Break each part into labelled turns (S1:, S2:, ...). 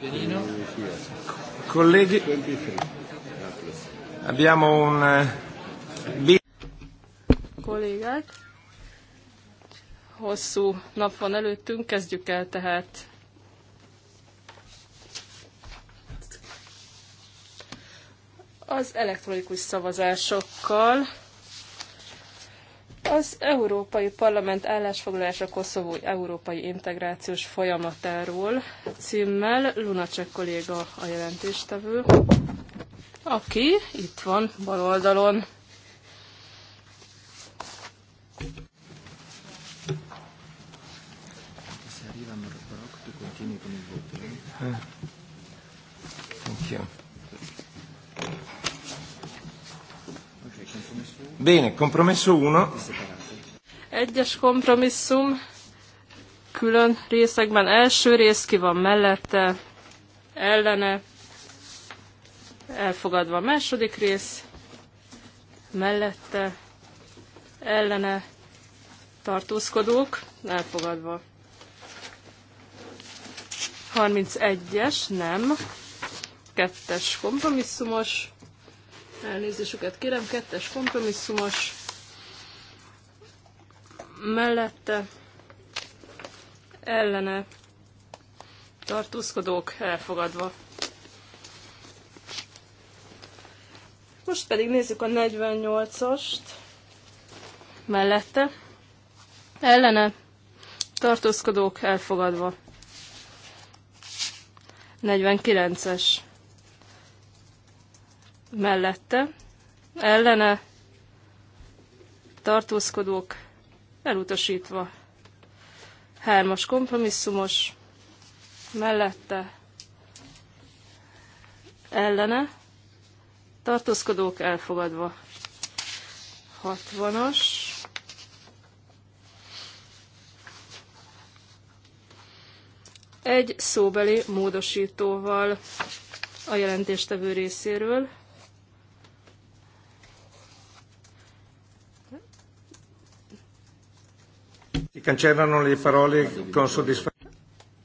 S1: Benino. Colleghi, abbiamo un... Eh,
S2: Kollégák, hosszú nap van előttünk, kezdjük el tehát. Az elektronikus szavazásokkal az Európai Parlament állásfoglalása Koszovó európai integrációs folyamatáról címmel Lunacek kolléga a jelentéstevő, aki itt van bal oldalon.
S1: Thank you. Bene, compromesso 1.
S2: Egyes kompromisszum külön részekben. Első rész ki van mellette, ellene, elfogadva a második rész, mellette, ellene, tartózkodók, elfogadva. 31-es, nem. Kettes kompromisszumos, elnézésüket kérem, kettes kompromisszumos, mellette ellene tartózkodók elfogadva. Most pedig nézzük a 48-ast mellette. Ellene tartózkodók elfogadva. 49-es mellette, ellene, tartózkodók, elutasítva. Hármas kompromisszumos, mellette, ellene, tartózkodók, elfogadva. 60-as, egy szóbeli módosítóval a jelentéstevő részéről.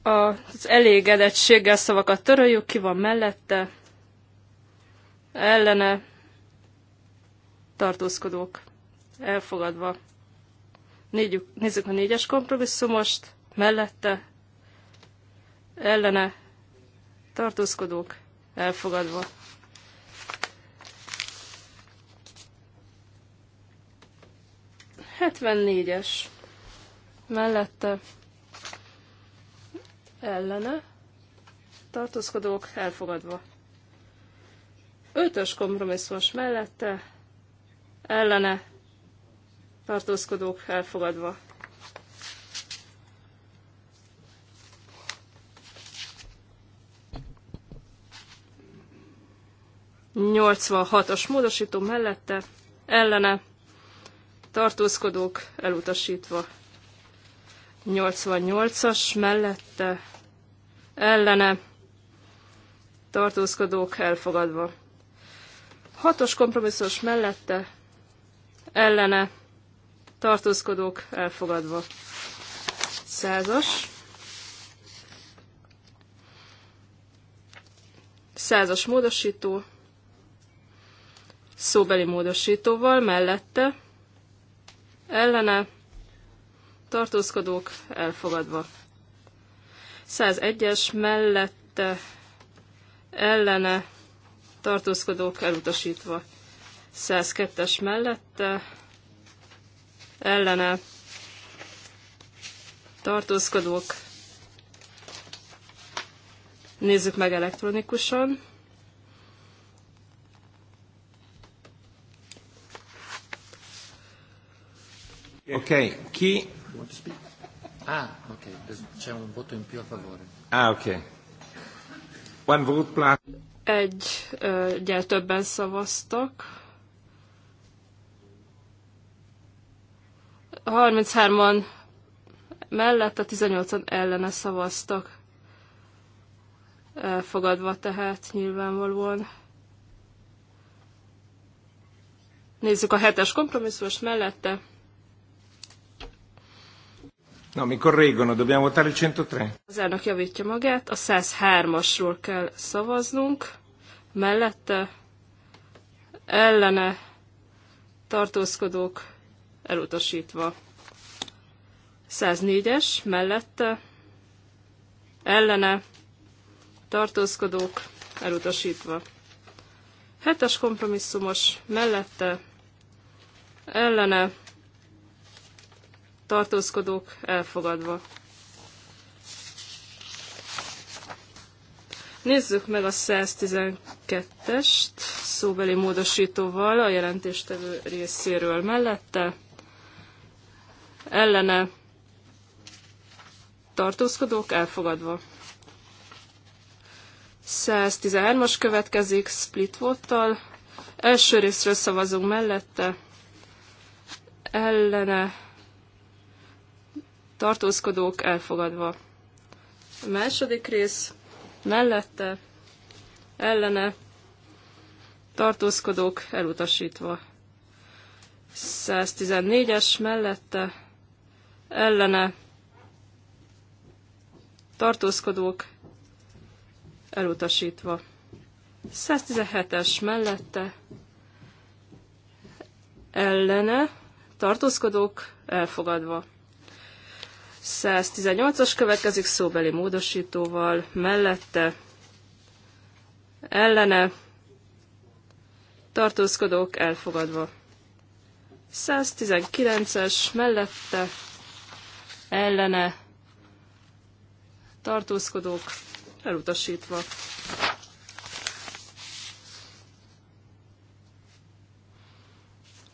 S2: Az elégedettséggel szavakat töröljük, ki van mellette, ellene, tartózkodók, elfogadva. Négyük, nézzük a négyes kompromisszumost, mellette, ellene, tartózkodók, elfogadva. Hetvennégyes mellette ellene tartózkodók elfogadva. Ötös kompromisszumos mellette ellene tartózkodók elfogadva. Nyolcvanhatos módosító mellette ellene tartózkodók elutasítva. 88-as mellette ellene tartózkodók elfogadva. 6-os kompromisszus mellette ellene tartózkodók elfogadva. 100-as. 100-as módosító szóbeli módosítóval mellette ellene tartózkodók elfogadva. 101-es mellette ellene tartózkodók elutasítva. 102-es mellette ellene tartózkodók. Nézzük meg elektronikusan.
S1: Okay, ki want to speak? Ah, ok, c'è un voto in più a favore. Ah, ok. One vote plus.
S2: Egy egyel többen szavaztak. 33-an mellett, a 18-an ellene szavaztak. Elfogadva tehát nyilvánvalóan. Nézzük a hetes kompromisszumos mellette.
S1: No, mi correggono, dobbiamo votare il 103.
S2: Az elnök javítja magát, a 103-asról kell szavaznunk, mellette ellene tartózkodók elutasítva. 104-es mellette ellene tartózkodók elutasítva. 7-es kompromisszumos mellette ellene tartózkodók elfogadva. Nézzük meg a 112-est szóbeli módosítóval a jelentéstevő részéről mellette. Ellene tartózkodók elfogadva. 113-as következik split voltal. Első részről szavazunk mellette. Ellene tartózkodók elfogadva. A második rész mellette, ellene, tartózkodók elutasítva. 114-es mellette, ellene, tartózkodók elutasítva. 117-es mellette, ellene, tartózkodók elfogadva. 118-as következik szóbeli módosítóval, mellette, ellene, tartózkodók elfogadva. 119-es mellette, ellene, tartózkodók elutasítva.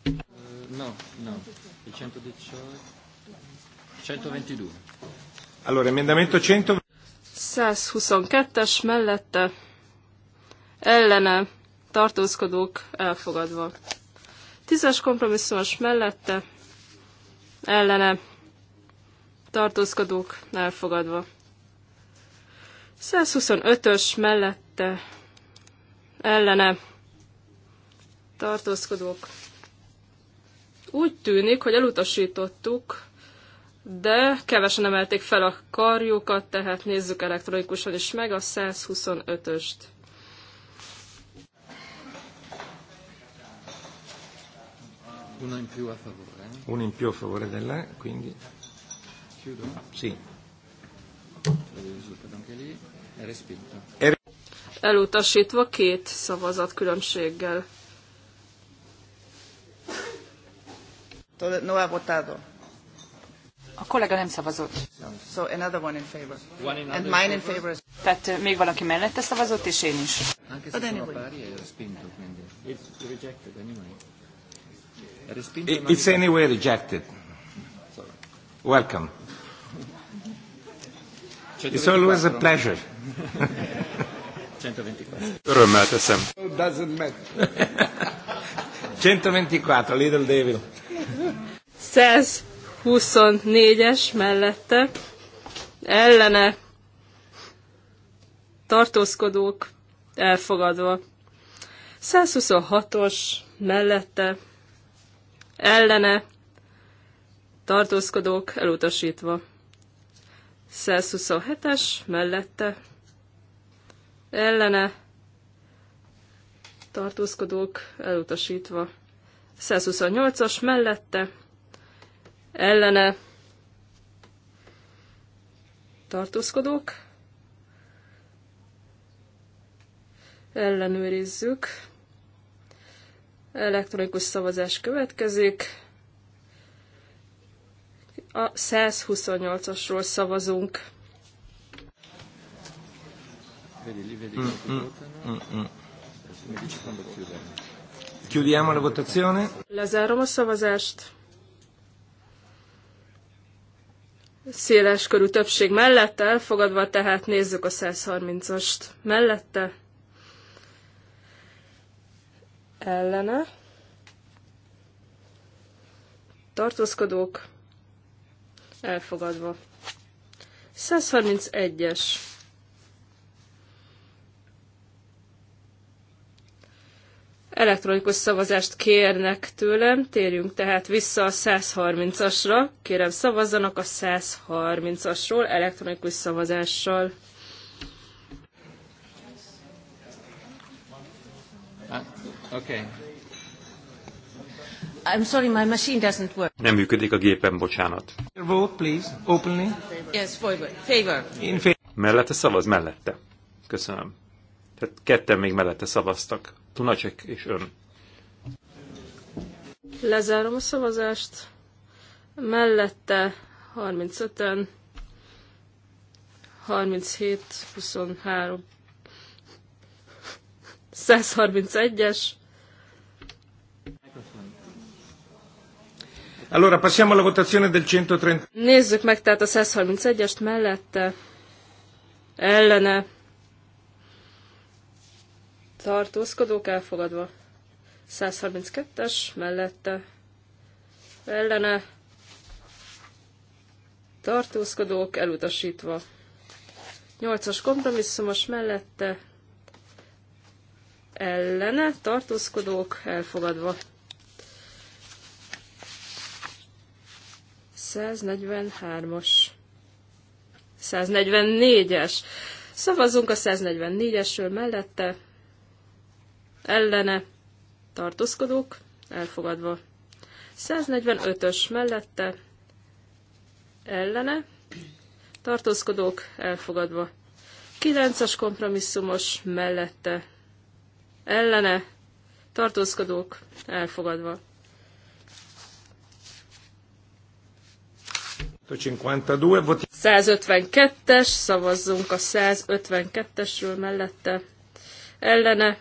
S1: Uh, no, no. 118. 122. Allora, emendamento 100...
S2: 122-es mellette ellene tartózkodók elfogadva. Tízes kompromisszumos mellette ellene tartózkodók elfogadva. 125-ös mellette ellene tartózkodók. Úgy tűnik, hogy elutasítottuk, de kevesen emelték fel a karjukat, tehát nézzük elektronikusan is meg a 125-öst.
S1: Uno in più a favore. Eh? Uno in più a favore della, quindi. Chiudo? Sì.
S2: Elutasítva két szavazat különbséggel.
S3: Todo no ha votado. A kollega nem szavazott. So another one in favor. One in And mine in favor. Tehát még valaki mellette szavazott, és én is. But anyway.
S1: It's rejected anyway. It's anyway rejected. Welcome.
S4: It's always a pleasure. Örömmel teszem. Doesn't matter.
S1: 124, little devil.
S2: Says. 24-es mellette ellene tartózkodók elfogadva. 126-os mellette ellene tartózkodók elutasítva. 127-es mellette ellene tartózkodók elutasítva. 128-as mellette ellene tartózkodók. Ellenőrizzük. Elektronikus szavazás következik. A 128-asról szavazunk.
S1: Chiudiamo la votazione.
S2: Lezárom a szavazást. széles körű többség mellett elfogadva, tehát nézzük a 130-ast mellette. Ellene. Tartózkodók. Elfogadva. 131-es Elektronikus szavazást kérnek tőlem, térjünk tehát vissza a 130-asra. Kérem szavazzanak a 130-asról elektronikus szavazással.
S4: Ah, okay.
S1: I'm sorry, my machine doesn't work. Nem
S5: működik a gépen, bocsánat.
S1: Vote, please, openly. Yes, favor. favor. In
S5: favor. Mellette szavaz, mellette. Köszönöm. Tehát ketten még mellette szavaztak. Tunacek és ön.
S2: Lezárom a szavazást. Mellette 35-en, 37, 23, 131-es.
S1: Allora passiamo alla votazione del 130.
S2: Nézzük meg tehát a 131-est mellette, ellene tartózkodók elfogadva. 132-es mellette ellene tartózkodók elutasítva. 8-as kompromisszumos mellette ellene tartózkodók elfogadva. 143-as. 144-es. Szavazzunk a 144-esről mellette ellene tartózkodók elfogadva. 145-ös mellette ellene tartózkodók elfogadva. 9-as kompromisszumos mellette ellene tartózkodók elfogadva. 152-es, szavazzunk a 152-esről mellette ellene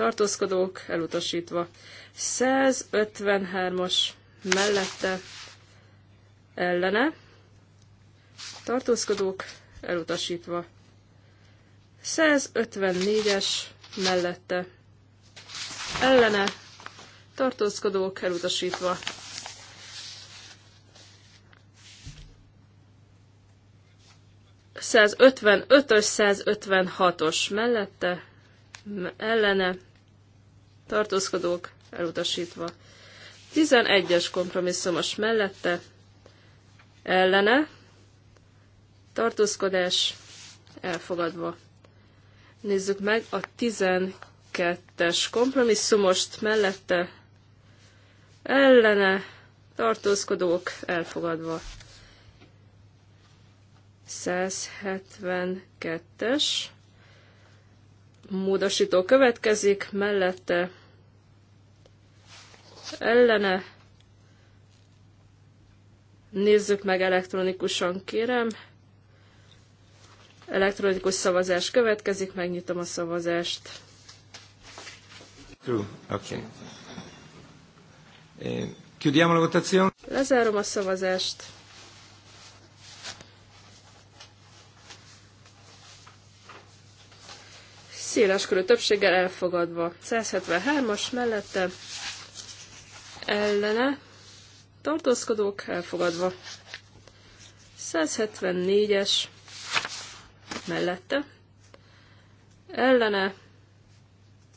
S2: tartózkodók elutasítva. 153-as mellette ellene tartózkodók elutasítva. 154-es mellette ellene tartózkodók elutasítva. ös 155-ös, 156-os mellette, ellene, tartózkodók elutasítva. 11-es kompromisszumos mellette ellene tartózkodás elfogadva. Nézzük meg a 12-es kompromisszumost mellette ellene tartózkodók elfogadva. 172-es módosító következik, mellette ellene. Nézzük meg elektronikusan, kérem. Elektronikus szavazás következik, megnyitom a szavazást.
S1: True, okay. Eh, chiudiamo a
S2: Lezárom a szavazást. Széles körű többséggel elfogadva. 173-as mellette ellene tartózkodók elfogadva. 174-es mellette ellene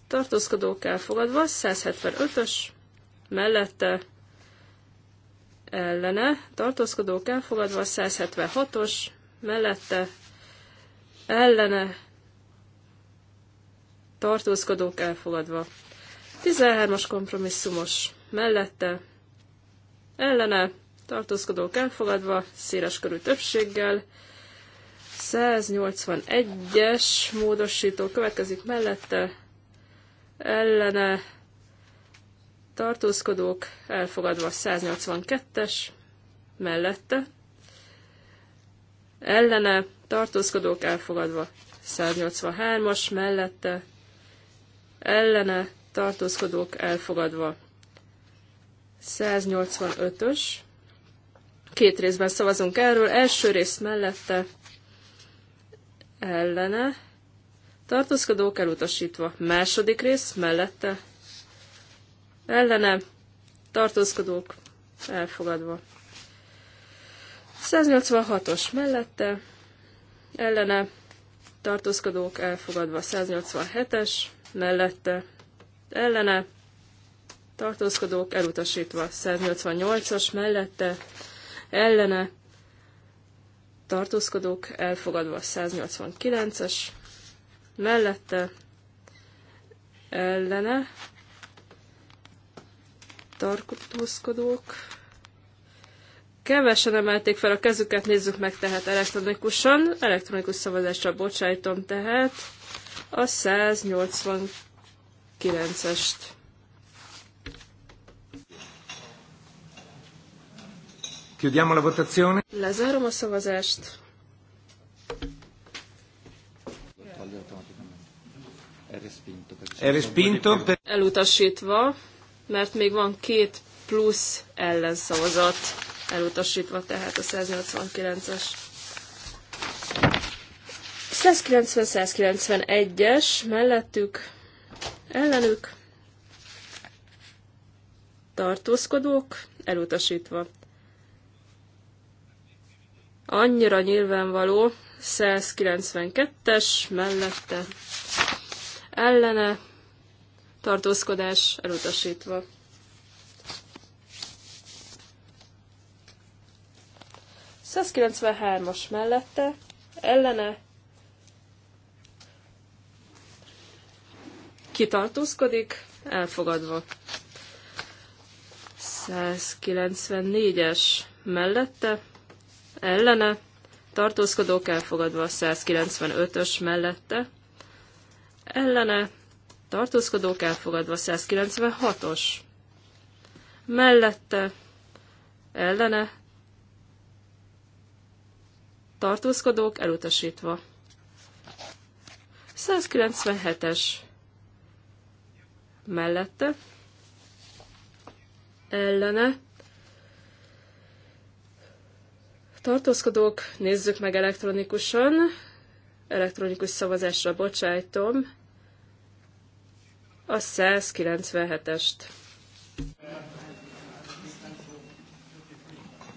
S2: tartózkodók elfogadva, 175-ös mellette ellene tartózkodók elfogadva, 176-os mellette ellene tartózkodók elfogadva. 13-as kompromisszumos mellette, ellene, tartózkodók elfogadva, széles körű többséggel, 181-es módosító következik mellette, ellene, tartózkodók elfogadva, 182-es mellette, ellene, tartózkodók elfogadva, 183-as mellette, ellene, tartózkodók elfogadva. 185-ös. Két részben szavazunk erről. Első rész mellette ellene. Tartózkodók elutasítva. Második rész mellette ellene. Tartózkodók elfogadva. 186-os mellette ellene. Tartózkodók elfogadva. 187-es mellette ellene, tartózkodók elutasítva 188-as mellette, ellene, tartózkodók elfogadva 189-es mellette, ellene, tartózkodók. Kevesen emelték fel a kezüket, nézzük meg tehát elektronikusan. Elektronikus szavazásra bocsájtom tehát a 189 9-est.
S1: Chiudiamo la votazione.
S2: Lezárom a szavazást. Elutasítva, mert még van két plusz ellenszavazat. Elutasítva tehát a 189-es. 190-191-es mellettük ellenük tartózkodók elutasítva. Annyira nyilvánvaló 192-es mellette ellene tartózkodás elutasítva. as mellette ellene kitartózkodik, elfogadva. 194-es mellette, ellene, tartózkodók elfogadva, 195-ös mellette, ellene, tartózkodók elfogadva, 196-os mellette, ellene, tartózkodók elutasítva. 197-es mellette, ellene, tartózkodók, nézzük meg elektronikusan, elektronikus szavazásra bocsájtom a 197-est.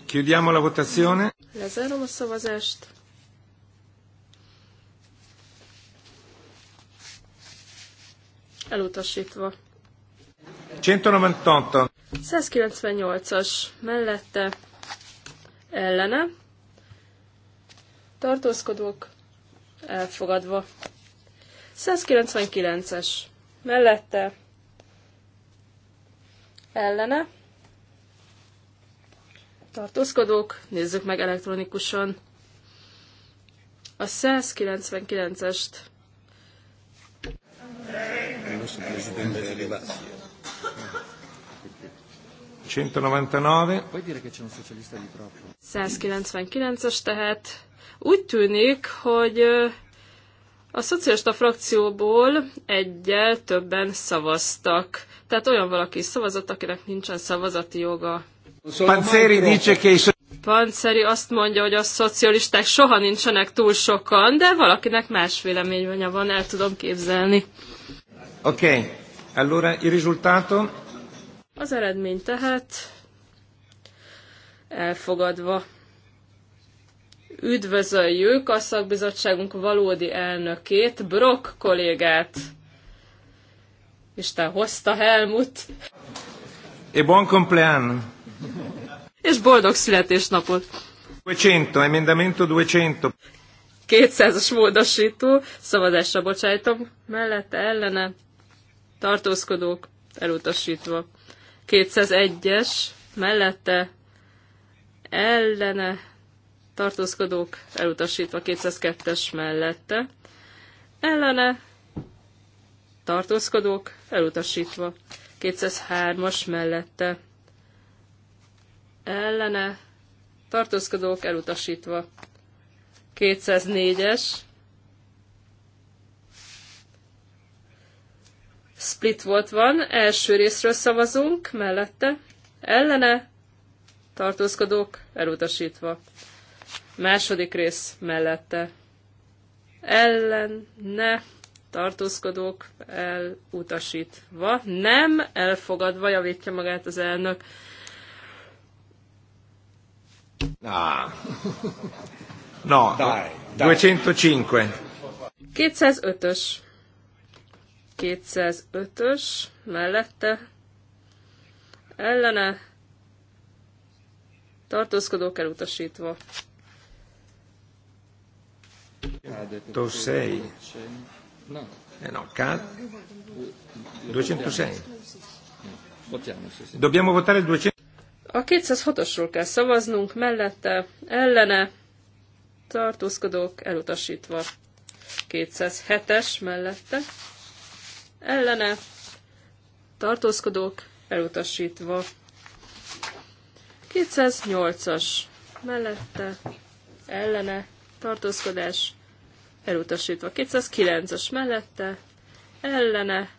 S1: Chiudiamo la votazione.
S2: Lezárom a szavazást. Elutasítva.
S1: 198.
S2: 198-as mellette ellene. Tartózkodók elfogadva. 199-es mellette ellene. Tartózkodók, nézzük meg elektronikusan a 199-est.
S1: Presidente 199. Puoi
S2: 199 tehát úgy tűnik, hogy a szocialista frakcióból egyel többen szavaztak. Tehát olyan valaki szavazott, akinek nincsen szavazati joga. Panceri Panceri azt mondja, hogy a szocialisták soha nincsenek túl sokan, de valakinek más véleménye van, el tudom képzelni.
S1: Ok, allora il risultato?
S2: Az eredmény tehát elfogadva. Üdvözöljük a szakbizottságunk valódi elnökét, Brock kollégát. Isten hozta Helmut.
S1: E buon compleanno.
S2: És boldog születésnapot.
S1: 200, emendamento 200.
S2: 200-as módosító, szavazásra bocsájtom, mellette ellene tartózkodók elutasítva. 201-es mellette ellene tartózkodók elutasítva 202-es mellette, ellene tartózkodók elutasítva 203-as mellette, ellene tartózkodók elutasítva 204-es Split volt van, első részről szavazunk, mellette, ellene, tartózkodók, elutasítva. Második rész mellette, ellene, tartózkodók, elutasítva, nem elfogadva, javítja magát az elnök.
S1: Na. Ah. No,
S2: 205-ös 205-ös mellette ellene tartózkodók elutasítva.
S1: Tosei. No. Eh no,
S2: 206.
S1: 200.
S2: A 206-osról kell szavaznunk, mellette, ellene, tartózkodók elutasítva. 207-es mellette, ellene tartózkodók elutasítva. 208-as mellette ellene tartózkodás elutasítva. 209-as mellette ellene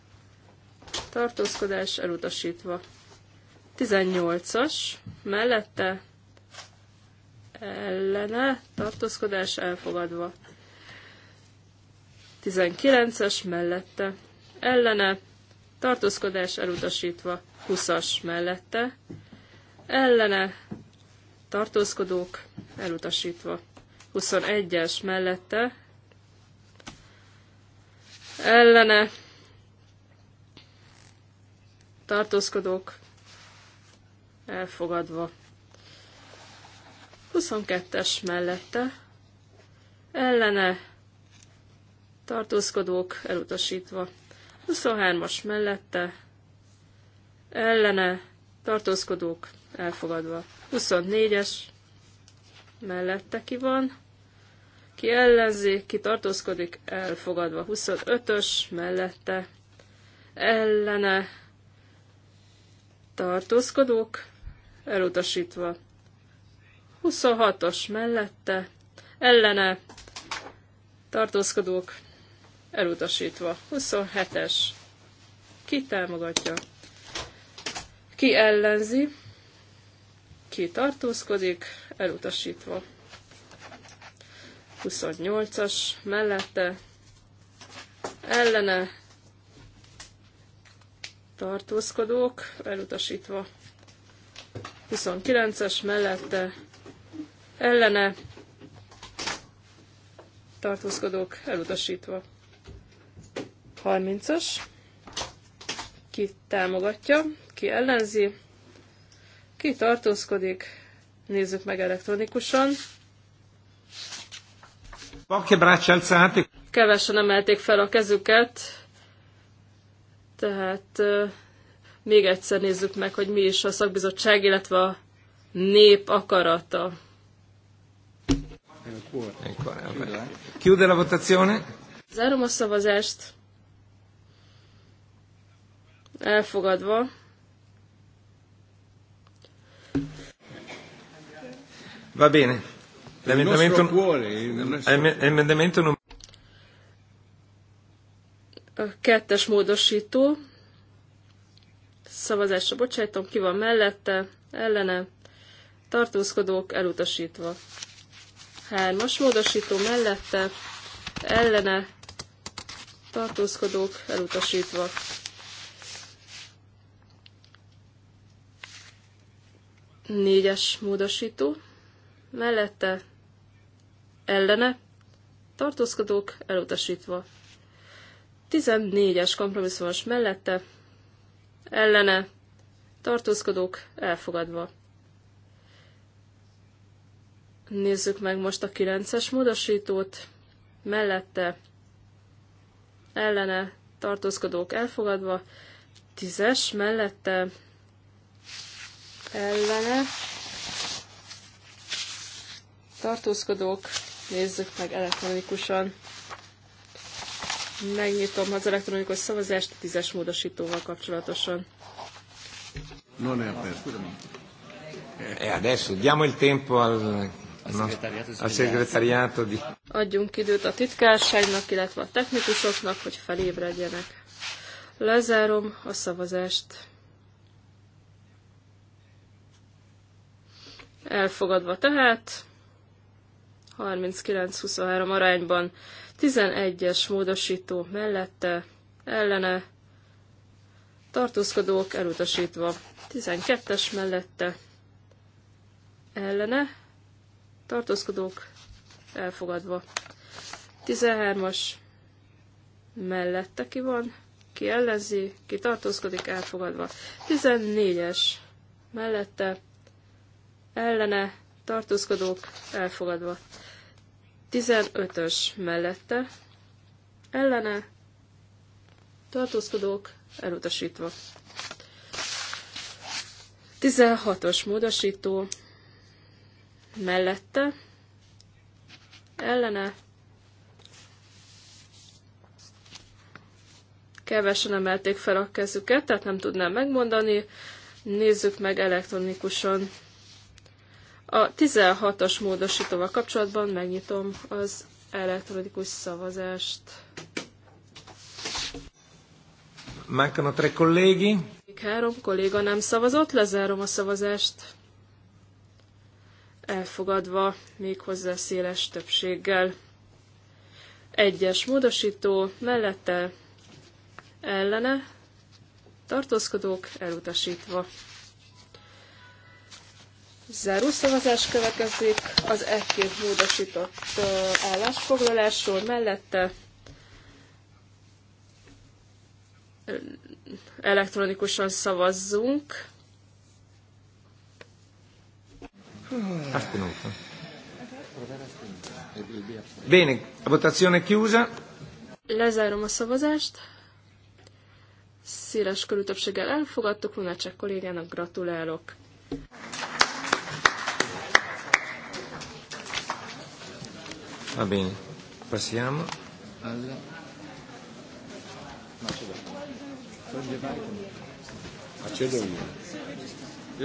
S2: tartózkodás elutasítva. 18-as mellette ellene tartózkodás elfogadva. 19-es mellette ellene, tartózkodás elutasítva 20-as mellette, ellene, tartózkodók elutasítva 21-es mellette, ellene, tartózkodók elfogadva 22-es mellette, ellene, tartózkodók elutasítva 23-as mellette ellene tartózkodók elfogadva. 24-es mellette ki van, ki ellenzi, ki tartózkodik, elfogadva. 25-ös mellette ellene tartózkodók elutasítva. 26-os mellette ellene tartózkodók elutasítva. 27-es, ki támogatja, ki ellenzi, ki tartózkodik, elutasítva. 28-as mellette ellene tartózkodók, elutasítva. 29-es mellette ellene tartózkodók, elutasítva. 30-as. Ki támogatja, ki ellenzi, ki tartózkodik. Nézzük meg elektronikusan. Kevesen emelték fel a kezüket, tehát még egyszer nézzük meg, hogy mi is a szakbizottság, illetve a nép akarata.
S1: Chiude la votazione.
S2: Zárom a szavazást elfogadva.
S1: Va bene. L'emendamento non...
S2: A kettes módosító. Szavazásra bocsájtom, ki van mellette, ellene, tartózkodók elutasítva. Hármas módosító mellette, ellene, tartózkodók elutasítva. Négyes módosító. Mellette ellene tartózkodók elutasítva. 14-es kompromisszumos mellette ellene tartózkodók elfogadva. Nézzük meg most a 9-es módosítót. Mellette ellene tartózkodók elfogadva. 10-es mellette ellene tartózkodók, nézzük meg elektronikusan. Megnyitom az elektronikus szavazást a tízes módosítóval kapcsolatosan.
S1: No ne adesso diamo il tempo al, al segretariato di...
S2: Adjunk időt a titkárságnak, illetve a technikusoknak, hogy felébredjenek. Lezárom a szavazást. Elfogadva tehát 39-23 arányban 11-es módosító mellette ellene tartózkodók elutasítva 12-es mellette ellene tartózkodók elfogadva 13-as mellette ki van, ki ellenzi, ki tartózkodik, elfogadva. 14-es mellette ellene tartózkodók elfogadva. 15-ös mellette ellene tartózkodók elutasítva. 16-os módosító mellette ellene kevesen emelték fel a kezüket, tehát nem tudnám megmondani. Nézzük meg elektronikusan. A 16-as módosítóval kapcsolatban megnyitom az elektronikus szavazást.
S1: Mancano tre colleghi.
S2: Három kolléga nem szavazott, lezárom a szavazást. Elfogadva méghozzá széles többséggel. Egyes módosító, mellette ellene tartózkodók elutasítva. Záró szavazás következik az ekként módosított állásfoglalásról mellette. Elektronikusan szavazzunk.
S1: Bene, a votazione chiusa.
S2: Lezárom a szavazást. Széles körű többséggel elfogadtuk, Lunacek kollégának gratulálok.
S1: Va bene, passiamo
S6: Accedo
S5: io.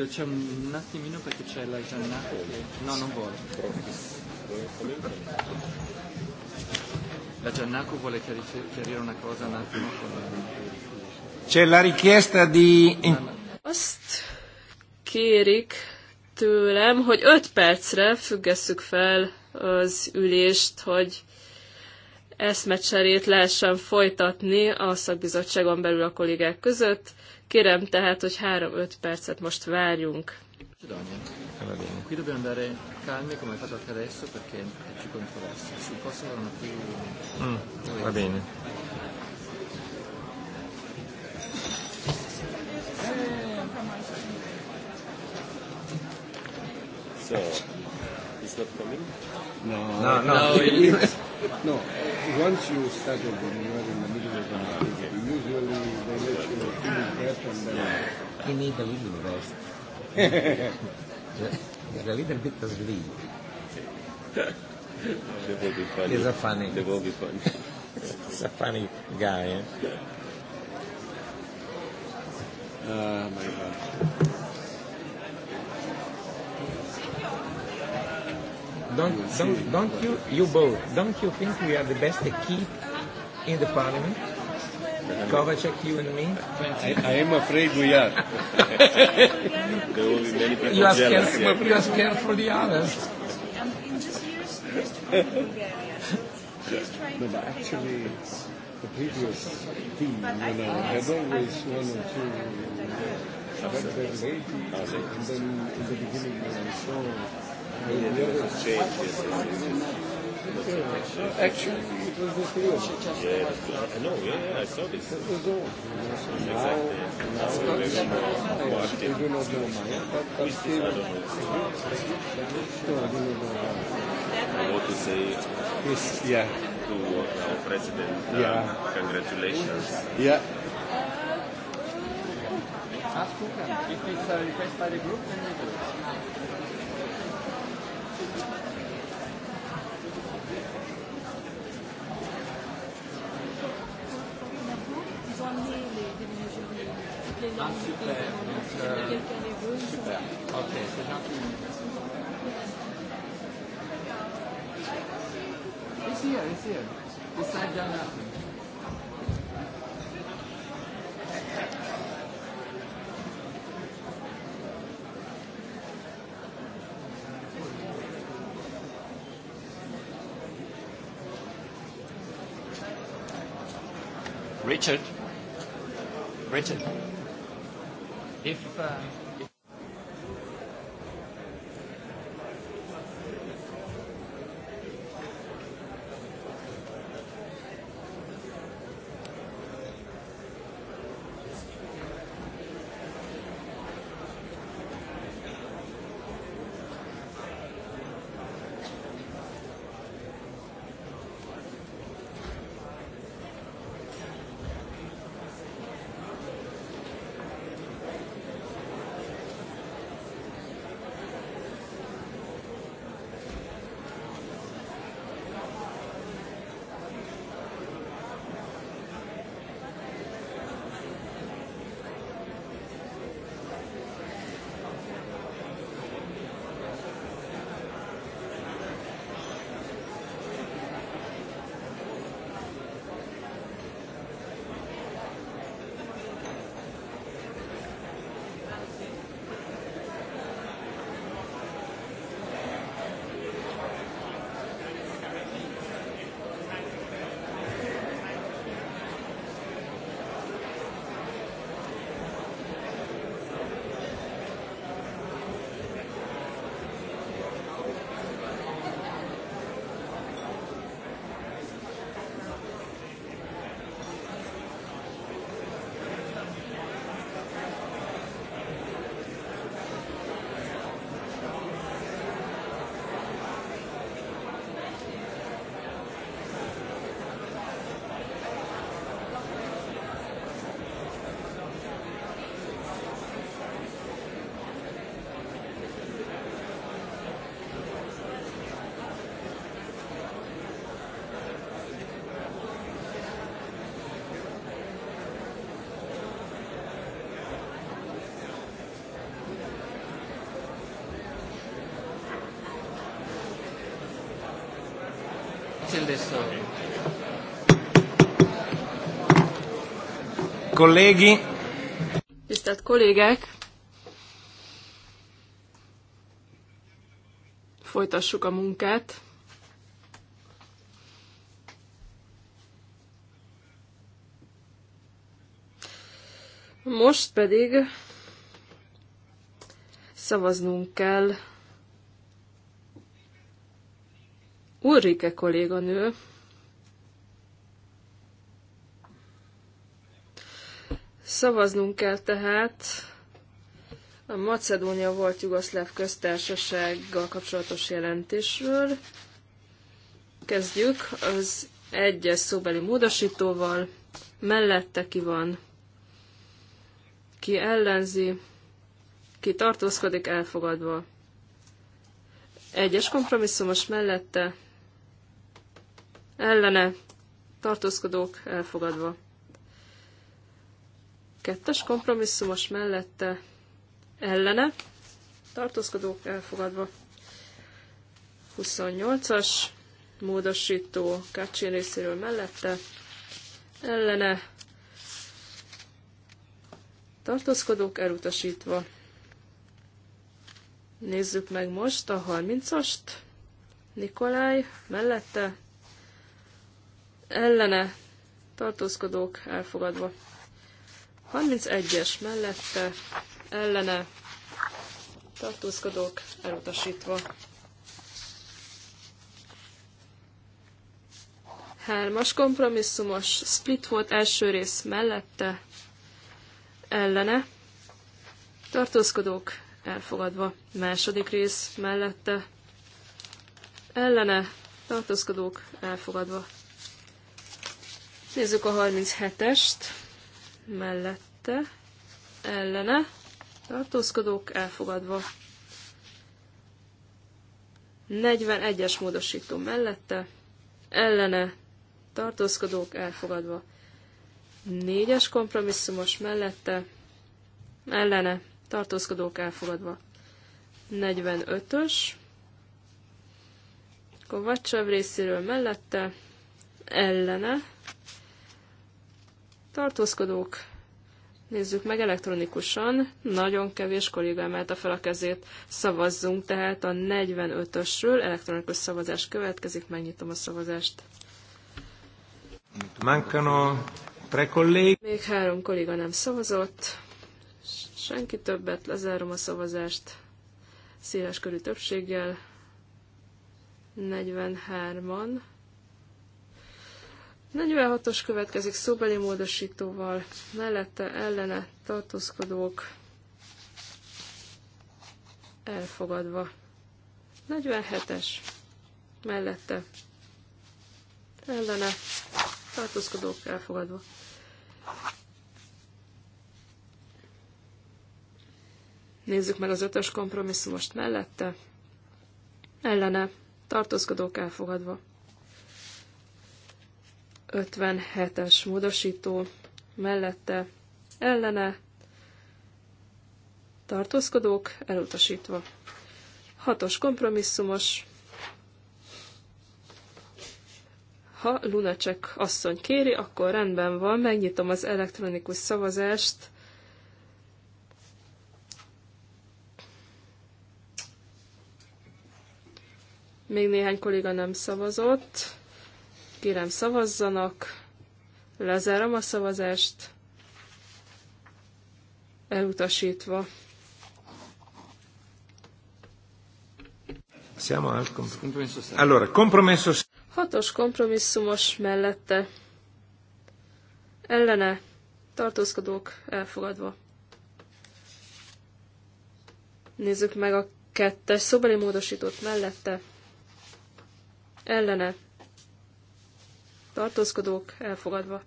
S5: Eh, c'è un attimino perché c'è la Gianna No, non vuole.
S4: La Giannaco vuole chiarire una cosa un attimo.
S1: C'è la richiesta di...
S2: Azt kérik tőlem, hogy öt percre függesszük fel az ülést, hogy eszmecserét lehessen folytatni a szakbizottságon belül a kollégák között. Kérem tehát, hogy 3-5 percet most várjunk.
S4: Qui dobbiamo
S1: va bene.
S6: So is not coming? No, no, no. No, it is. no. Once you started when
S1: you were in the middle of the project, usually they let you finish that and then. You need a little rest. You're a little bit asleep. they will be funny. He's a funny. They will be funny. He's a funny guy. Eh? Uh, my God. don't, don't, don't you, you both, don't you think we are the best keep in the parliament? Kovacek, you and me? I, I am afraid we are. there will be many people you are jealous. Scared, yeah. You are scared for the others.
S6: Um, but
S4: actually, the previous team, you know, had always one or two. But then, and
S6: then in the beginning, when I saw Actually, I know, yeah, I saw this. Now, now we
S7: do not know Maya, but, but I want to say, yeah. to our president, yeah. congratulations. Yeah.
S6: Ask who can. If it's a request by the group, then we do
S2: Ah, super. Donc,
S6: euh,
S4: Ok, c'est gentil. It's here, it's here. It's not done
S1: Richard, Richard, if. Uh, Kollégi.
S2: Tisztelt kollégák! Folytassuk a munkát. Most pedig szavaznunk kell Ulrike kolléganő Szavaznunk kell tehát a Macedónia volt Jugoszláv köztársasággal kapcsolatos jelentésről. Kezdjük az egyes szóbeli módosítóval. Mellette ki van, ki ellenzi, ki tartózkodik elfogadva. Egyes kompromisszumos mellette ellene tartózkodók elfogadva. Kettes kompromisszumos mellette ellene tartózkodók elfogadva. 28-as módosító Kacsin részéről mellette ellene tartózkodók elutasítva. Nézzük meg most a 30-ast. Nikolaj mellette ellene tartózkodók elfogadva. 31-es mellette ellene tartózkodók elutasítva. 3-as kompromisszumos split volt első rész mellette ellene tartózkodók elfogadva. Második rész mellette ellene tartózkodók elfogadva. Nézzük a 37-est mellette, ellene, tartózkodók elfogadva. 41-es módosító mellette, ellene, tartózkodók elfogadva. 4-es kompromisszumos mellette, ellene, tartózkodók elfogadva. 45-ös, Kovácsev részéről mellette, ellene, tartózkodók, nézzük meg elektronikusan, nagyon kevés kolléga emelte fel a kezét, szavazzunk, tehát a 45-ösről elektronikus szavazás következik, megnyitom a szavazást.
S1: Mancano tre colleghi.
S2: Még három kolléga nem szavazott, senki többet, lezárom a szavazást széles körű többséggel, 43-an, 46-os következik szóbeli módosítóval, mellette ellene tartózkodók elfogadva. 47-es mellette ellene tartózkodók elfogadva. Nézzük meg az ötös kompromisszumost mellette. Ellene tartózkodók elfogadva. 57-es módosító mellette ellene tartózkodók elutasítva. Hatos kompromisszumos. Ha Lunacek asszony kéri, akkor rendben van, megnyitom az elektronikus szavazást. Még néhány kolléga nem szavazott. Kérem szavazzanak. Lezárom a szavazást. Elutasítva.
S1: Siamo al compromesso. Allora, compromesso.
S2: Hatos kompromisszumos mellette. Ellene. Tartózkodók elfogadva. Nézzük meg a kettes szobeli módosítót mellette. Ellene tartózkodók elfogadva.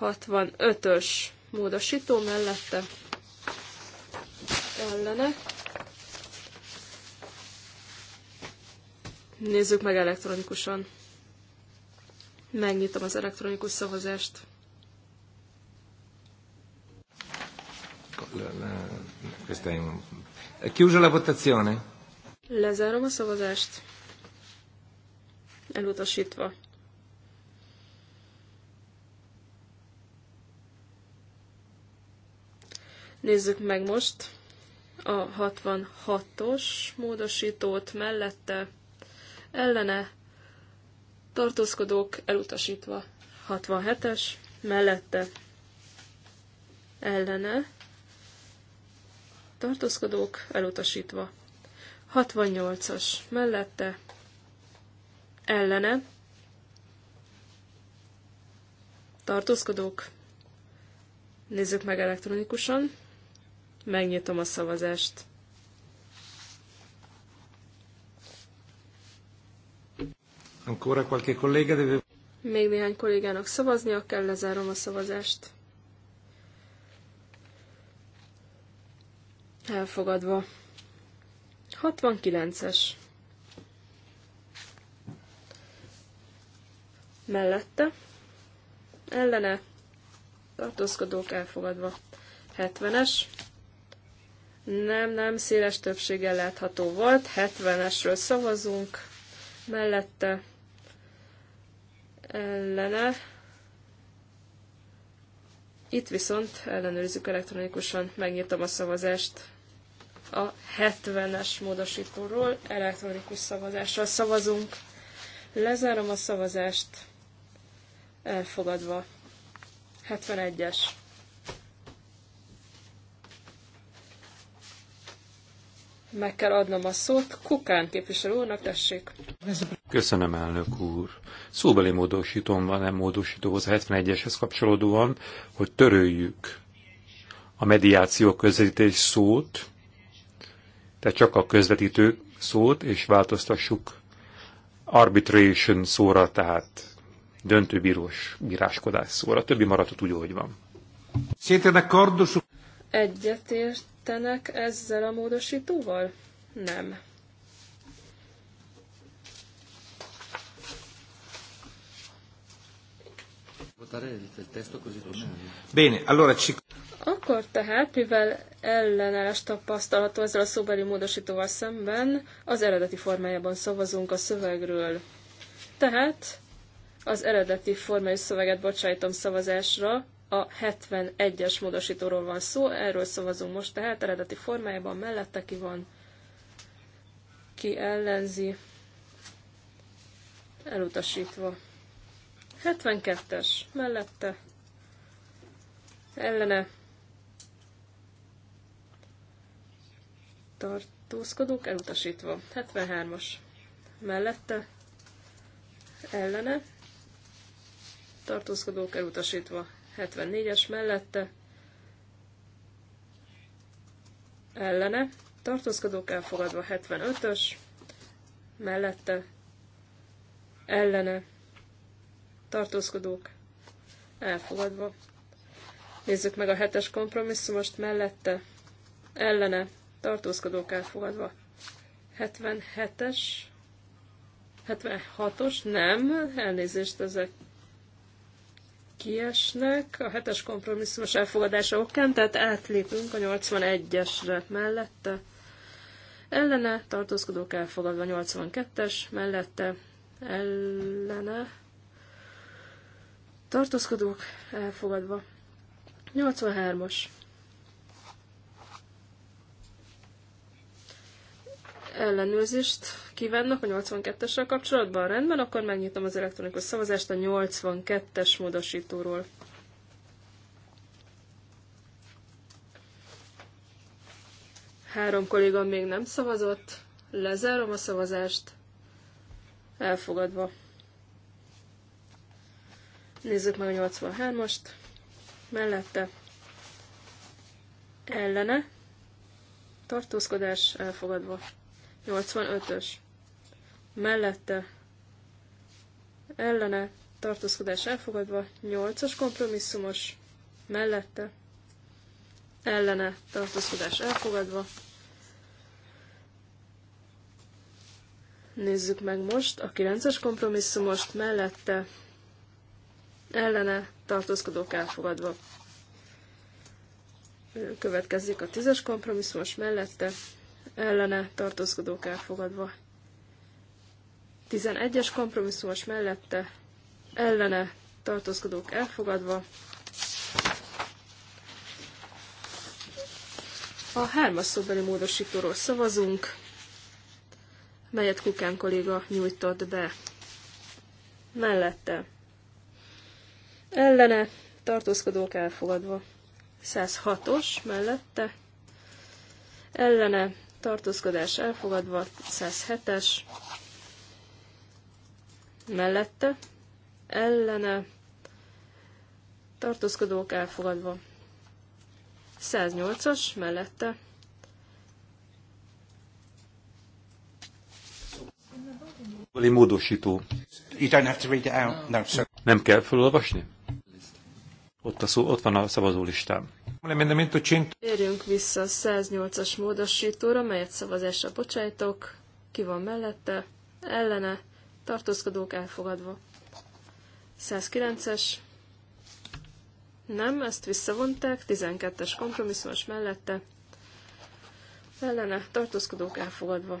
S2: 65-ös módosító mellette ellene. Nézzük meg elektronikusan. Megnyitom az elektronikus szavazást.
S1: Questa Chiuso la votazione.
S2: Lezárom a szavazást elutasítva. Nézzük meg most a 66-os módosítót mellette ellene tartózkodók elutasítva. 67-es mellette ellene tartózkodók elutasítva. 68-as mellette ellene tartózkodók. Nézzük meg elektronikusan. Megnyitom a szavazást.
S1: Ancora qualche collega deve...
S2: Még néhány kollégának szavaznia kell, lezárom a szavazást. Elfogadva. 69-es. mellette, ellene tartózkodók elfogadva. 70-es, nem, nem, széles többséggel látható volt, 70-esről szavazunk, mellette ellene. Itt viszont ellenőrizzük elektronikusan, megnyitom a szavazást a 70-es módosítóról, elektronikus szavazással szavazunk. Lezárom a szavazást elfogadva. 71-es. Meg kell adnom a szót. Kukán képviselő úrnak, tessék.
S5: Köszönöm, elnök úr. Szóbeli módosítom van, nem módosítóhoz, 71-eshez kapcsolódóan, hogy töröljük a mediáció közvetítés szót, tehát csak a közvetítő szót, és változtassuk arbitration szóra, tehát döntőbírós bíráskodás szóra. A többi maradt úgy, ahogy van.
S2: Egyetértenek ezzel a módosítóval? Nem.
S1: Bene, allora ci...
S2: Akkor tehát, mivel ellenállás tapasztalható ezzel a szóbeli módosítóval szemben, az eredeti formájában szavazunk a szövegről. Tehát az eredeti formai szöveget bocsájtom szavazásra, a 71-es módosítóról van szó, erről szavazunk most, tehát eredeti formájában mellette ki van, ki ellenzi, elutasítva. 72-es mellette, ellene, tartózkodunk, elutasítva. 73-as mellette, ellene, tartózkodók elutasítva 74-es mellette, ellene, tartózkodók elfogadva 75-ös, mellette, ellene, tartózkodók elfogadva. Nézzük meg a hetes kompromisszumost mellette, ellene, tartózkodók elfogadva. 77-es, 76-os, nem, elnézést ezek kiesnek a hetes kompromisszumos elfogadása okán, tehát átlépünk a 81-esre mellette. Ellene tartózkodók elfogadva 82-es, mellette ellene tartózkodók elfogadva 83-as ellenőrzést kívánnak a 82-essel kapcsolatban. Rendben, akkor megnyitom az elektronikus szavazást a 82-es módosítóról. Három kolléga még nem szavazott. Lezárom a szavazást. Elfogadva. Nézzük meg a 83-ast. Mellette. Ellene. Tartózkodás elfogadva. 85-ös mellette ellene tartózkodás elfogadva, 8-as kompromisszumos mellette ellene tartózkodás elfogadva. Nézzük meg most a 9-es kompromisszumost mellette ellene tartózkodók elfogadva. Következik a 10-es kompromisszumos mellette ellene tartózkodók elfogadva. 11-es kompromisszumos mellette ellene tartózkodók elfogadva. A hármas szóbeli módosítóról szavazunk, melyet Kukán kolléga nyújtott be. Mellette ellene tartózkodók elfogadva. 106-os mellette ellene tartózkodás elfogadva, 107-es mellette, ellene, tartózkodók elfogadva, 108-as mellette,
S5: módosító.
S7: You don't have to read it out. No,
S5: Nem kell felolvasni? Ott, a szó, ott van a szavazólistám.
S2: Érjünk vissza a 108-as módosítóra, melyet szavazásra bocsájtok. Ki van mellette? Ellene? Tartózkodók elfogadva. 109-es. Nem, ezt visszavonták. 12-es kompromisszumos mellette. Ellene? Tartózkodók elfogadva.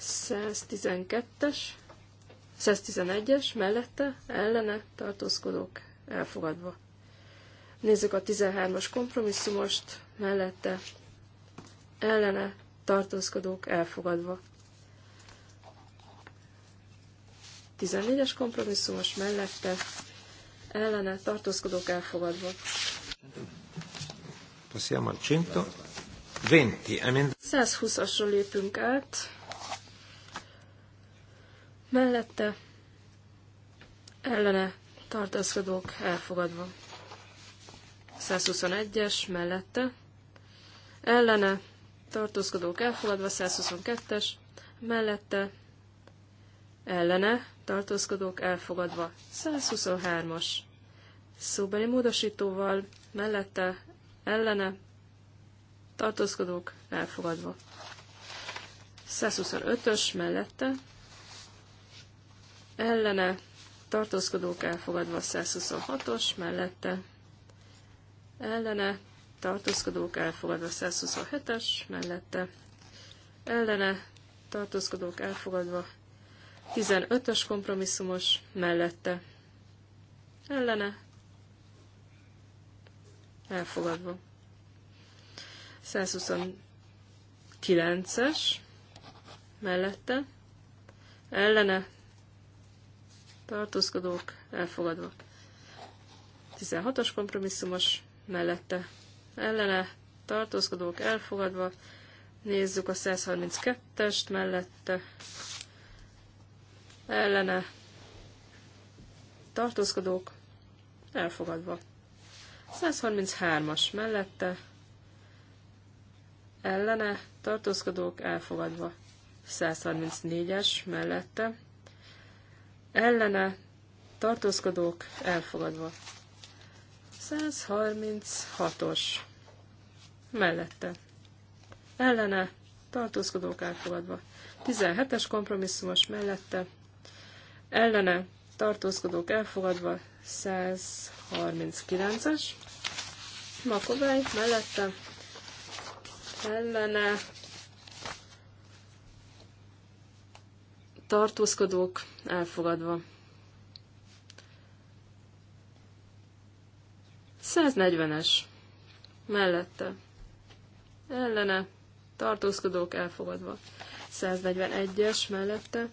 S2: 112-es. 111-es mellette, ellene, tartózkodók elfogadva. Nézzük a 13-as kompromisszumost, mellette ellene tartózkodók elfogadva. 14-es kompromisszumos mellette ellene tartózkodók elfogadva.
S1: Passiamo al 120.
S2: 120 asról lépünk át. Mellette ellene tartózkodók elfogadva. 121-es mellette, ellene tartózkodók elfogadva 122-es, mellette ellene tartózkodók elfogadva 123-as, szóbeli módosítóval, mellette ellene tartózkodók elfogadva 125-ös mellette ellene tartózkodók elfogadva 126-os mellette ellene, tartózkodók elfogadva 127-es, mellette ellene, tartózkodók elfogadva 15-ös kompromisszumos, mellette ellene, elfogadva. 129-es, mellette, ellene, tartózkodók, elfogadva. 16-os kompromisszumos, mellette ellene tartózkodók elfogadva. Nézzük a 132-est mellette ellene tartózkodók elfogadva. 133-as mellette ellene tartózkodók elfogadva. 134-es mellette ellene tartózkodók elfogadva. 136-os mellette. Ellene tartózkodók elfogadva. 17-es kompromisszumos mellette. Ellene tartózkodók elfogadva. 139-es. Makovej mellette. Ellene tartózkodók elfogadva. 140-es mellette ellene tartózkodók elfogadva. 141-es mellette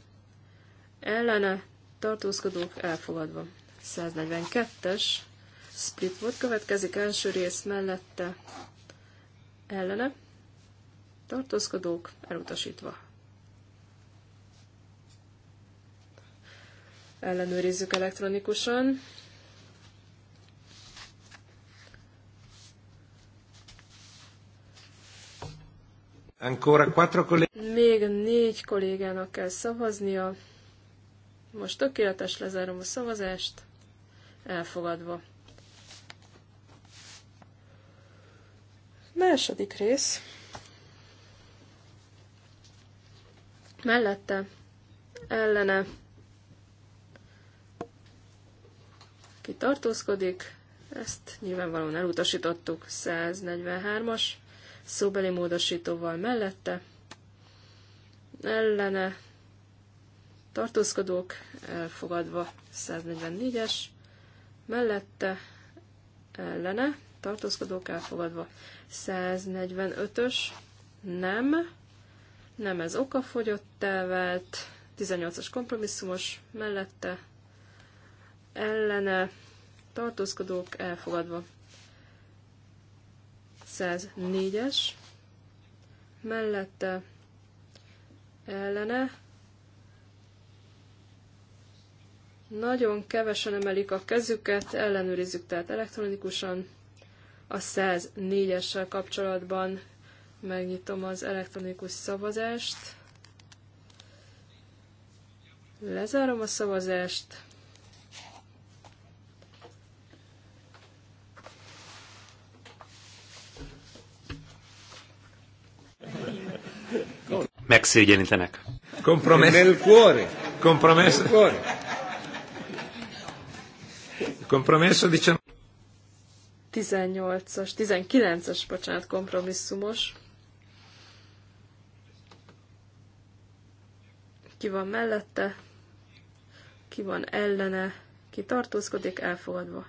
S2: ellene tartózkodók elfogadva. 142-es split volt következik első rész mellette ellene tartózkodók elutasítva. Ellenőrizzük elektronikusan. Még négy kollégának kell szavaznia. Most tökéletes lezárom a szavazást. Elfogadva. Második rész. Mellette. Ellene. Ki tartózkodik. Ezt nyilvánvalóan elutasítottuk. 143-as szóbeli módosítóval mellette, ellene tartózkodók elfogadva 144-es, mellette ellene tartózkodók elfogadva 145-ös, nem, nem ez okafogyott vált, 18-as kompromisszumos mellette ellene tartózkodók elfogadva 204 es mellette ellene. Nagyon kevesen emelik a kezüket, ellenőrizzük tehát elektronikusan. A 104-essel kapcsolatban megnyitom az elektronikus szavazást. Lezárom a szavazást.
S5: megszégyenítenek.
S1: Kompromiss. Nel cuore. Kompromiss. Nel cuore. Kompromisso 18.
S2: 18-as, 19-as, bocsánat, kompromisszumos. Ki van mellette, ki van ellene, ki tartózkodik, elfogadva.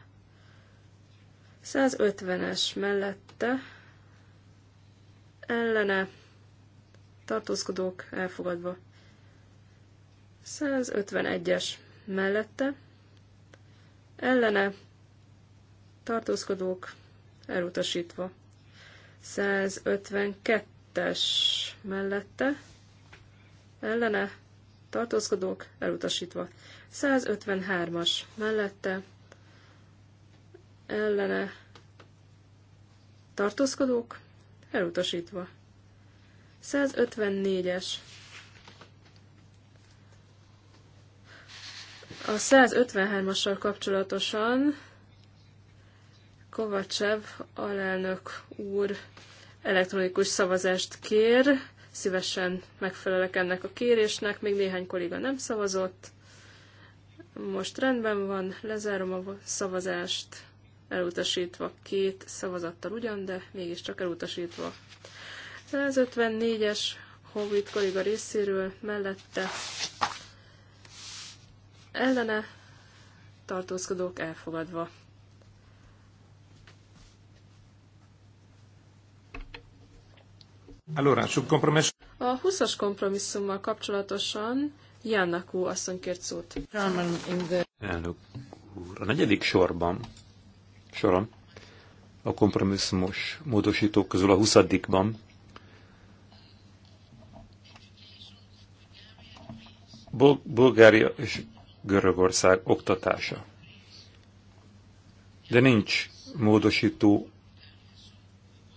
S2: 150-es mellette, ellene, tartózkodók elfogadva. 151-es mellette, ellene tartózkodók elutasítva. 152-es mellette, ellene tartózkodók elutasítva. 153-as mellette, ellene tartózkodók elutasítva. 154-es. A 153-assal kapcsolatosan Kovacsev alelnök úr elektronikus szavazást kér. Szívesen megfelelek ennek a kérésnek. Még néhány kolléga nem szavazott. Most rendben van, lezárom a szavazást, elutasítva két szavazattal ugyan, de mégiscsak elutasítva. 154-es Hobbit kolléga részéről mellette ellene tartózkodók elfogadva. Allora, A 20-as kompromisszummal kapcsolatosan Jannakó asszony kért szót.
S1: Elnök úr, a
S5: negyedik sorban, soron, a kompromisszumos módosítók közül a 20-ban Bulgária és Görögország oktatása. De nincs módosító.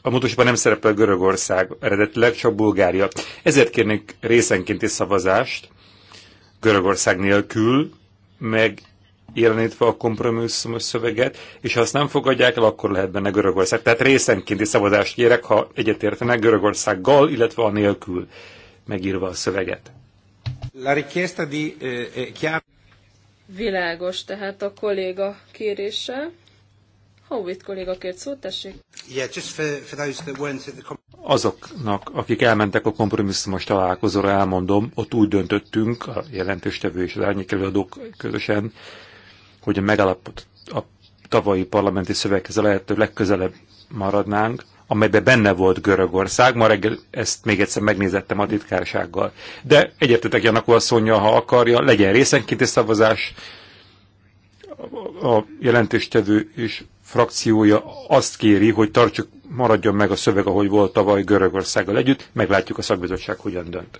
S5: A módosítóban nem szerepel Görögország eredetileg, csak Bulgária. Ezért kérnék részenkénti szavazást Görögország nélkül, meg jelenítve a kompromisszumos szöveget, és ha azt nem fogadják el, akkor lehet benne Görögország. Tehát részenkénti szavazást kérek, ha egyetértenek Görögországgal, illetve a nélkül megírva a szöveget.
S1: La richiesta di eh,
S2: Világos tehát a kolléga kérése. Howitt kolléga kért szót, tessék.
S7: Yeah, just for, for those that weren't at the
S5: azoknak, akik elmentek a kompromisszumos találkozóra, elmondom, ott úgy döntöttünk, a jelentéstevő és az árnyékelőadók közösen, hogy a megalapot a tavalyi parlamenti szöveghez a lehető legközelebb maradnánk, amelyben benne volt Görögország. Ma reggel ezt még egyszer megnézettem a titkársággal. De egyetletek Janakó asszonya, ha akarja, legyen részenkénti szavazás. A jelentéstevő és frakciója azt kéri, hogy tartsuk, maradjon meg a szöveg, ahogy volt tavaly Görögországgal együtt. Meglátjuk a szakbizottság hogyan dönt.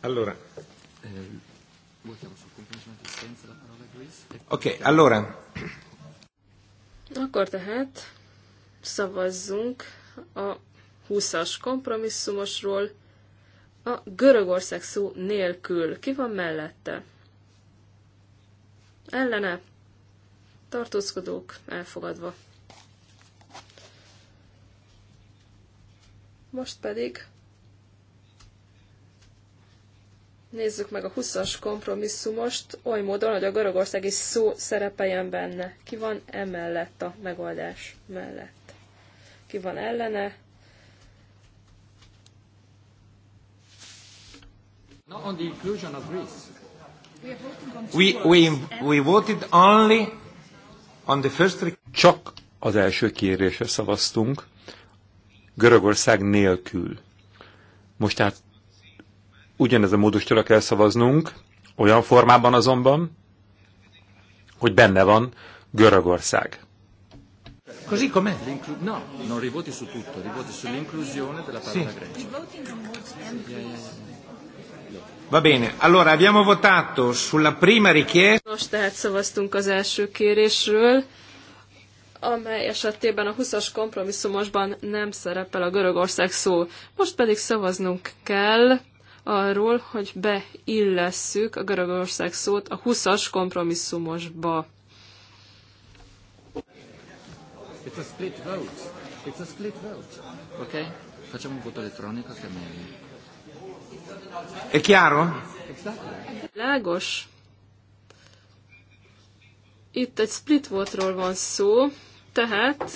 S1: Allora,
S4: Ok, allora
S2: akkor tehát szavazzunk a 20-as kompromisszumosról a Görögország szó nélkül. Ki van mellette? Ellene? Tartózkodók elfogadva. Most pedig Nézzük meg a 20-as kompromisszumost oly módon, hogy a görögországi szó szerepeljen benne. Ki van emellett a megoldás mellett? Ki van ellene?
S1: Not on the inclusion of Greece. We, we, we voted only
S5: on the first... Csak az első kérésre szavaztunk, Görögország nélkül. Most tehát ugyanez a módustóra kell szavaznunk, olyan formában azonban, hogy benne van
S1: Görögország. Così com'è? no, non rivoti su tutto, rivoti sull'inclusione della parte sì. Va bene, allora abbiamo votato sulla prima richiesta.
S2: Most tehát szavaztunk az első kérésről, amely esetében a 20-as kompromisszumosban nem szerepel a Görögország szó. Most pedig szavaznunk kell arról, hogy beillesszük a Görögország szót a 20-as kompromisszumosba.
S4: It's a split vote. It's a split vote. Okay? Facciamo un voto elettronico è meglio. È chiaro?
S2: Lágos. Itt egy split vote-ról van szó, tehát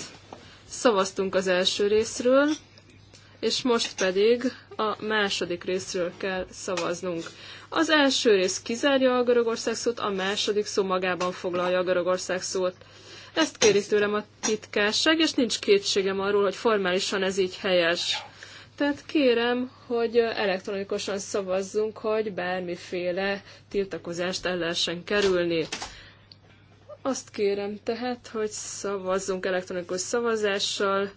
S2: szavaztunk az első részről, és most pedig a második részről kell szavaznunk. Az első rész kizárja a Görögország szót, a második szó magában foglalja a Görögország szót. Ezt kéri tőlem a titkárság, és nincs kétségem arról, hogy formálisan ez így helyes. Tehát kérem, hogy elektronikusan szavazzunk, hogy bármiféle tiltakozást el lehessen kerülni. Azt kérem tehát, hogy szavazzunk elektronikus szavazással.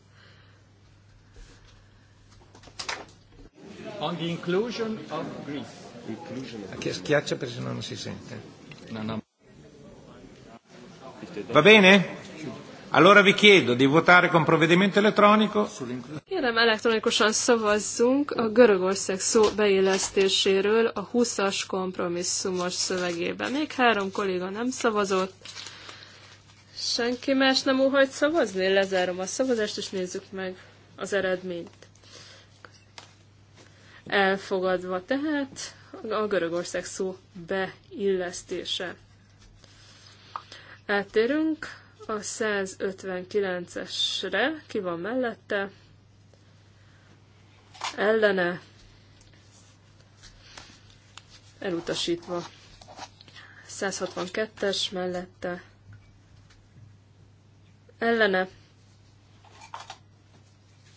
S1: on the inclusion of Greece. schiaccia perché sennò non si sente. No, no. Va bene? Allora vi chiedo di votare con provvedimento elettronico.
S2: Kérem elektronikusan szavazzunk a Görögország szó beillesztéséről a 20-as kompromisszumos szövegébe. Még három kolléga nem szavazott. Senki más nem óhajt szavazni? Lezárom a szavazást, és nézzük meg az eredményt elfogadva tehát a Görögország szó beillesztése. Eltérünk a 159-esre, ki van mellette, ellene, elutasítva. 162-es mellette, ellene,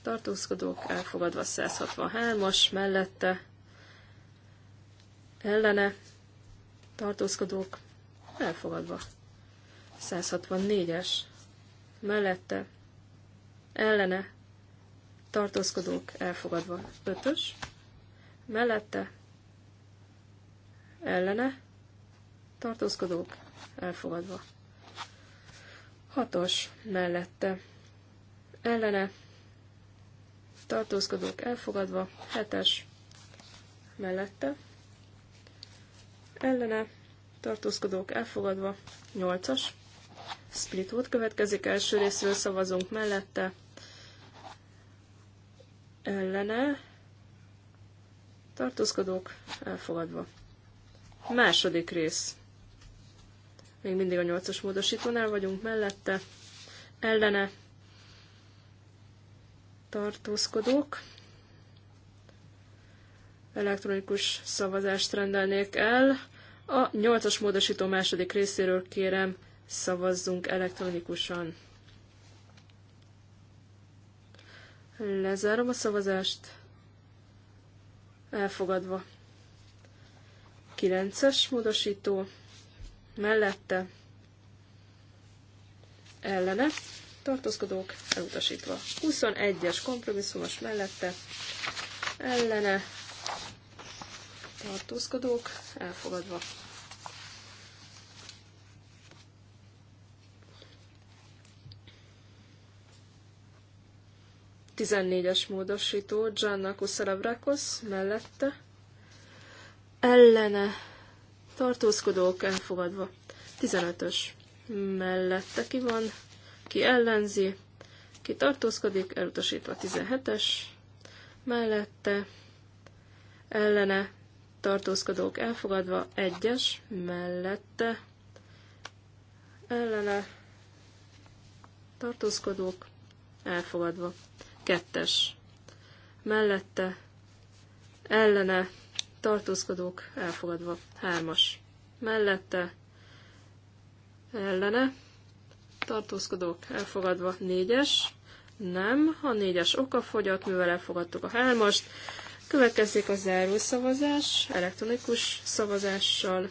S2: tartózkodók elfogadva 163-as mellette ellene tartózkodók elfogadva 164-es mellette ellene tartózkodók elfogadva 5-ös mellette ellene tartózkodók elfogadva 6-os mellette ellene tartózkodók elfogadva, hetes mellette, ellene, tartózkodók elfogadva, nyolcas split vote következik, első részről szavazunk mellette, ellene, tartózkodók elfogadva. Második rész. Még mindig a nyolcas módosítónál vagyunk mellette, ellene, tartózkodók. Elektronikus szavazást rendelnék el. A 8-as módosító második részéről kérem, szavazzunk elektronikusan. Lezárom a szavazást. Elfogadva. 9-es módosító. Mellette. Ellene tartózkodók elutasítva. 21-es kompromisszumos mellette ellene tartózkodók elfogadva. Tizennégyes módosító Gianna Kuszalabrakos mellette ellene tartózkodók elfogadva. 15-ös mellette ki van ki ellenzi, ki tartózkodik, elutasítva 17-es, mellette ellene tartózkodók elfogadva, 1-es, mellette ellene tartózkodók elfogadva, 2-es, mellette ellene tartózkodók elfogadva, 3-as, mellette ellene tartózkodók elfogadva, négyes, nem, a négyes oka fogyott, mivel elfogadtuk a hármast. Következik a záró szavazás, elektronikus szavazással.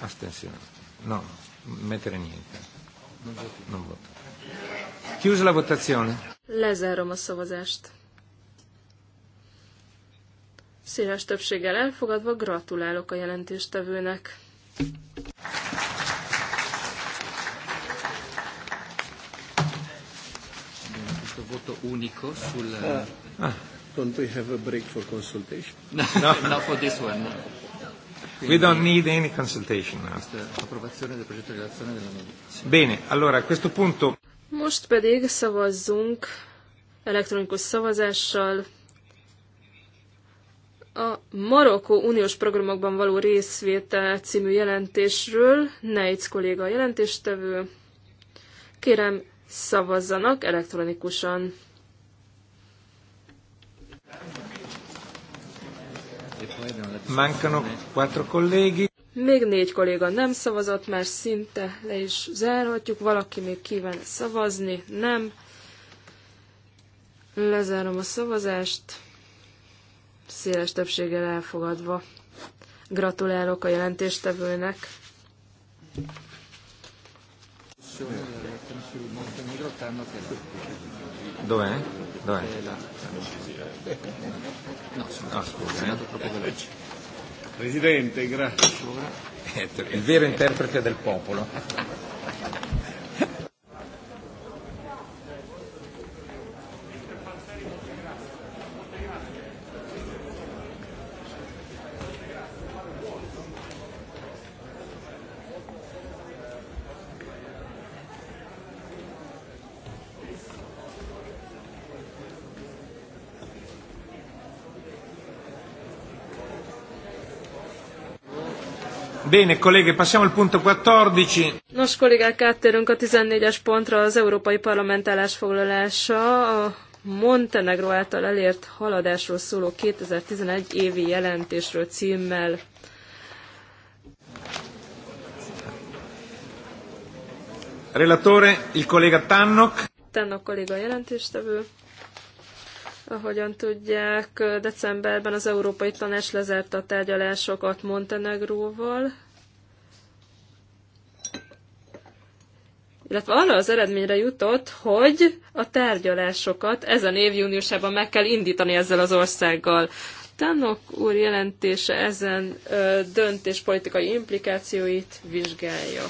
S1: Astensione. No, mettere niente. Non voto. Chiusa la votazione.
S2: Lezárom a szavazást. Széles többséggel elfogadva gratulálok a jelentéstevőnek.
S7: Ah. Don't we have a break for consultation?
S1: No, not for this one. No. we don't need any consultation Bene, allora a questo punto...
S2: Most pedig szavazzunk elektronikus szavazással a Marokkó uniós programokban való részvétel című jelentésről Neitz kolléga a jelentéstevő. Kérem, szavazzanak elektronikusan.
S1: Mancano quattro colleghi.
S2: Még négy kolléga nem szavazott, már szinte le is zárhatjuk. Valaki még kíván szavazni? Nem. Lezárom a szavazást széles többséggel elfogadva. Gratulálok a jelentéstevőnek.
S4: Dov'è? Dov'è? Eh.
S7: Presidente, grazie. Il vero interprete del popolo.
S1: Bene, colleghe, passiamo al punto 14. Nos,
S2: kollégák, áttérünk a 14-es pontra az Európai Parlament állásfoglalása a Montenegro által elért haladásról szóló 2011 évi jelentésről címmel.
S1: Relatore, il collega Tannok.
S2: Tannok kolléga jelentéstevő. Ahogyan tudják, decemberben az Európai Tanács lezárta a tárgyalásokat Montenegróval, illetve arra az eredményre jutott, hogy a tárgyalásokat ezen év júniusában meg kell indítani ezzel az országgal. Tanok úr jelentése ezen ö, döntés politikai implikációit vizsgálja.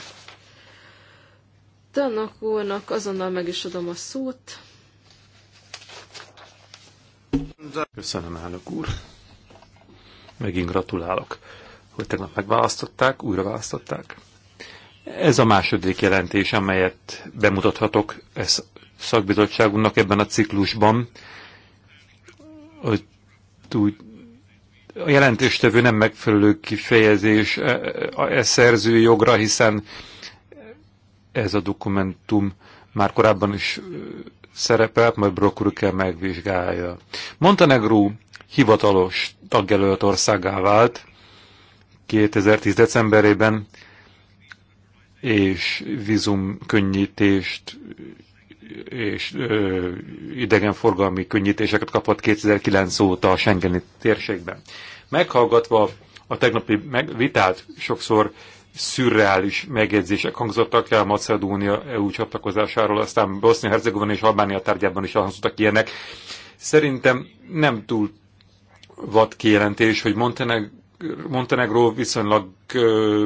S2: Tanok úrnak azonnal meg is adom a szót.
S5: Köszönöm, elnök úr. Megint gratulálok, hogy tegnap megválasztották, újra választották. Ez a második jelentés, amelyet bemutathatok ez szakbizottságunknak ebben a ciklusban. Hogy úgy, a jelentéstevő nem megfelelő kifejezés e, e, e szerző jogra, hiszen ez a dokumentum már korábban is szerepelt, majd Brock kell megvizsgálja. Montenegró hivatalos tagjelölt országá vált 2010. decemberében, és vízumkönnyítést és ö, idegenforgalmi könnyítéseket kapott 2009 óta a Schengeni térségben. Meghallgatva a tegnapi meg, vitát sokszor szürreális megjegyzések hangzottak el Macedónia EU csatlakozásáról, aztán Bosznia-Hercegovina és Albánia tárgyában is hangzottak ilyenek. Szerintem nem túl vad kijelentés, hogy Montenegro Montenegró viszonylag ö,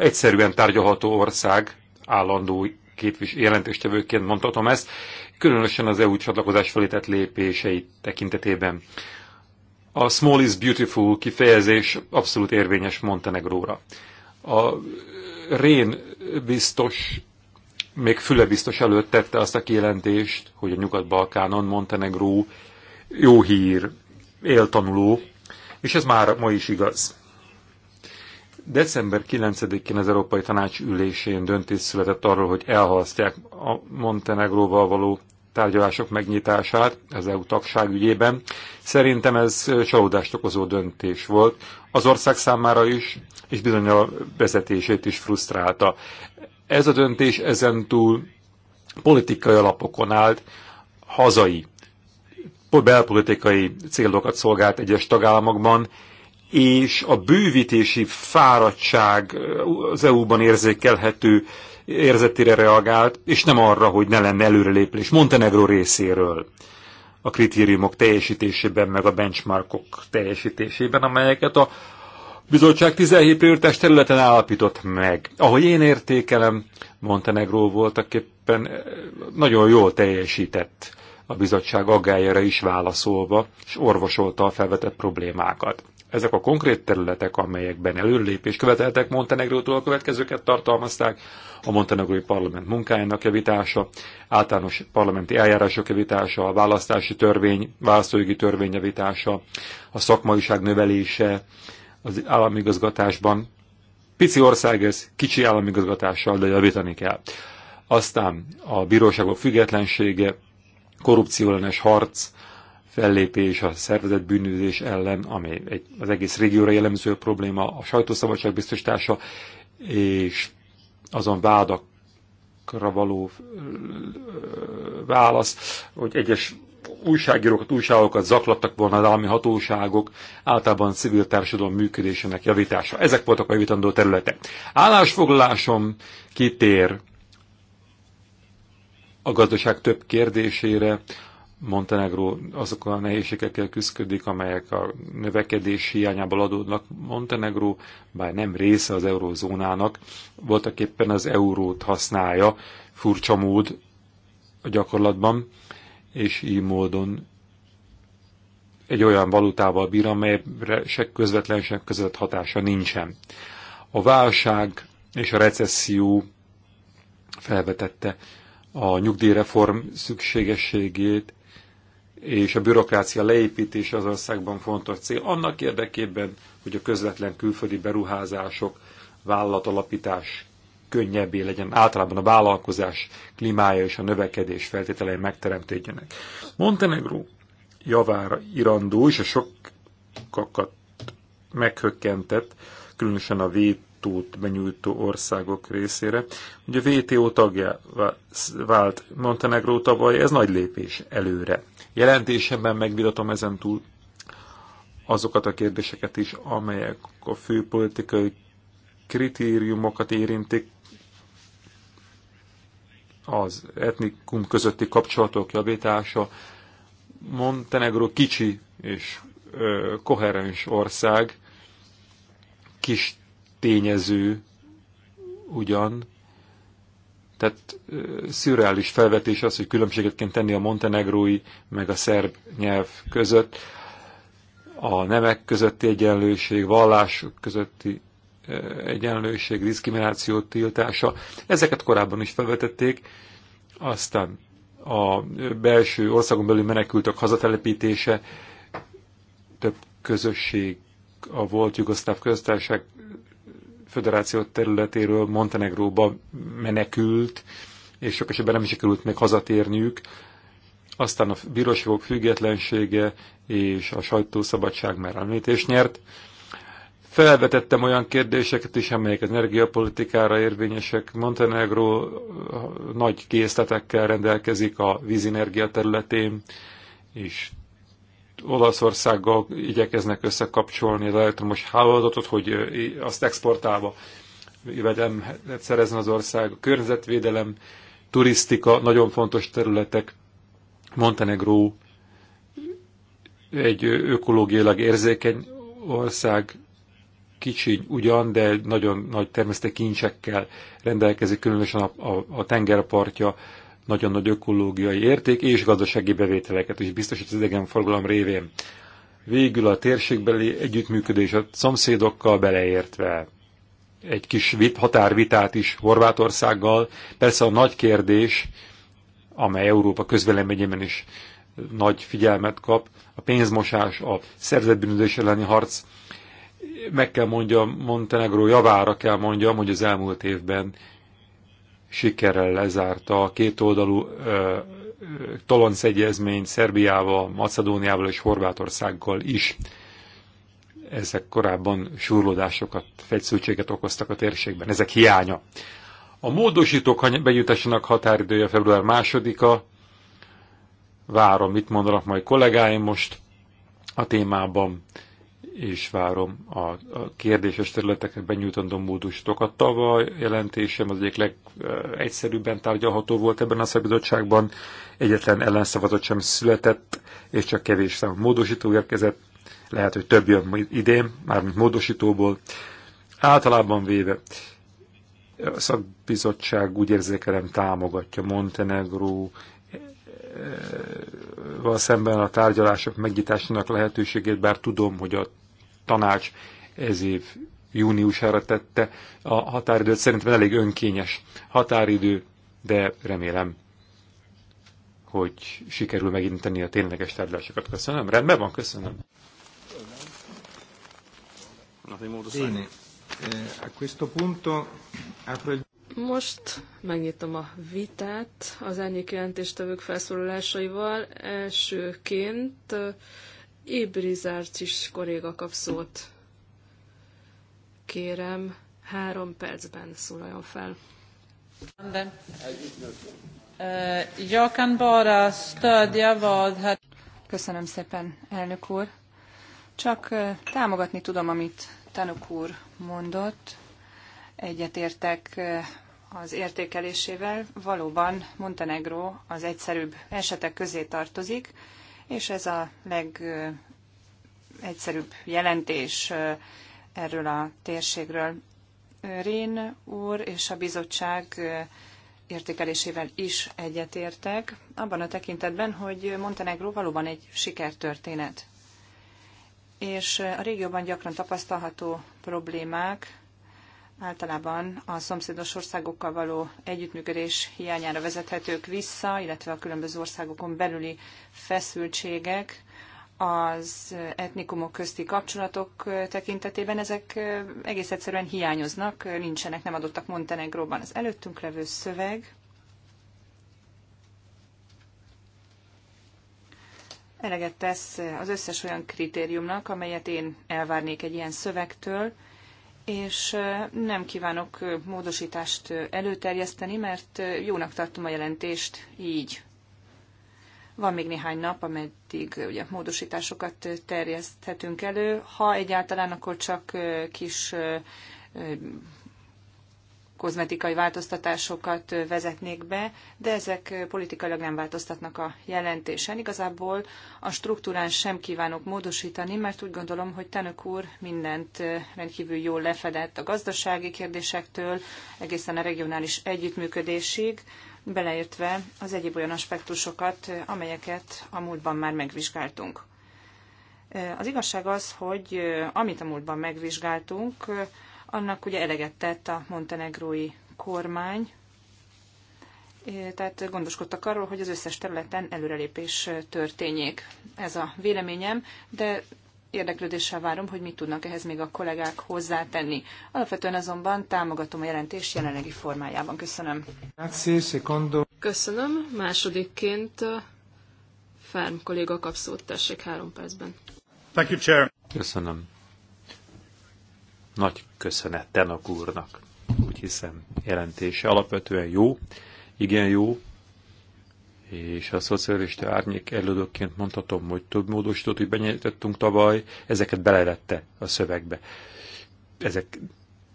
S5: egyszerűen tárgyalható ország, állandó képvis, jelentéstevőként mondhatom ezt, különösen az EU csatlakozás felé tett lépései tekintetében. A small is beautiful kifejezés abszolút érvényes Montenegróra. A Rén biztos, még Füle biztos előtt tette azt a kijelentést, hogy a Nyugat-Balkánon Montenegró jó hír, éltanuló, és ez már ma is igaz. December 9-én az Európai Tanács ülésén döntés született arról, hogy elhalasztják a Montenegróval való tárgyalások megnyitását az EU tagság ügyében. Szerintem ez csalódást okozó döntés volt az ország számára is, és bizony a vezetését is frusztrálta. Ez a döntés ezen túl politikai alapokon állt, hazai belpolitikai célokat szolgált egyes tagállamokban, és a bővítési fáradtság az EU-ban érzékelhető érzetére reagált, és nem arra, hogy ne lenne előrelépés Montenegro részéről a kritériumok teljesítésében, meg a benchmarkok teljesítésében, amelyeket a bizottság 17 prioritás területen állapított meg. Ahogy én értékelem, Montenegro voltak éppen nagyon jól teljesített a bizottság aggájára is válaszolva, és orvosolta a felvetett problémákat. Ezek a konkrét területek, amelyekben előlépés követeltek Montenegrótól, a következőket tartalmazták, a montenegrói parlament munkájának javítása, általános parlamenti eljárások javítása, a választási törvény, választójogi törvény javítása, a szakmaiság növelése az államigazgatásban. Pici ország ez, kicsi államigazgatással, de javítani kell. Aztán a bíróságok függetlensége, korrupcióellenes harc, fellépés a szervezett bűnözés ellen, ami egy, az egész régióra jellemző probléma, a sajtószabadság biztosítása, és azon vádakra való válasz, hogy egyes újságírókat, újságokat zaklattak volna az állami hatóságok, általában civil társadalom működésének javítása. Ezek voltak a javítandó területek. Állásfoglalásom kitér a gazdaság több kérdésére, Montenegro azok a nehézségekkel küzdik, amelyek a növekedés hiányából adódnak. Montenegro, bár nem része az eurózónának, voltak éppen az eurót használja, furcsa mód a gyakorlatban, és így módon egy olyan valutával bír, amelyre se közvetlen, se között hatása nincsen. A válság és a recesszió felvetette a nyugdíjreform szükségességét és a bürokrácia leépítése az országban fontos cél, annak érdekében, hogy a közvetlen külföldi beruházások, vállalatalapítás könnyebbé legyen, általában a vállalkozás klímája és a növekedés feltételei megteremtődjenek. Montenegro javára irandó, és a sokakat meghökkentett, különösen a vétót benyújtó országok részére. Ugye a VTO tagja vált Montenegró tavaly, ez nagy lépés előre. Jelentésemben megvitatom ezen túl azokat a kérdéseket is, amelyek a főpolitikai kritériumokat érintik, az etnikum közötti kapcsolatok javítása. Montenegro kicsi és ö, koherens ország, kis tényező ugyan, tehát szürreális felvetés az, hogy különbséget kell tenni a montenegrói meg a szerb nyelv között, a nemek közötti egyenlőség, vallások közötti egyenlőség, diszkrimináció tiltása. Ezeket korábban is felvetették, aztán a belső országon belül menekültek hazatelepítése, több közösség a volt jugoszláv köztársaság Föderáció területéről Montenegróba menekült, és sok esetben nem is került meg hazatérniük. Aztán a bíróságok függetlensége és a sajtószabadság már említést nyert. Felvetettem olyan kérdéseket is, amelyek az energiapolitikára érvényesek. Montenegró nagy készletekkel rendelkezik a vízenergia területén, és Olaszországgal igyekeznek összekapcsolni az elektromos hálózatot, hogy azt exportálva jövedelmet szerezzen az ország. A környezetvédelem, turisztika, nagyon fontos területek. Montenegró egy ökológiailag érzékeny ország, kicsi ugyan, de nagyon nagy természeti kincsekkel rendelkezik, különösen a, a, a tengerpartja nagyon nagy ökológiai érték és gazdasági bevételeket is biztosít az idegenforgalom révén. Végül a térségbeli együttműködés a szomszédokkal beleértve egy kis határvitát is Horvátországgal. Persze a nagy kérdés, amely Európa közveleményében is nagy figyelmet kap, a pénzmosás, a szerzetbűnözés elleni harc. Meg kell mondjam, Montenegro javára kell mondjam, hogy az elmúlt évben sikerrel lezárta a kétoldalú Tolonc egyezményt Szerbiával, Macedóniával és Horvátországgal is. Ezek korábban súrlódásokat, fegyszültséget okoztak a térségben. Ezek hiánya. A módosítók bejutásának határidője február másodika. Várom, mit mondanak majd kollégáim most a témában és várom a, a kérdéses területeket benyújtandó módusokat. Tavaly jelentésem az egyik legegyszerűbben tárgyalható volt ebben a szakbizottságban. Egyetlen ellenszavazat sem született, és csak kevés számú módosító érkezett. Lehet, hogy több jön idén, mármint módosítóból. Általában véve a szakbizottság úgy érzékelem támogatja Montenegró eh, val szemben a tárgyalások megnyitásának lehetőségét, bár tudom, hogy a tanács ez év júniusára tette a határidőt. Szerintem elég önkényes határidő, de remélem, hogy sikerül megintenni a tényleges tárgyalásokat. Köszönöm. Rendben van, köszönöm.
S1: Eh,
S2: Most megnyitom a vitát az árnyék jelentéstevők felszólalásaival. Elsőként eh, Ibrizárcs is kolléga kap szót. Kérem, három percben szólaljon
S3: fel. Eh, Jag kan bara stödja vad här... Hát- Köszönöm szépen, elnök úr. Csak eh, támogatni tudom, amit tanuk úr mondott. Egyetértek eh, az értékelésével. Valóban Montenegro az egyszerűbb esetek közé tartozik és ez a legegyszerűbb jelentés erről a térségről. Rén úr és a bizottság értékelésével is egyetértek, abban a tekintetben, hogy Montenegró valóban egy sikertörténet. És a régióban gyakran tapasztalható problémák általában a szomszédos országokkal való együttműködés hiányára vezethetők vissza, illetve a különböző országokon belüli feszültségek az etnikumok közti kapcsolatok tekintetében ezek egész egyszerűen hiányoznak, nincsenek, nem adottak Montenegróban. Az előttünk levő szöveg eleget tesz az összes olyan kritériumnak, amelyet én elvárnék egy ilyen szövegtől, és nem kívánok módosítást előterjeszteni, mert jónak tartom a jelentést így. Van még néhány nap, ameddig ugye, módosításokat terjeszthetünk elő. Ha egyáltalán, akkor csak kis kozmetikai változtatásokat vezetnék be, de ezek politikailag nem változtatnak a jelentésen. Igazából a struktúrán sem kívánok módosítani, mert úgy gondolom, hogy Tenök úr mindent rendkívül jól lefedett a gazdasági kérdésektől, egészen a regionális együttműködésig, beleértve az egyéb olyan aspektusokat, amelyeket a múltban már megvizsgáltunk. Az igazság az, hogy amit a múltban megvizsgáltunk, annak ugye eleget tett a montenegrói kormány, tehát gondoskodtak arról, hogy az összes területen előrelépés történjék. Ez a véleményem, de érdeklődéssel várom, hogy mit tudnak ehhez még a kollégák hozzátenni. Alapvetően azonban támogatom a jelentés jelenlegi formájában. Köszönöm. Köszönöm. Másodikként uh,
S2: Fárm kolléga kap szót, tessék három percben.
S1: Thank you, Chair. Köszönöm.
S5: Nagy köszönet Tenak úrnak. Úgy hiszem, jelentése alapvetően jó, igen jó, és a szocialista árnyék elődökként mondhatom, hogy több módosítót, hogy benyitettünk tavaly, ezeket belevette a szövegbe. Ezek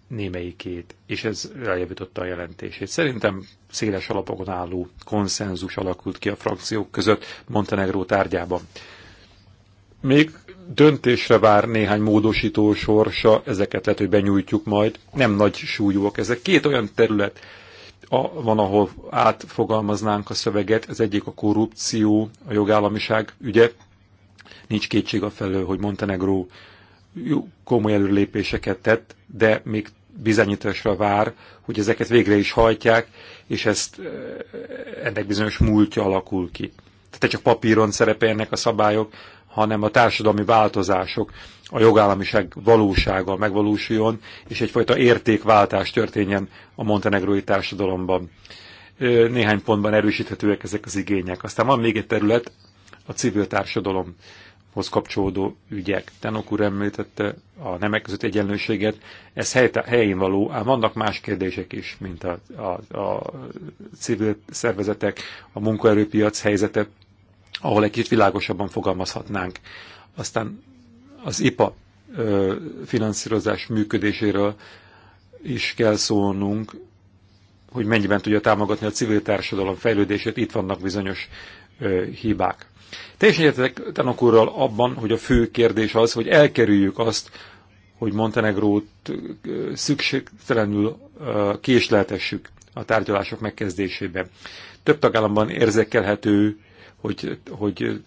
S5: némelyikét, és ez eljavította a jelentését. Szerintem széles alapokon álló konszenzus alakult ki a frakciók között Montenegró tárgyában. Még döntésre vár néhány módosító sorsa, ezeket lehet, hogy benyújtjuk majd. Nem nagy súlyúak ezek. Két olyan terület a, van, ahol átfogalmaznánk a szöveget. Ez egyik a korrupció, a jogállamiság ügye. Nincs kétség a felől, hogy Montenegró komoly előlépéseket tett, de még bizonyításra vár, hogy ezeket végre is hajtják, és ezt e, ennek bizonyos múltja alakul ki. Tehát csak papíron szerepelnek a szabályok, hanem a társadalmi változások, a jogállamiság valósága megvalósuljon, és egyfajta értékváltás történjen a montenegrói társadalomban. Néhány pontban erősíthetőek ezek az igények. Aztán van még egy terület, a civil társadalomhoz kapcsolódó ügyek. Tenok úr említette a nemek között egyenlőséget, ez helyén való, ám vannak más kérdések is, mint a, a, a civil szervezetek, a munkaerőpiac helyzete ahol egy kicsit világosabban fogalmazhatnánk. Aztán az IPA finanszírozás működéséről is kell szólnunk, hogy mennyiben tudja támogatni a civil társadalom fejlődését, itt vannak bizonyos ö, hibák. Teljesen értetek Tanok úrral abban, hogy a fő kérdés az, hogy elkerüljük azt, hogy Montenegrót szükségtelenül késleltessük a tárgyalások megkezdésében. Több tagállamban érzékelhető hogy, hogy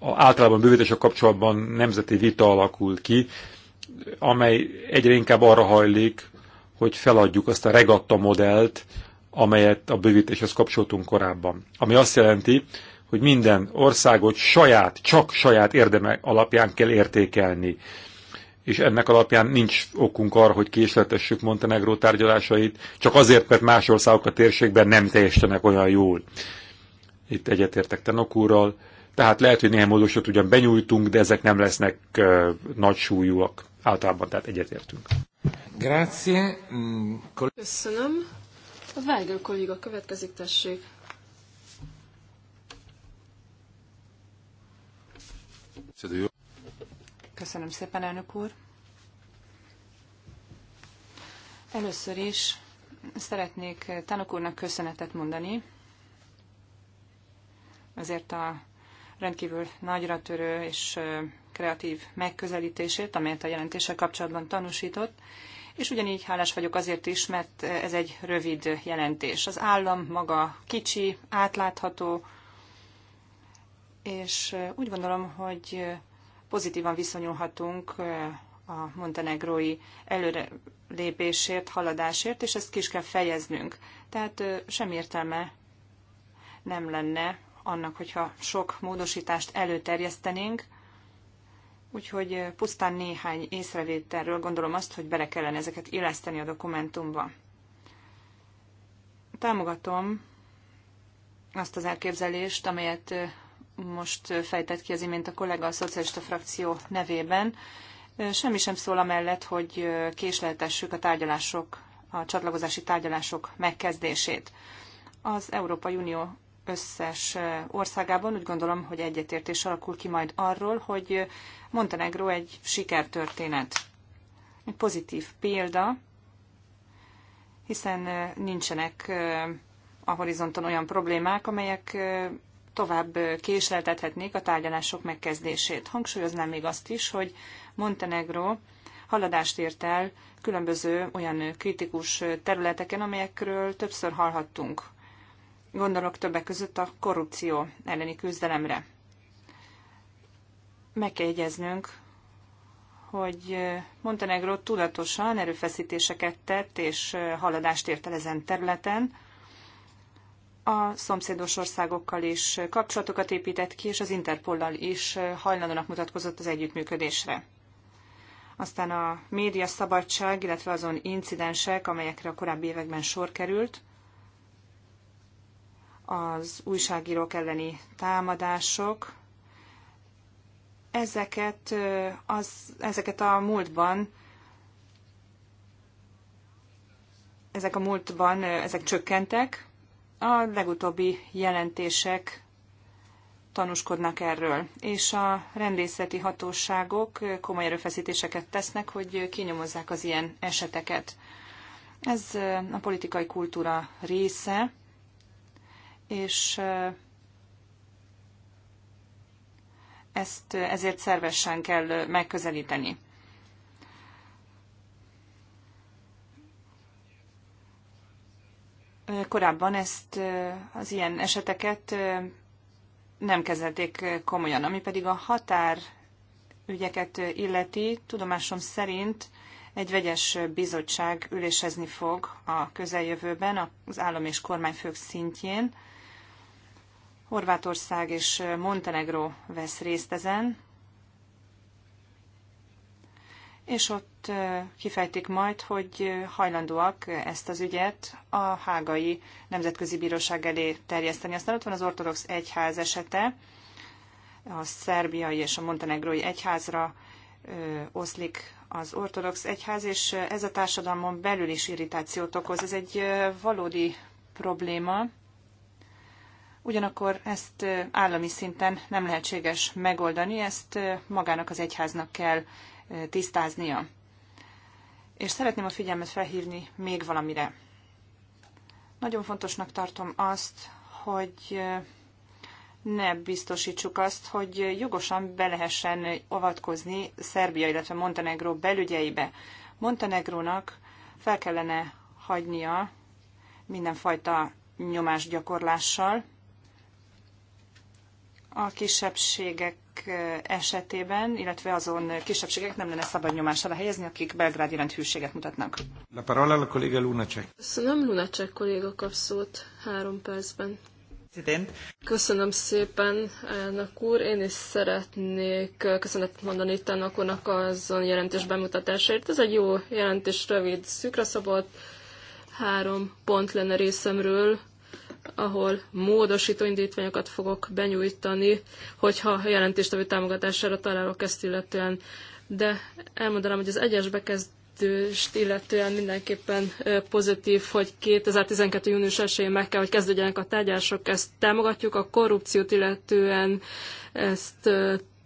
S5: általában bővítés a kapcsolatban nemzeti vita alakul ki, amely egyre inkább arra hajlik, hogy feladjuk azt a regatta modellt, amelyet a bővítéshez kapcsoltunk korábban. Ami azt jelenti, hogy minden országot saját, csak saját érdeme alapján kell értékelni. És ennek alapján nincs okunk arra, hogy késletessük Montenegró tárgyalásait, csak azért, mert más országok a térségben nem teljesenek olyan jól. Itt egyetértek Tanok úrral. Tehát lehet, hogy néhány módosot ugyan benyújtunk, de ezek nem lesznek uh, nagy súlyúak. Általában tehát egyetértünk.
S1: Grazie. Mm, Köszönöm.
S2: A Weigel kolléga következik, tessék.
S3: Köszönöm szépen, elnök úr. Először is szeretnék Tanok úrnak köszönetet mondani ezért a rendkívül nagyra törő és kreatív megközelítését, amelyet a jelentéssel kapcsolatban tanúsított, és ugyanígy hálás vagyok azért is, mert ez egy rövid jelentés. Az állam maga kicsi, átlátható, és úgy gondolom, hogy pozitívan viszonyulhatunk a montenegrói előre lépésért, haladásért, és ezt ki is kell fejeznünk. Tehát semmi értelme nem lenne annak, hogyha sok módosítást előterjesztenénk, úgyhogy pusztán néhány észrevételről gondolom azt, hogy bele kellene ezeket illeszteni a dokumentumba. Támogatom azt az elképzelést, amelyet most fejtett ki az imént a kollega a szocialista frakció nevében. Semmi sem szól amellett, hogy késleltessük a tárgyalások, a csatlakozási tárgyalások megkezdését. Az Európai Unió összes országában. Úgy gondolom, hogy egyetértés alakul ki majd arról, hogy Montenegro egy sikertörténet, egy pozitív példa, hiszen nincsenek a horizonton olyan problémák, amelyek tovább késleltethetnék a tárgyalások megkezdését. Hangsúlyoznám még azt is, hogy Montenegro haladást ért el különböző olyan kritikus területeken, amelyekről többször hallhattunk. Gondolok többek között a korrupció elleni küzdelemre. Meg kell jegyeznünk, hogy Montenegro tudatosan erőfeszítéseket tett és haladást ért el ezen területen. A szomszédos országokkal is kapcsolatokat épített ki, és az Interpollal is hajlandónak mutatkozott az együttműködésre. Aztán a média szabadság, illetve azon incidensek, amelyekre a korábbi években sor került, az újságírók elleni támadások, ezeket, az, ezeket a múltban ezek a múltban ezek csökkentek, a legutóbbi jelentések tanúskodnak erről, és a rendészeti hatóságok komoly erőfeszítéseket tesznek, hogy kinyomozzák az ilyen eseteket. Ez a politikai kultúra része, és ezt ezért szervesen kell megközelíteni. Korábban ezt az ilyen eseteket nem kezelték komolyan, ami pedig a határ ügyeket illeti, tudomásom szerint egy vegyes bizottság ülésezni fog a közeljövőben az állam és kormányfők szintjén, Horvátország és Montenegro vesz részt ezen, és ott kifejtik majd, hogy hajlandóak ezt az ügyet a hágai nemzetközi bíróság elé terjeszteni. Aztán ott van az ortodox egyház esete, a szerbiai és a montenegrói egyházra oszlik az ortodox egyház, és ez a társadalmon belül is irritációt okoz. Ez egy valódi probléma, Ugyanakkor ezt állami szinten nem lehetséges megoldani, ezt magának az egyháznak kell tisztáznia. És szeretném a figyelmet felhívni még valamire. Nagyon fontosnak tartom azt, hogy ne biztosítsuk azt, hogy jogosan be lehessen avatkozni Szerbia, illetve Montenegró belügyeibe. Montenegrónak fel kellene hagynia mindenfajta nyomásgyakorlással, a kisebbségek esetében, illetve azon kisebbségek nem lenne szabad nyomás alá helyezni, akik Belgrád iránt hűséget mutatnak.
S1: La parola alla collega Lunacek.
S3: Köszönöm,
S2: Lunacek kolléga kap szót három percben. Köszönöm szépen, elnök úr. Én is szeretnék köszönetet mondani itt elnök úrnak azon jelentés bemutatásért. Ez egy jó jelentés, rövid, szükre szabott. Három pont lenne részemről ahol módosító indítványokat fogok benyújtani, hogyha a jelentéstevő támogatására találok ezt illetően. De elmondanám, hogy az egyes bekezdőst illetően mindenképpen pozitív, hogy 2012. június 1 meg kell, hogy kezdődjenek a tárgyások, ezt támogatjuk, a korrupciót illetően ezt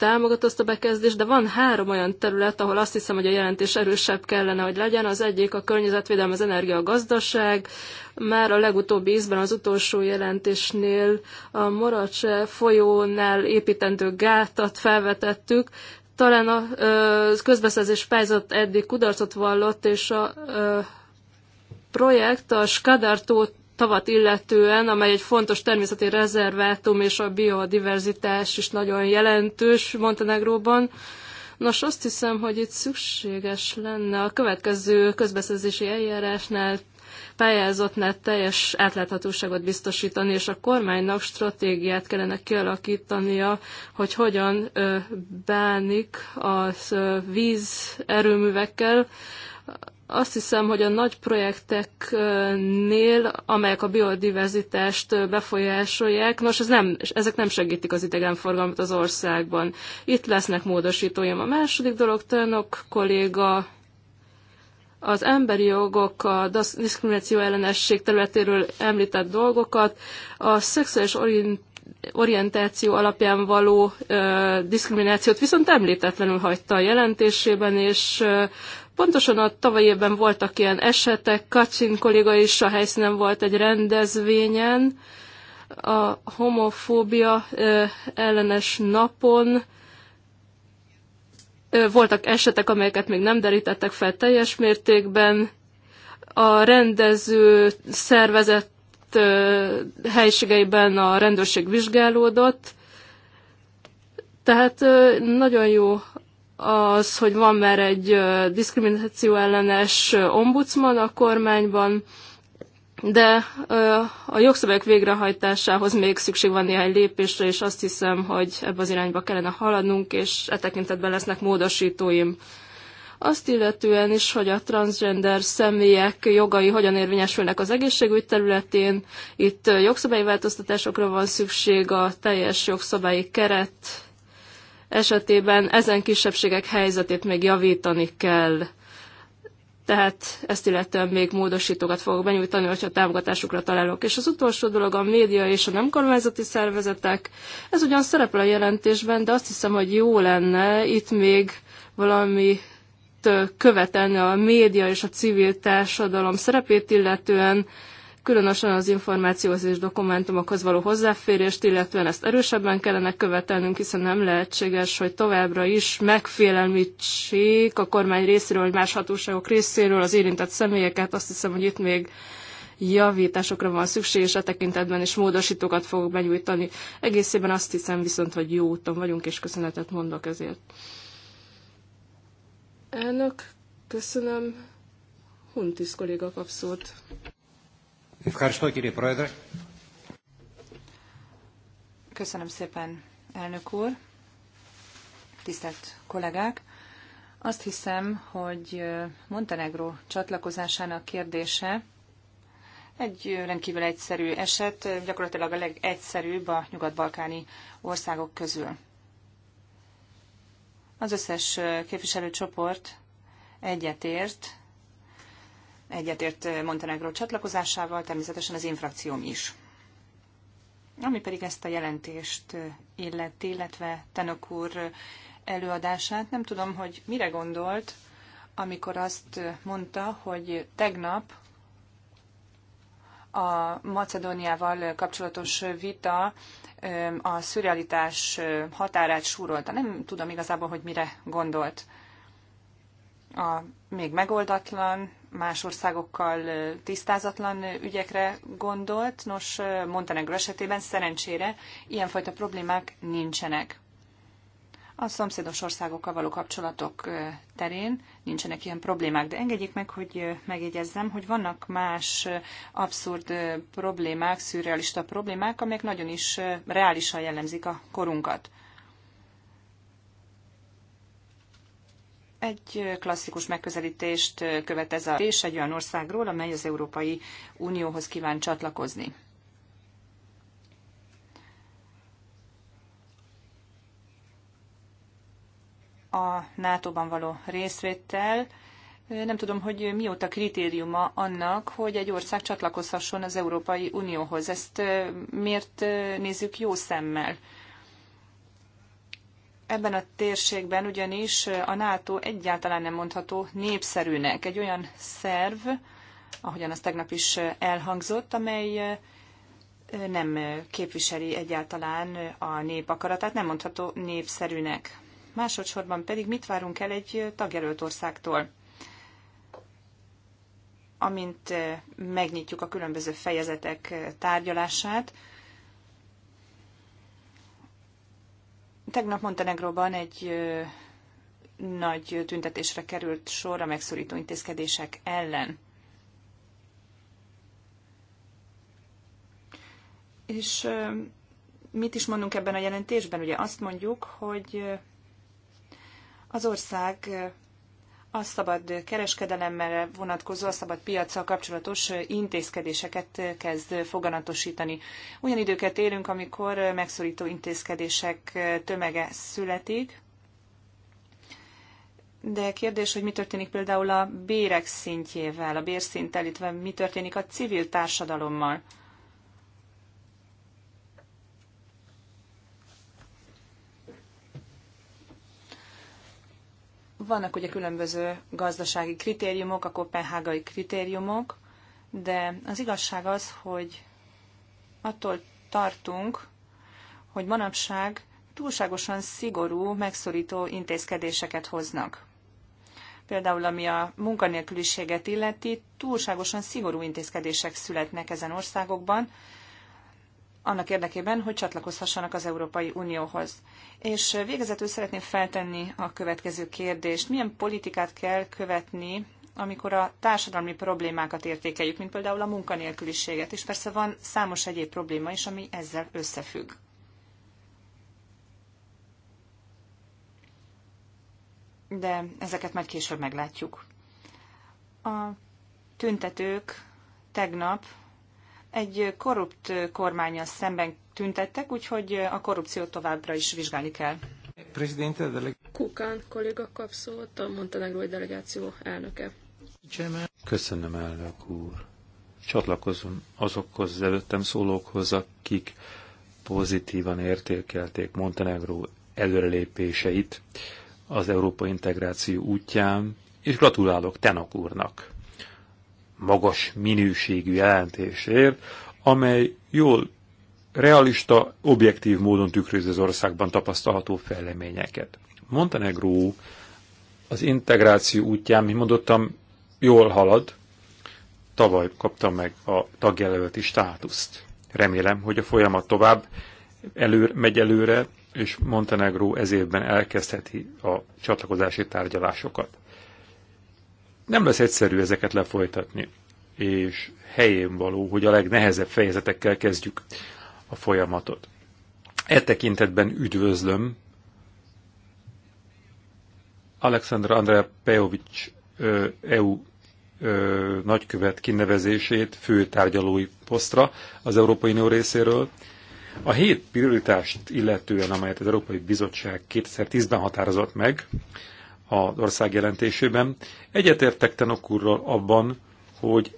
S2: támogatta azt a bekezdést, de van három olyan terület, ahol azt hiszem, hogy a jelentés erősebb kellene, hogy legyen. Az egyik a környezetvédelem, az energia, a gazdaság. Már a legutóbbi ízben, az utolsó jelentésnél a Moracse folyónál építendő gátat felvetettük, talán a ö, közbeszerzés pályázat eddig kudarcot vallott, és a ö, projekt a Skadartó tavat illetően, amely egy fontos természeti rezervátum, és a biodiverzitás is nagyon jelentős Montenegróban. Nos, azt hiszem, hogy itt szükséges lenne a következő közbeszerzési eljárásnál pályázatnál teljes átláthatóságot biztosítani, és a kormánynak stratégiát kellene kialakítania, hogy hogyan bánik a víz erőművekkel, azt hiszem, hogy a nagy projekteknél, amelyek a biodiverzitást befolyásolják, nos, ez nem, ezek nem segítik az idegenforgalmat az országban. Itt lesznek módosítóim. A második dolog, tőnök kolléga az emberi jogok, a diszkrimináció ellenesség területéről említett dolgokat, a szexuális orientáció alapján való ö, diszkriminációt viszont említetlenül hagyta a jelentésében, és ö, Pontosan a tavaly évben voltak ilyen esetek, Kacsin kolléga is a helyszínen volt egy rendezvényen, a homofóbia ellenes napon, voltak esetek, amelyeket még nem derítettek fel teljes mértékben. A rendező szervezett helységeiben a rendőrség vizsgálódott, tehát nagyon jó az, hogy van már egy diszkrimináció ellenes ombudsman a kormányban, de a jogszabályok végrehajtásához még szükség van néhány lépésre, és azt hiszem, hogy ebbe az irányba kellene haladnunk, és e tekintetben lesznek módosítóim. Azt illetően is, hogy a transgender személyek jogai hogyan érvényesülnek az egészségügy területén, itt jogszabályi változtatásokra van szükség, a teljes jogszabályi keret esetében ezen kisebbségek helyzetét még javítani kell. Tehát ezt illetően még módosítókat fogok benyújtani, hogyha támogatásukra találok. És az utolsó dolog a média és a nem kormányzati szervezetek. Ez ugyan szerepel a jelentésben, de azt hiszem, hogy jó lenne itt még valami követelni a média és a civil társadalom szerepét illetően, különösen az információhoz és dokumentumokhoz való hozzáférést, illetően ezt erősebben kellene követelnünk, hiszen nem lehetséges, hogy továbbra is megfélelmítsék a kormány részéről, vagy más hatóságok részéről az érintett személyeket. Azt hiszem, hogy itt még javításokra van szükség, és a e tekintetben is módosítókat fogok benyújtani. Egészében azt hiszem viszont, hogy jó úton vagyunk, és köszönetet mondok ezért. Elnök, köszönöm. Huntis kolléga kap szót.
S1: Ευχαριστώ κύριε Πρόεδρε.
S3: Köszönöm szépen, elnök úr, tisztelt kollégák! Azt hiszem, hogy Montenegro csatlakozásának kérdése egy rendkívül egyszerű eset, gyakorlatilag a legegyszerűbb a nyugat-balkáni országok közül. Az összes képviselőcsoport egyetért egyetért Montenegró csatlakozásával, természetesen az infrakcióm is. Ami pedig ezt a jelentést illet, illetve Tenok úr előadását, nem tudom, hogy mire gondolt, amikor azt mondta, hogy tegnap a Macedóniával kapcsolatos vita a szürrealitás határát súrolta. Nem tudom igazából, hogy mire gondolt. A még megoldatlan más országokkal tisztázatlan ügyekre gondolt. Nos, Montenegro esetében szerencsére ilyenfajta problémák nincsenek. A szomszédos országokkal való kapcsolatok terén nincsenek ilyen problémák, de engedjék meg, hogy megjegyezzem, hogy vannak más abszurd problémák, szürrealista problémák, amelyek nagyon is reálisan jellemzik a korunkat. Egy klasszikus megközelítést követ ez a és egy olyan országról, amely az Európai Unióhoz kíván csatlakozni. a NATO-ban való részvétel. Nem tudom, hogy mióta kritériuma annak, hogy egy ország csatlakozhasson az Európai Unióhoz. Ezt eh, miért eh, nézzük jó szemmel? Ebben a térségben ugyanis a NATO egyáltalán nem mondható népszerűnek. Egy olyan szerv, ahogyan az tegnap is elhangzott, amely nem képviseli egyáltalán a nép akaratát, nem mondható népszerűnek. Másodszorban pedig mit várunk el egy tagjelölt országtól? Amint megnyitjuk a különböző fejezetek tárgyalását, Tegnap Montenegróban egy nagy tüntetésre került sor a megszorító intézkedések ellen. És mit is mondunk ebben a jelentésben? Ugye azt mondjuk, hogy az ország a szabad kereskedelemmel vonatkozó, a szabad piacsal kapcsolatos intézkedéseket kezd foganatosítani. Olyan időket élünk, amikor megszorító intézkedések tömege születik, de kérdés, hogy mi történik például a bérek szintjével, a bérszinttel, illetve mi történik a civil társadalommal. Vannak ugye különböző gazdasági kritériumok, a kopenhágai kritériumok, de az igazság az, hogy attól tartunk, hogy manapság túlságosan szigorú, megszorító intézkedéseket hoznak. Például ami a munkanélküliséget illeti, túlságosan szigorú intézkedések születnek ezen országokban, annak érdekében, hogy csatlakozhassanak az Európai Unióhoz. És végezetül szeretném feltenni a következő kérdést. Milyen politikát kell követni, amikor a társadalmi problémákat értékeljük, mint például a munkanélküliséget, és persze van számos egyéb probléma is, ami ezzel összefügg. De ezeket majd később meglátjuk. A tüntetők tegnap egy korrupt kormányjal szemben tüntettek, úgyhogy a korrupciót továbbra
S1: is vizsgálni kell.
S3: Kukán kolléga kap szót, a Montenegrói
S2: delegáció elnöke.
S5: Köszönöm, elnök úr. Csatlakozom azokhoz az előttem szólókhoz, akik pozitívan értékelték Montenegró előrelépéseit az európai integráció útján, és gratulálok Tenok úrnak magas minőségű jelentésért, amely jól realista, objektív módon tükrözi az országban tapasztalható fejleményeket. Montenegró az integráció útján, mint mondottam, jól halad. Tavaly kaptam meg a tagjelölti státuszt. Remélem, hogy a folyamat tovább előr, megy előre, és Montenegró ez évben elkezdheti a csatlakozási tárgyalásokat. Nem lesz egyszerű ezeket lefolytatni, és helyén való, hogy a legnehezebb fejezetekkel kezdjük a folyamatot. E tekintetben üdvözlöm Alexandra Andrea Pejovics EU nagykövet kinevezését főtárgyalói posztra az Európai Unió részéről. A hét prioritást illetően, amelyet az Európai Bizottság 2010-ben határozott meg, az ország jelentésében. Egyetértek Tenok úrral abban, hogy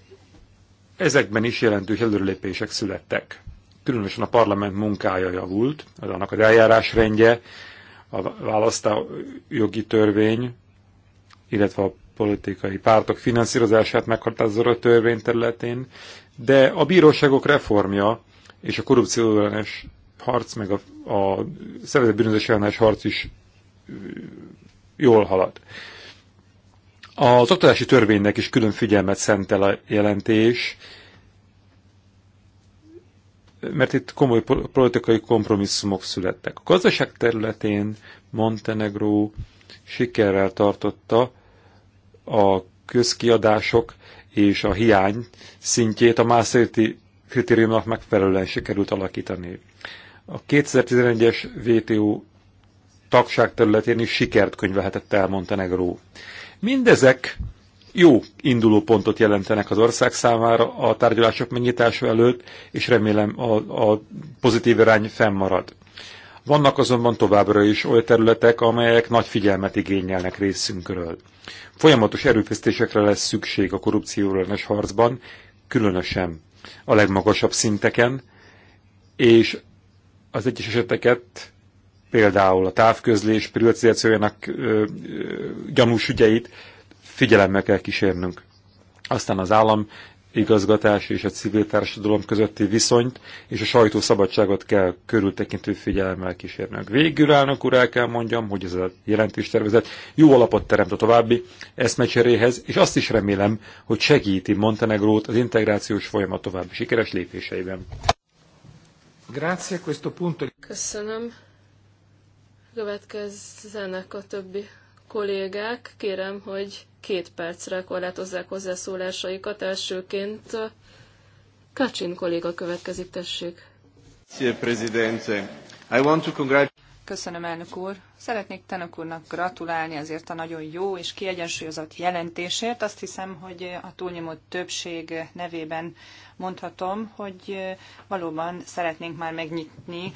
S5: ezekben is jelentős előrelépések születtek. Különösen a parlament munkája javult, az annak az eljárásrendje, a jogi törvény, illetve a politikai pártok finanszírozását meghatározó törvény területén, de a bíróságok reformja és a korrupció ellenes harc, meg a, a szervezett bűnözés ellenes harc is jól halad. Az oktatási törvénynek is külön figyelmet szentel a jelentés, mert itt komoly politikai kompromisszumok születtek. A gazdaság területén Montenegró sikerrel tartotta a közkiadások és a hiány szintjét a Maastrichti kritériumnak megfelelően sikerült alakítani. A 2011-es WTO tagság területén is sikert könyvelhetett el Montenegró. Mindezek jó induló pontot jelentenek az ország számára a tárgyalások megnyitása előtt, és remélem a, a pozitív irány fennmarad. Vannak azonban továbbra is olyan területek, amelyek nagy figyelmet igényelnek részünkről. Folyamatos erőfeszítésekre lesz szükség a korrupció ellenes harcban, különösen a legmagasabb szinteken, és az egyes eseteket például a távközlés privatizációjának gyanús ügyeit figyelemmel kell kísérnünk. Aztán az állam igazgatás és a civil társadalom közötti viszonyt és a sajtószabadságot kell körültekintő figyelemmel kísérnünk. Végül elnök úr el kell mondjam, hogy ez a jelentéstervezet jó alapot teremt a további eszmecseréhez, és azt is remélem, hogy segíti Montenegrót az integrációs folyamat további sikeres lépéseiben.
S1: Grazie, questo punto. Köszönöm.
S2: Következzenek a többi kollégák. Kérem, hogy két percre korlátozzák hozzászólásaikat. Elsőként
S3: Kacsin kolléga következik, tessék. Köszönöm, elnök úr. Szeretnék Tenök úrnak gratulálni azért a nagyon jó és kiegyensúlyozott jelentésért. Azt hiszem, hogy a túlnyomó többség nevében mondhatom, hogy valóban szeretnénk már megnyitni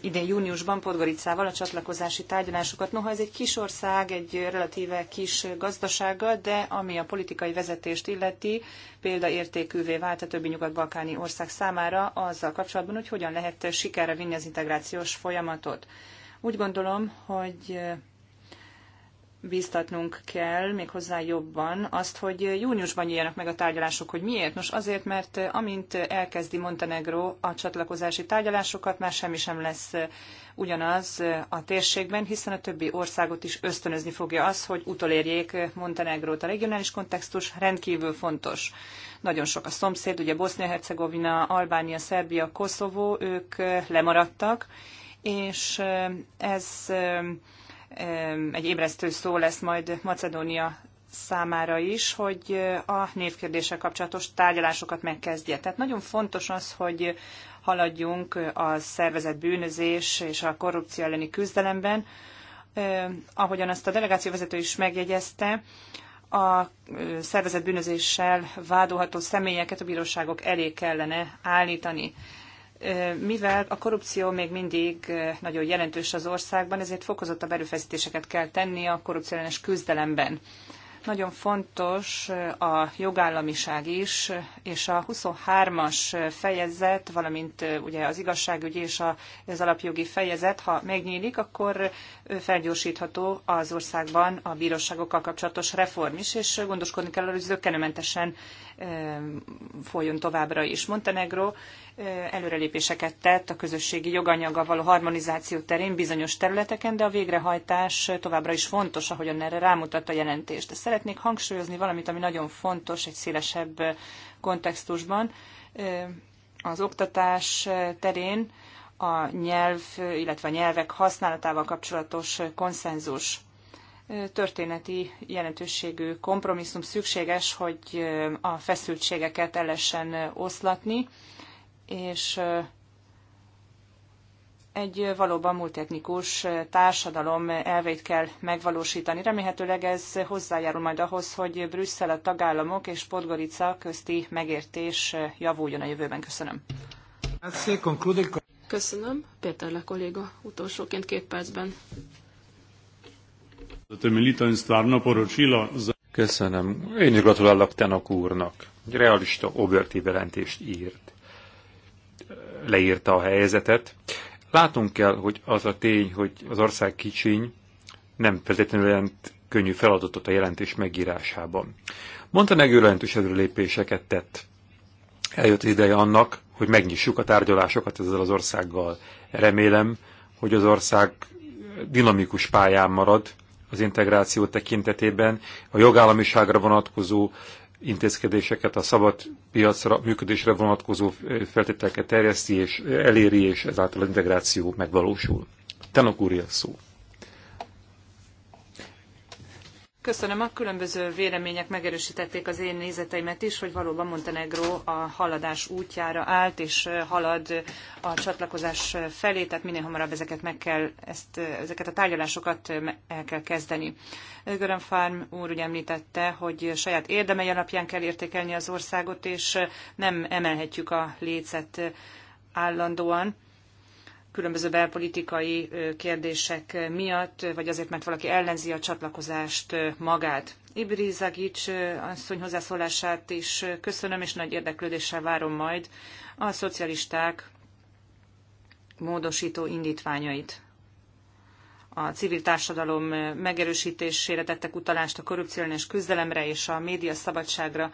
S3: idén júniusban Podgoricával a csatlakozási tárgyalásokat. Noha ez egy kis ország, egy relatíve kis gazdasággal, de ami a politikai vezetést illeti, példaértékűvé vált a többi nyugat-balkáni ország számára azzal kapcsolatban, hogy hogyan lehet sikerre vinni az integrációs folyamatot. Úgy gondolom, hogy eh, bíztatnunk kell még hozzá jobban azt, hogy eh, júniusban nyíljanak meg a tárgyalások, hogy miért. Nos, azért, mert eh, amint elkezdi Montenegro a csatlakozási tárgyalásokat, már semmi sem lesz ugyanaz a térségben, hiszen a többi országot is ösztönözni fogja az, hogy utolérjék Montenegrót. A regionális kontextus rendkívül fontos. Nagyon sok a szomszéd, ugye Bosznia-Hercegovina, Albánia, Szerbia, Koszovó, ők lemaradtak, és ez egy ébresztő szó lesz majd Macedónia számára is, hogy a névkérdéssel kapcsolatos tárgyalásokat megkezdje. Tehát nagyon fontos az, hogy haladjunk a szervezet bűnözés és a korrupció elleni küzdelemben. Ahogyan azt a delegációvezető is megjegyezte, a szervezet bűnözéssel vádolható személyeket a bíróságok elé kellene állítani mivel a korrupció még mindig nagyon jelentős az országban, ezért fokozottabb erőfeszítéseket kell tenni a korrupciós küzdelemben. Nagyon fontos a jogállamiság is, és a 23-as fejezet, valamint ugye az igazságügy és az alapjogi fejezet, ha megnyílik, akkor felgyorsítható az országban a bíróságokkal kapcsolatos reform is, és gondoskodni kell, hogy zöggenőmentesen folyjon továbbra is. Montenegro előrelépéseket tett a közösségi joganyaga való harmonizáció terén bizonyos területeken, de a végrehajtás továbbra is fontos, ahogyan erre rámutat a jelentést. De szeretnék hangsúlyozni valamit, ami nagyon fontos egy szélesebb kontextusban. Az oktatás terén a nyelv, illetve a nyelvek használatával kapcsolatos konszenzus történeti jelentőségű kompromisszum szükséges, hogy a feszültségeket el lehessen oszlatni és egy valóban multietnikus társadalom elveit kell megvalósítani. Remélhetőleg ez hozzájárul majd ahhoz, hogy Brüsszel, a tagállamok és Podgorica közti megértés javuljon a jövőben. Köszönöm.
S2: Köszönöm. Péter Le kolléga utolsóként két percben.
S5: Köszönöm. Én is gratulálok Tenok úrnak. Egy realista, objektív jelentést írt leírta a helyzetet. Látunk kell, hogy az a tény, hogy az ország kicsiny, nem feltétlenül jelent könnyű feladatot a jelentés megírásában. Montenegro jelentős előlépéseket tett. Eljött ideje annak, hogy megnyissuk a tárgyalásokat ezzel az országgal. Remélem, hogy az ország dinamikus pályán marad az integráció tekintetében, a jogállamiságra vonatkozó intézkedéseket, a szabad piacra, működésre vonatkozó feltételeket terjeszti és eléri, és ezáltal az integráció megvalósul. Tanok úr szó.
S3: Köszönöm, a különböző vélemények megerősítették az én nézeteimet is, hogy valóban Montenegro a haladás útjára állt, és halad a csatlakozás felé, tehát minél hamarabb ezeket meg kell, ezt, ezeket a tárgyalásokat el kell kezdeni. Göran Farm úr úgy említette, hogy saját érdemei alapján kell értékelni az országot, és nem emelhetjük a lécet állandóan különböző belpolitikai kérdések miatt, vagy azért, mert valaki ellenzi a csatlakozást magát. Ibri Zagics asszony hozzászólását is köszönöm, és nagy érdeklődéssel várom majd a szocialisták módosító indítványait. A civil társadalom megerősítésére tettek utalást a korrupciós küzdelemre és a média szabadságra,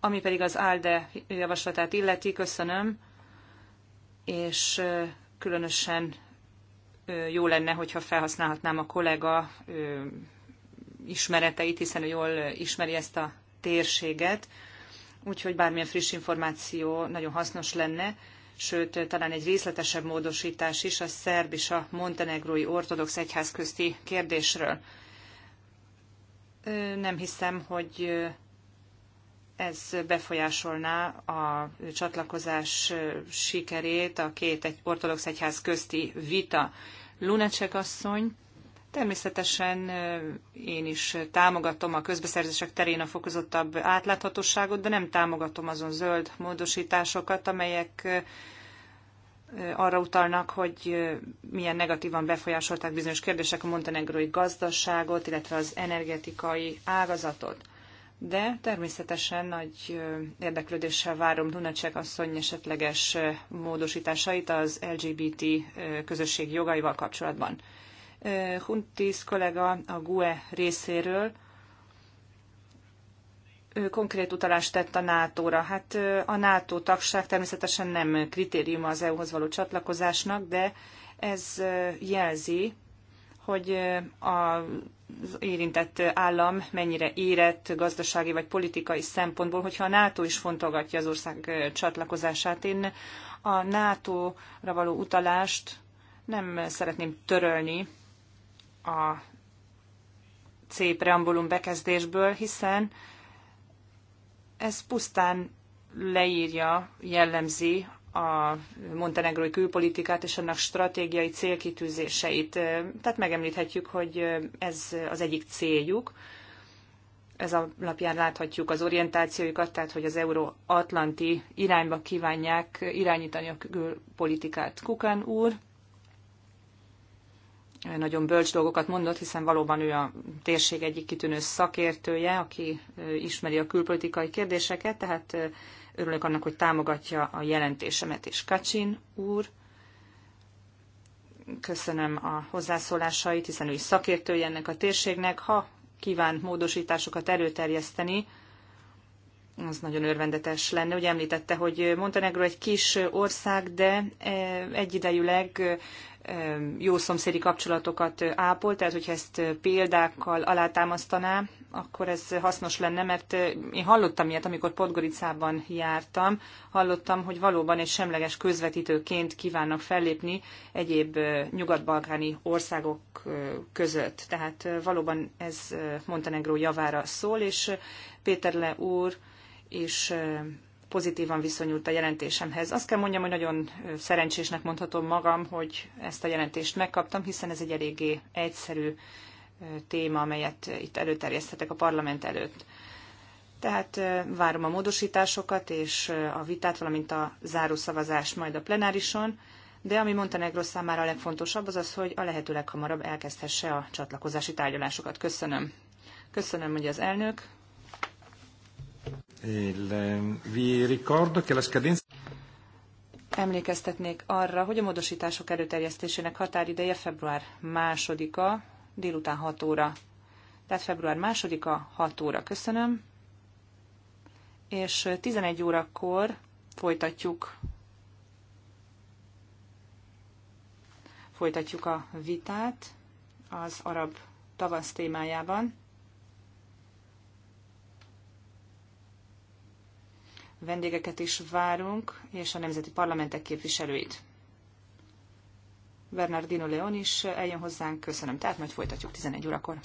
S3: ami pedig az ALDE javaslatát illeti, köszönöm, és különösen jó lenne, hogyha felhasználhatnám a kollega ismereteit, hiszen ő jól ismeri ezt a térséget, úgyhogy bármilyen friss információ nagyon hasznos lenne, sőt, talán egy részletesebb módosítás is a szerb és a montenegrói ortodox egyház közti kérdésről. Nem hiszem, hogy ez befolyásolná a csatlakozás sikerét, a két egy ortodox egyház közti vita. Lunacek asszony, természetesen én is támogatom a közbeszerzések terén a fokozottabb átláthatóságot, de nem támogatom azon zöld módosításokat, amelyek arra utalnak, hogy milyen negatívan befolyásolták bizonyos kérdések a montenegrói gazdaságot, illetve az energetikai ágazatot de természetesen nagy érdeklődéssel várom Dunacek asszony esetleges módosításait az LGBT közösség jogaival kapcsolatban. Huntis kollega a GUE részéről ő konkrét utalást tett a NATO-ra. Hát a NATO tagság természetesen nem kritérium az EU-hoz való csatlakozásnak, de ez jelzi, hogy az érintett állam mennyire érett gazdasági vagy politikai szempontból, hogyha a NATO is fontolgatja az ország csatlakozását. Én a NATO-ra való utalást nem szeretném törölni a C preambulum bekezdésből, hiszen ez pusztán leírja, jellemzi a montenegrói külpolitikát és annak stratégiai célkitűzéseit. Tehát megemlíthetjük, hogy ez az egyik céljuk. Ez alapján láthatjuk az orientációjukat, tehát hogy az euróatlanti irányba kívánják irányítani a külpolitikát. Kukan úr nagyon bölcs dolgokat mondott, hiszen valóban ő a térség egyik kitűnő szakértője, aki ismeri a külpolitikai kérdéseket, tehát Örülök annak, hogy támogatja a jelentésemet is Kacsin úr. Köszönöm a hozzászólásait, hiszen ő is szakértője ennek a térségnek. Ha kíván módosításokat előterjeszteni, az nagyon örvendetes lenne. Ugye említette, hogy Montenegro egy kis ország, de e, egyidejűleg e, jó szomszédi kapcsolatokat ápol, tehát hogyha ezt példákkal alátámasztaná, akkor ez hasznos lenne, mert én hallottam ilyet, amikor Podgoricában jártam, hallottam, hogy valóban egy semleges közvetítőként kívánnak fellépni egyéb nyugat-balkáni országok között. Tehát valóban ez Montenegró javára szól, és Péter Le úr is pozitívan viszonyult a jelentésemhez. Azt kell mondjam, hogy nagyon szerencsésnek mondhatom magam, hogy ezt a jelentést megkaptam, hiszen ez egy eléggé egyszerű téma, amelyet itt előterjeszthetek a parlament előtt. Tehát várom a módosításokat és a vitát, valamint a zárószavazás majd a plenárison, de ami Montenegro számára a legfontosabb az az, hogy a lehető leghamarabb elkezdhesse a csatlakozási tárgyalásokat. Köszönöm. Köszönöm, hogy az elnök.
S1: Eh,
S3: Emlékeztetnék arra, hogy a módosítások előterjesztésének határideje február a délután 6 óra. Tehát február 2-a 6 óra. Köszönöm. És 11 órakor folytatjuk folytatjuk a vitát az arab tavasz témájában. Vendégeket is várunk, és a nemzeti parlamentek képviselőit. Bernardino Leon is eljön hozzánk. Köszönöm. Tehát majd folytatjuk 11 órakor.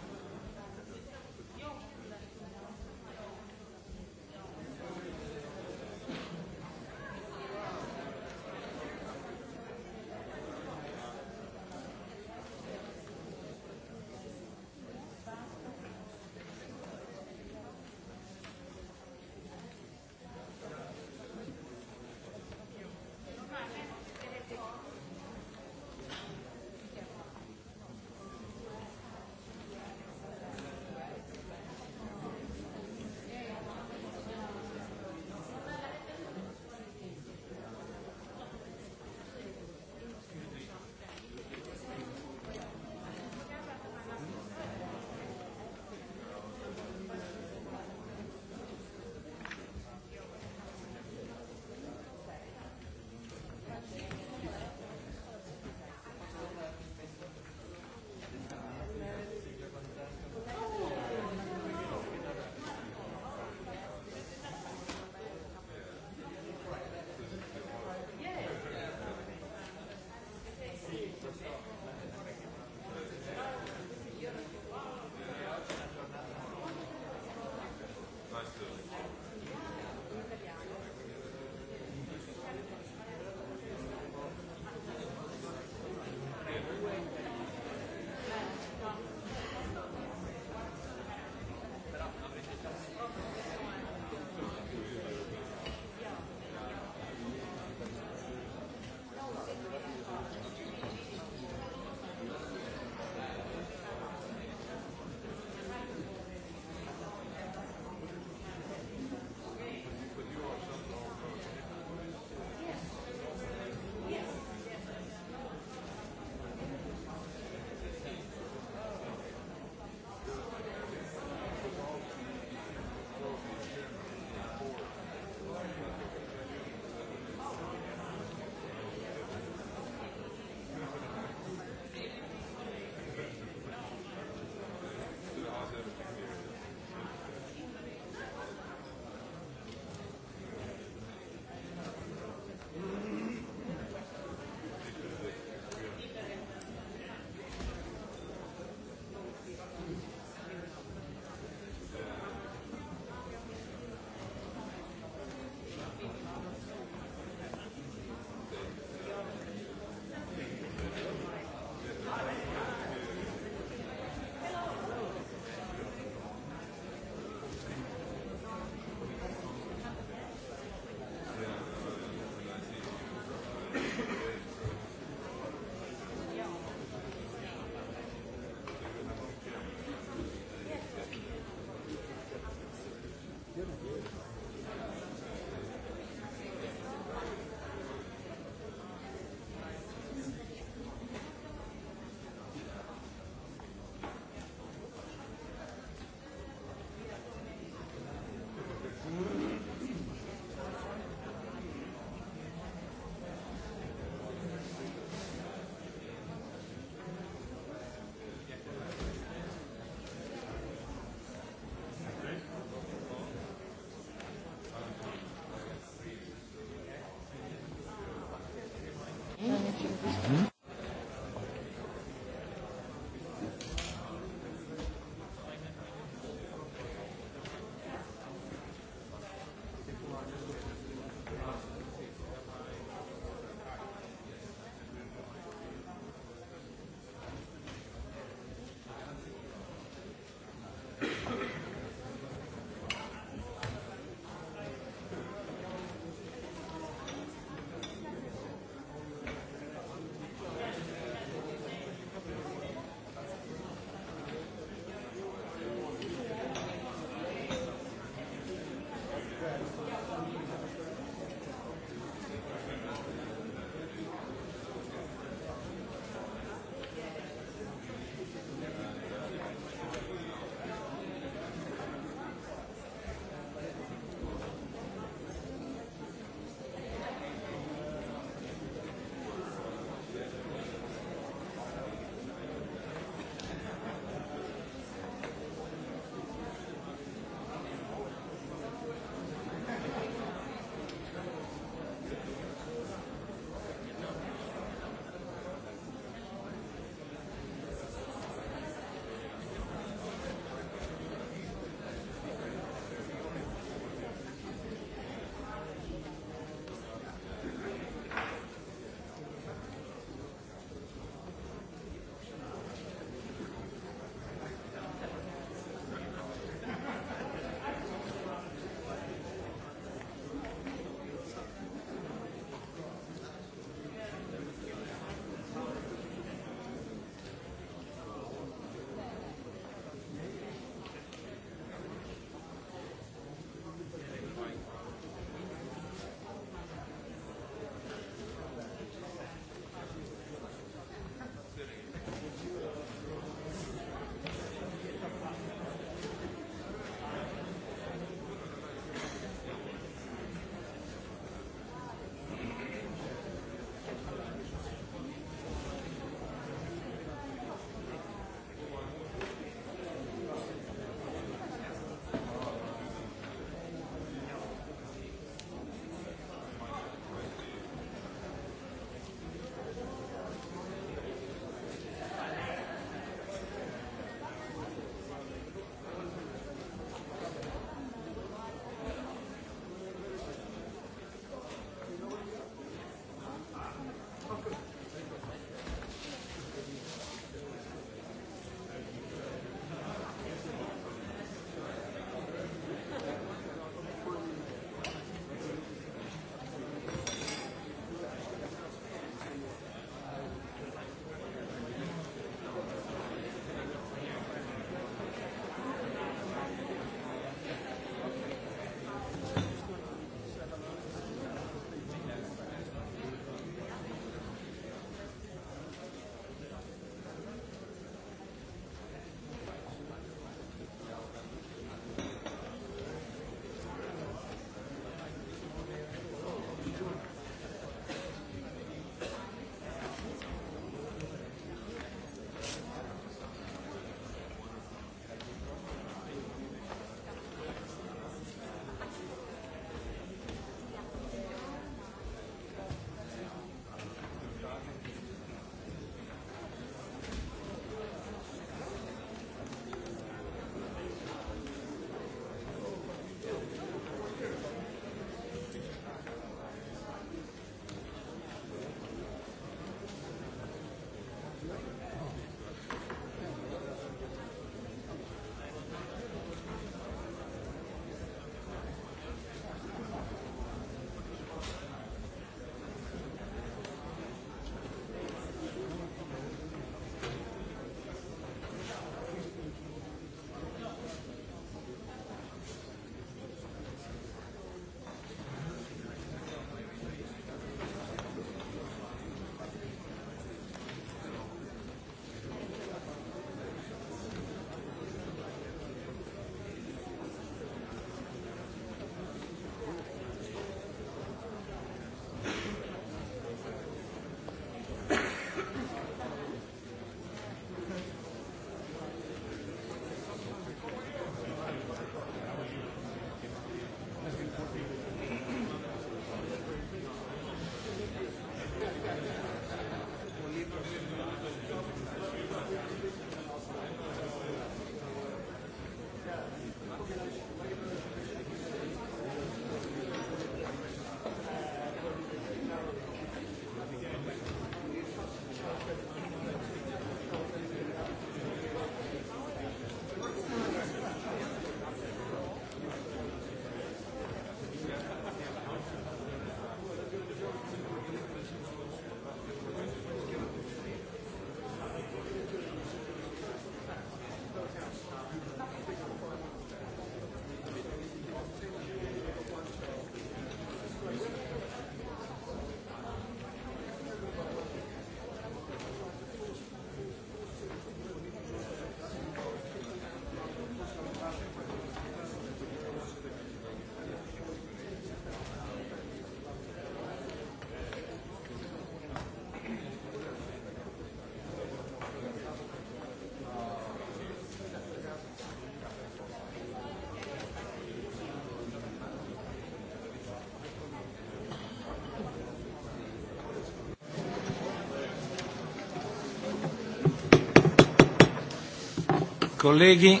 S1: colleghi.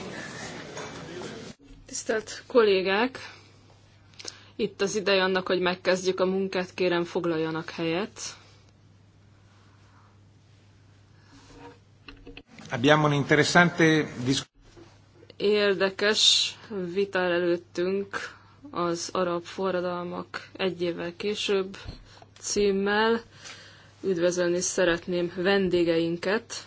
S2: Tisztelt kollégák! Itt az ideje annak, hogy megkezdjük a munkát, kérem foglaljanak helyet.
S1: Abbiamo un interessante
S2: Érdekes vita előttünk az arab forradalmak egy évvel később címmel. Üdvözölni szeretném vendégeinket,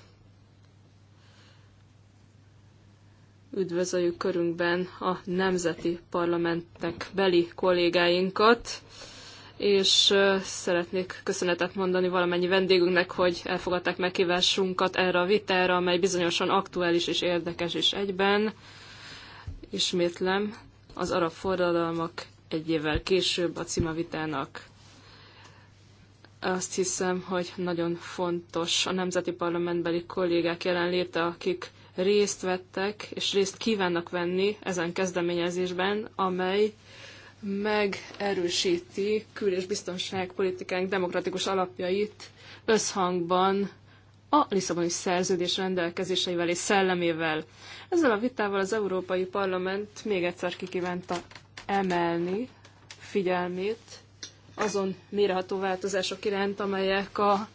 S2: üdvözöljük körünkben a nemzeti parlamentnek beli kollégáinkat, és szeretnék köszönetet mondani valamennyi vendégünknek, hogy elfogadták meghívásunkat erre a vitára, amely bizonyosan aktuális és érdekes is egyben. Ismétlem, az arab forradalmak egy évvel később a cima vitának azt hiszem, hogy nagyon fontos a nemzeti parlamentbeli kollégák jelenléte, akik részt vettek és részt kívánnak venni ezen kezdeményezésben, amely megerősíti kül- és biztonságpolitikánk demokratikus alapjait összhangban a Lisszaboni szerződés rendelkezéseivel és szellemével. Ezzel a vitával az Európai Parlament még egyszer kikívánta emelni figyelmét azon mérható változások iránt, amelyek a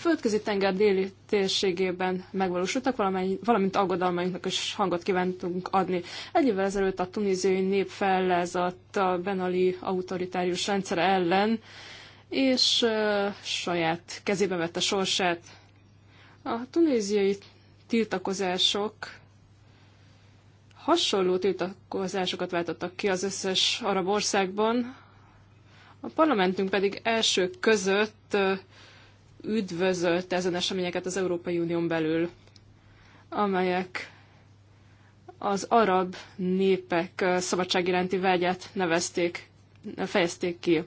S2: földközi tenger déli térségében megvalósultak, valamint aggodalmainknak is hangot kívántunk adni. Egy évvel ezelőtt a tunéziai nép fellázadt a Benali autoritárius rendszer ellen, és uh, saját kezébe vette sorsát. A tunéziai tiltakozások hasonló tiltakozásokat váltottak ki az összes arab országban, a parlamentünk pedig első között uh, üdvözölte ezen eseményeket az Európai Unión belül, amelyek az arab népek szabadság iránti vágyát nevezték, fejezték ki.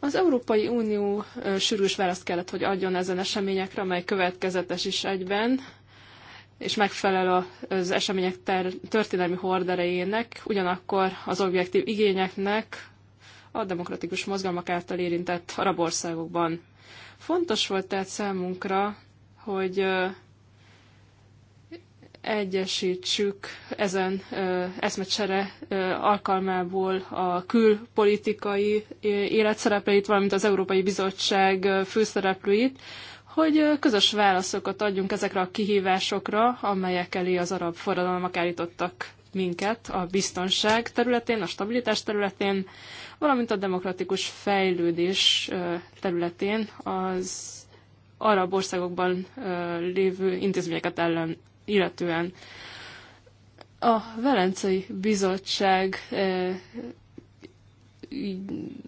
S2: Az Európai Unió sűrűs választ kellett, hogy adjon ezen eseményekre, amely következetes is egyben, és megfelel az események történelmi horderejének, ugyanakkor az objektív igényeknek a demokratikus mozgalmak által érintett arab országokban. Fontos volt tehát számunkra, hogy egyesítsük ezen eszmecsere alkalmából a külpolitikai életszerepeit, valamint az Európai Bizottság főszereplőit, hogy közös válaszokat adjunk ezekre a kihívásokra, amelyek elé az arab forradalmak állítottak minket a biztonság területén, a stabilitás területén, valamint a demokratikus fejlődés területén az arab országokban lévő intézményeket ellen illetően. A Velencei Bizottság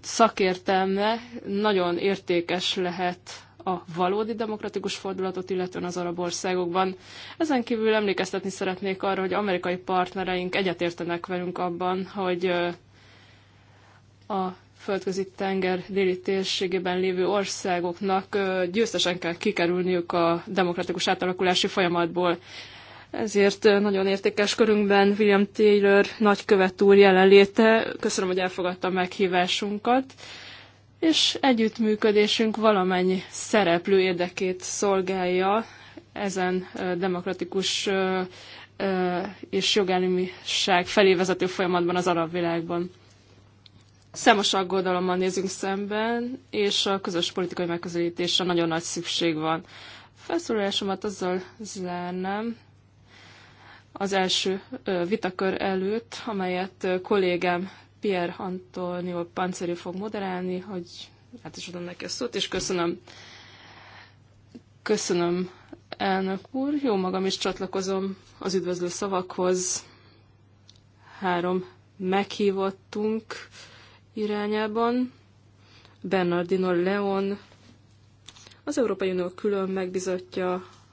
S2: szakértelme nagyon értékes lehet a valódi demokratikus fordulatot, illetően az arab országokban. Ezen kívül emlékeztetni szeretnék arra, hogy amerikai partnereink egyetértenek velünk abban, hogy a földközi tenger déli térségében lévő országoknak győztesen kell kikerülniük a demokratikus átalakulási folyamatból. Ezért nagyon értékes körünkben William Taylor nagykövet úr jelenléte. Köszönöm, hogy elfogadta a meghívásunkat és együttműködésünk valamennyi szereplő érdekét szolgálja ezen demokratikus és jogállamiság felé vezető folyamatban az arab világban. Számos aggodalommal nézünk szemben, és a közös politikai megközelítésre nagyon nagy szükség van. Felszólalásomat azzal zárnám az első vitakör előtt, amelyet kollégám Pierre Antonio Panceri fog moderálni, hogy hát is adom neki a szót, és köszönöm. Köszönöm, elnök úr. Jó magam is csatlakozom az üdvözlő szavakhoz. Három meghívottunk irányában. Bernardino Leon az Európai Unió külön megbizotja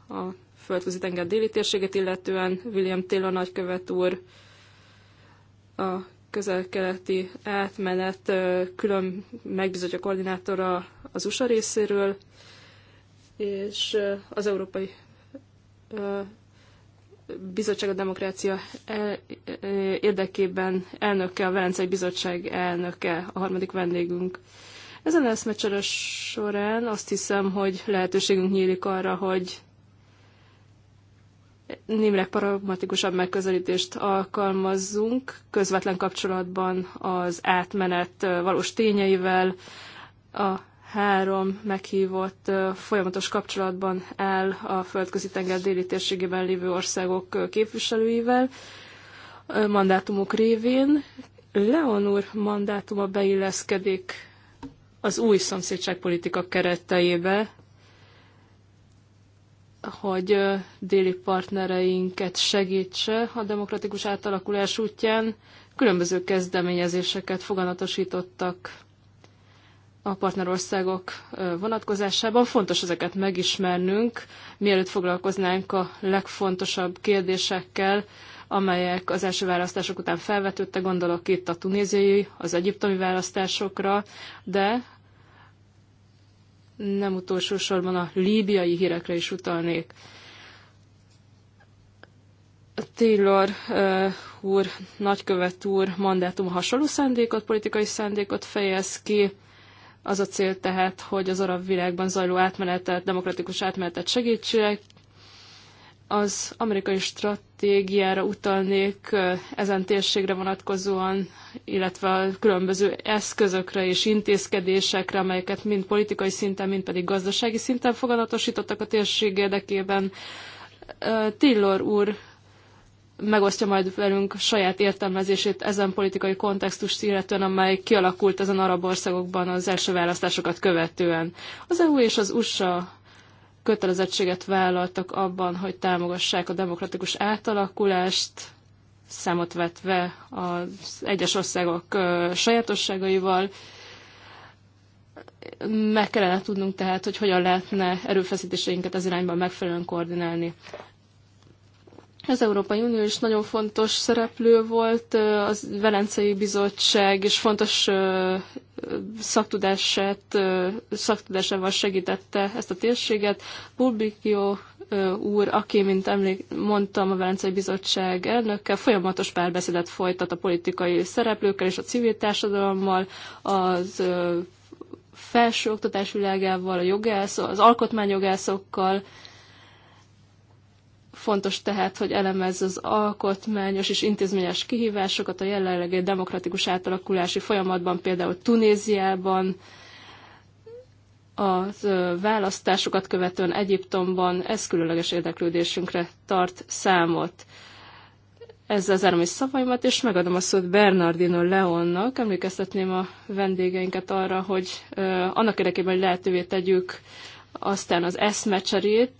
S2: a földközi tenger déli térséget, illetően William Taylor nagykövet úr a közel-keleti átmenet külön megbizotja koordinátora az USA részéről, és az Európai bizottság a demokrácia e, e, érdekében elnöke, a Velencei Bizottság elnöke, a harmadik vendégünk. Ezen eszmecsere során azt hiszem, hogy lehetőségünk nyílik arra, hogy némileg pragmatikusabb megközelítést alkalmazzunk, közvetlen kapcsolatban az átmenet valós tényeivel, a három meghívott folyamatos kapcsolatban áll a földközi tenger déli térségében lévő országok képviselőivel mandátumok révén. Leon úr mandátuma beilleszkedik az új szomszédságpolitika kereteibe, hogy déli partnereinket segítse a demokratikus átalakulás útján. Különböző kezdeményezéseket foganatosítottak a partnerországok vonatkozásában. Fontos ezeket megismernünk, mielőtt foglalkoznánk a legfontosabb kérdésekkel, amelyek az első választások után felvetődtek, gondolok itt a tunéziai, az egyiptomi választásokra, de nem utolsó sorban a líbiai hírekre is utalnék. Taylor uh, úr, nagykövet úr mandátum hasonló szándékot, politikai szándékot fejez ki, az a cél tehát, hogy az arab világban zajló átmenetet, demokratikus átmenetet segítsék. Az amerikai stratégiára utalnék ezen térségre vonatkozóan, illetve a különböző eszközökre és intézkedésekre, amelyeket mind politikai szinten, mind pedig gazdasági szinten foganatosítottak a térség érdekében. Taylor úr megosztja majd velünk saját értelmezését ezen politikai kontextus illetően, amely kialakult ezen arab országokban az első választásokat követően. Az EU és az USA kötelezettséget vállaltak abban, hogy támogassák a demokratikus átalakulást, számot vetve az egyes országok sajátosságaival. Meg kellene tudnunk tehát, hogy hogyan lehetne erőfeszítéseinket az irányban megfelelően koordinálni. Az Európai Unió is nagyon fontos szereplő volt, az Velencei Bizottság is fontos szaktudását, szaktudásával segítette ezt a térséget. Bulbikio úr, aki, mint emlék, mondtam, a Velencei Bizottság elnöke, folyamatos párbeszédet folytat a politikai szereplőkkel és a civil társadalommal, az felsőoktatás világával, a jogász, az alkotmányjogászokkal, Fontos tehát, hogy elemezze az alkotmányos és intézményes kihívásokat a jelenlegi demokratikus átalakulási folyamatban, például Tunéziában, a választásokat követően Egyiptomban ez különleges érdeklődésünkre tart számot. Ezzel zárom is szavaimat, és megadom a szót Bernardino Leonnak. Emlékeztetném a vendégeinket arra, hogy annak érdekében, hogy lehetővé tegyük aztán az eszmecserét,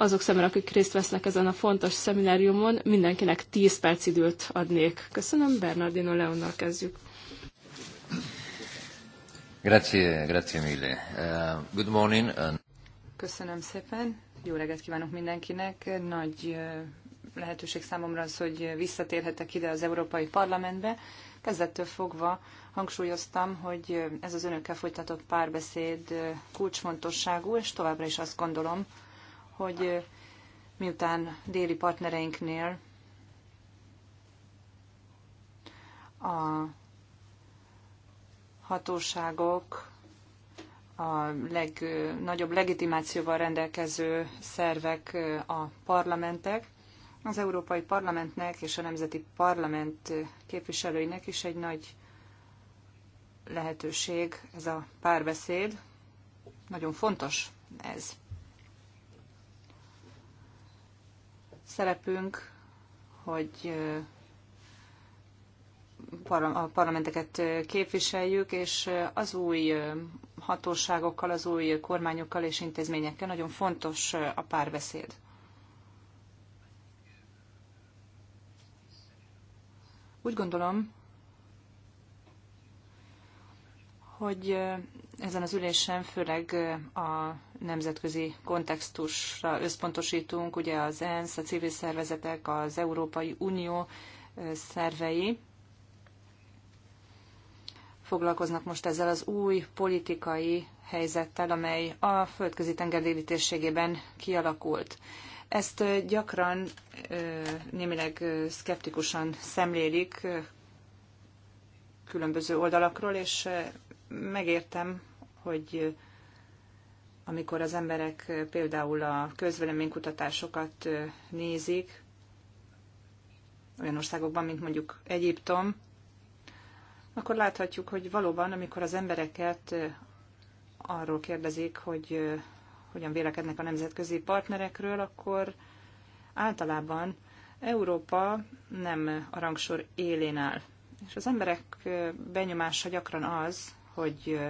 S2: azok számára, akik részt vesznek ezen a fontos szemináriumon, mindenkinek 10 perc időt adnék. Köszönöm, Bernardino Leonnal kezdjük.
S1: Grazie, grazie mille. Uh, good morning. Eh.
S3: Köszönöm szépen. Jó reggelt kívánok mindenkinek. Nagy eh, lehetőség számomra az, hogy visszatérhetek ide az Európai Parlamentbe. Kezdettől fogva hangsúlyoztam, hogy ez az önökkel folytatott párbeszéd kulcsfontosságú, és továbbra is azt gondolom, hogy miután déli partnereinknél a hatóságok a legnagyobb legitimációval rendelkező szervek a parlamentek. Az Európai Parlamentnek és a Nemzeti Parlament képviselőinek is egy nagy lehetőség ez a párbeszéd. Nagyon fontos ez. szerepünk, hogy a parlamenteket képviseljük, és az új hatóságokkal, az új kormányokkal és intézményekkel nagyon fontos a párbeszéd. Úgy gondolom, hogy ezen az ülésen főleg a nemzetközi kontextusra összpontosítunk, ugye az ENSZ, a civil szervezetek, az Európai Unió szervei foglalkoznak most ezzel az új politikai helyzettel, amely a földközi tenger térségében kialakult. Ezt gyakran némileg szkeptikusan szemlélik különböző oldalakról, és megértem hogy amikor az emberek például a közveleménykutatásokat nézik, olyan országokban, mint mondjuk Egyiptom, akkor láthatjuk, hogy valóban, amikor az embereket arról kérdezik, hogy hogyan vélekednek a nemzetközi partnerekről, akkor általában Európa nem a rangsor élén áll. És az emberek benyomása gyakran az, hogy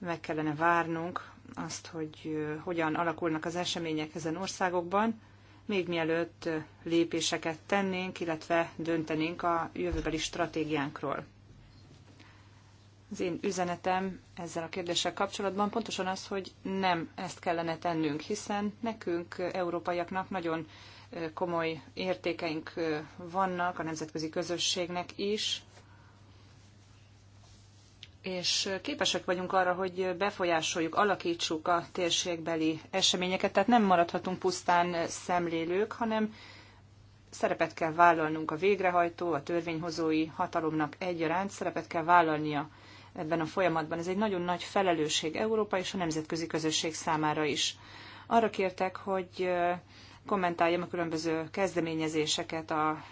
S3: meg kellene várnunk azt, hogy hogyan alakulnak az események ezen országokban, még mielőtt lépéseket tennénk, illetve döntenénk a jövőbeli stratégiánkról. Az én üzenetem ezzel a kérdéssel kapcsolatban pontosan az, hogy nem ezt kellene tennünk, hiszen nekünk, európaiaknak nagyon komoly értékeink vannak a nemzetközi közösségnek is, és képesek vagyunk arra, hogy befolyásoljuk, alakítsuk a térségbeli eseményeket, tehát nem maradhatunk pusztán szemlélők, hanem szerepet kell vállalnunk a végrehajtó, a törvényhozói hatalomnak egyaránt, szerepet kell vállalnia ebben a folyamatban. Ez egy nagyon nagy felelősség Európa és a nemzetközi közösség számára is. Arra kértek, hogy kommentáljam a különböző kezdeményezéseket, a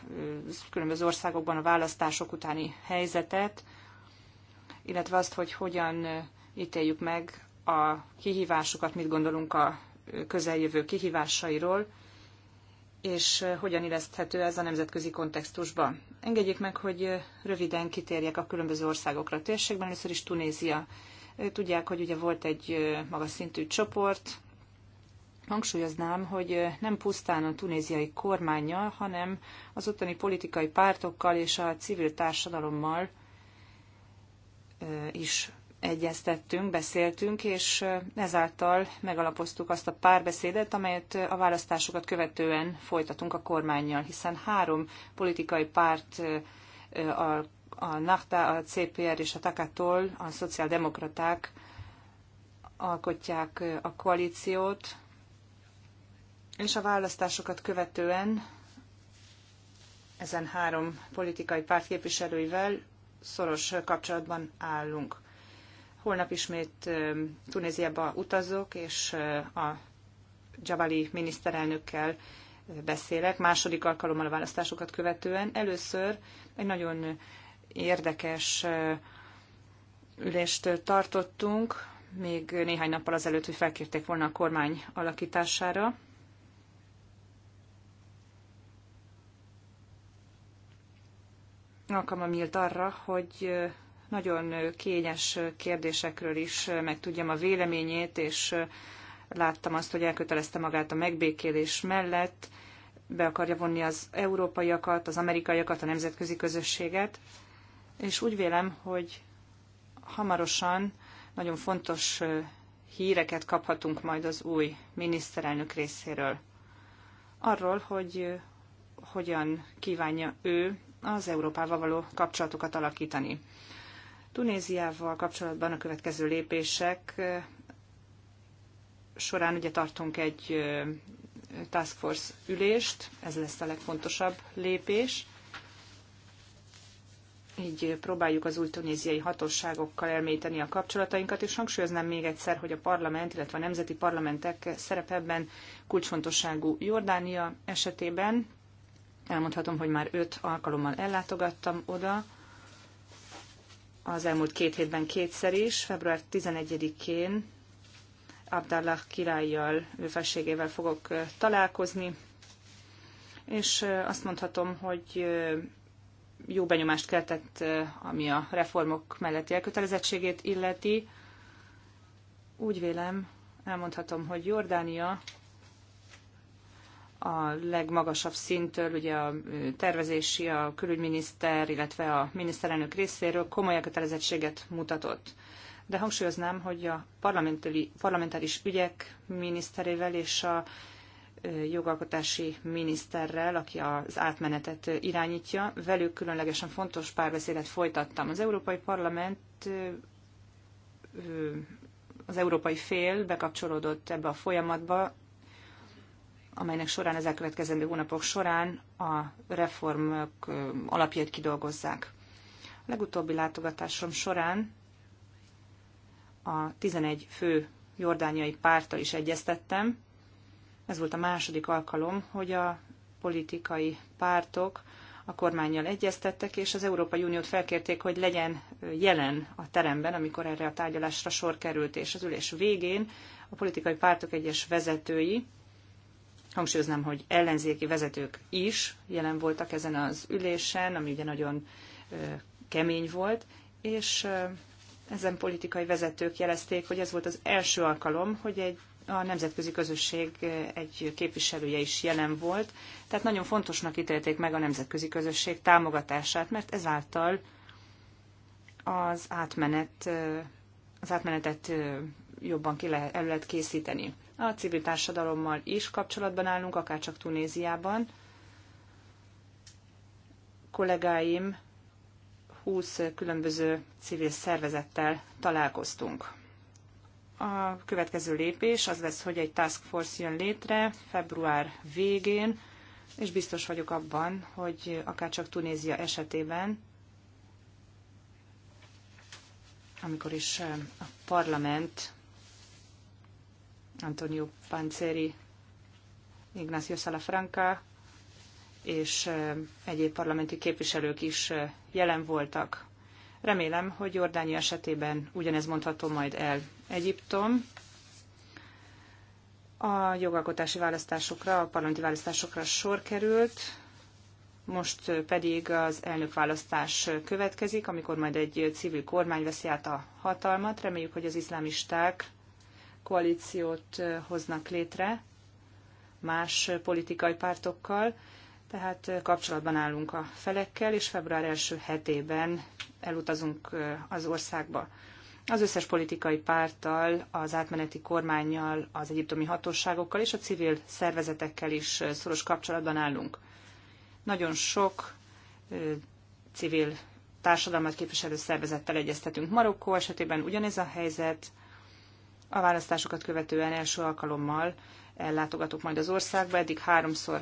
S3: különböző országokban a választások utáni helyzetet, illetve azt, hogy hogyan ítéljük meg a kihívásokat, mit gondolunk a közeljövő kihívásairól, és hogyan illeszthető ez a nemzetközi kontextusba. Engedjék meg, hogy röviden kitérjek a különböző országokra a térségben. Először is Tunézia. Tudják, hogy ugye volt egy magas szintű csoport. Hangsúlyoznám, hogy nem pusztán a tunéziai kormányjal, hanem az ottani politikai pártokkal és a civil társadalommal is egyeztettünk, beszéltünk, és ezáltal megalapoztuk azt a párbeszédet, amelyet a választásokat követően folytatunk a kormányjal, hiszen három politikai párt a, a NAHTA, a CPR és a Takatól, a szociáldemokraták alkotják a koalíciót, és a választásokat követően ezen három politikai párt képviselőivel szoros kapcsolatban állunk. Holnap ismét Tunéziába utazok, és a Jabali miniszterelnökkel beszélek, második alkalommal a választásokat követően. Először egy nagyon érdekes ülést tartottunk, még néhány nappal azelőtt, hogy felkérték volna a kormány alakítására. alkalmam nyílt arra, hogy nagyon kényes kérdésekről is megtudjam a véleményét, és láttam azt, hogy elkötelezte magát a megbékélés mellett, be akarja vonni az európaiakat, az amerikaiakat, a nemzetközi közösséget, és úgy vélem, hogy hamarosan nagyon fontos híreket kaphatunk majd az új miniszterelnök részéről. Arról, hogy hogyan kívánja ő az Európával való kapcsolatokat alakítani. Tunéziával kapcsolatban a következő lépések során ugye tartunk egy task force ülést, ez lesz a legfontosabb lépés. Így próbáljuk az új tunéziai hatóságokkal elmélyíteni a kapcsolatainkat, és hangsúlyoznám még egyszer, hogy a parlament, illetve a nemzeti parlamentek szerepebben kulcsfontosságú Jordánia esetében Elmondhatom, hogy már öt alkalommal ellátogattam oda, az elmúlt két hétben kétszer is, február 11-én Abdallah királyjal, ő felségével fogok találkozni, és azt mondhatom, hogy jó benyomást keltett, ami a reformok melletti elkötelezettségét illeti. Úgy vélem, elmondhatom, hogy Jordánia a legmagasabb szintől, ugye a tervezési, a külügyminiszter, illetve a miniszterelnök részéről komoly kötelezettséget mutatott. De hangsúlyoznám, hogy a parlamentáris ügyek miniszterével és a jogalkotási miniszterrel, aki az átmenetet irányítja, velük különlegesen fontos párbeszédet folytattam. Az Európai Parlament az európai fél bekapcsolódott ebbe a folyamatba, amelynek során az elkövetkezendő hónapok során a reformok alapjait kidolgozzák. A legutóbbi látogatásom során a 11 fő jordániai párttal is egyeztettem. Ez volt a második alkalom, hogy a politikai pártok a kormányjal egyeztettek, és az Európai Uniót felkérték, hogy legyen jelen a teremben, amikor erre a tárgyalásra sor került, és az ülés végén a politikai pártok egyes vezetői hangsúlyoznám, hogy ellenzéki vezetők is jelen voltak ezen az ülésen, ami ugye nagyon kemény volt, és ezen politikai vezetők jelezték, hogy ez volt az első alkalom, hogy egy a nemzetközi közösség egy képviselője is jelen volt, tehát nagyon fontosnak ítélték meg a nemzetközi közösség támogatását, mert ezáltal az átmenet, az átmenetet jobban ki lehet, el lehet készíteni. A civil társadalommal is kapcsolatban állunk, akárcsak Tunéziában. Kollégáim 20 különböző civil szervezettel találkoztunk. A következő lépés az lesz, hogy egy task force jön létre február végén, és biztos vagyok abban, hogy akárcsak Tunézia esetében, amikor is eh, a parlament Antonio Panceri, Ignacio Salafranca és egyéb parlamenti képviselők is jelen voltak. Remélem, hogy Jordánia esetében ugyanez mondható majd el. Egyiptom a jogalkotási választásokra, a parlamenti választásokra sor került, most pedig az elnökválasztás következik, amikor majd egy civil kormány veszi át a hatalmat. Reméljük, hogy az iszlámisták koalíciót hoznak létre más politikai pártokkal, tehát kapcsolatban állunk a felekkel, és február első hetében elutazunk az országba. Az összes politikai párttal, az átmeneti kormányjal, az egyiptomi hatóságokkal és a civil szervezetekkel is szoros kapcsolatban állunk. Nagyon sok civil társadalmat képviselő szervezettel egyeztetünk. Marokkó esetében ugyanez a helyzet, a választásokat követően első alkalommal ellátogatok majd az országba, eddig háromszor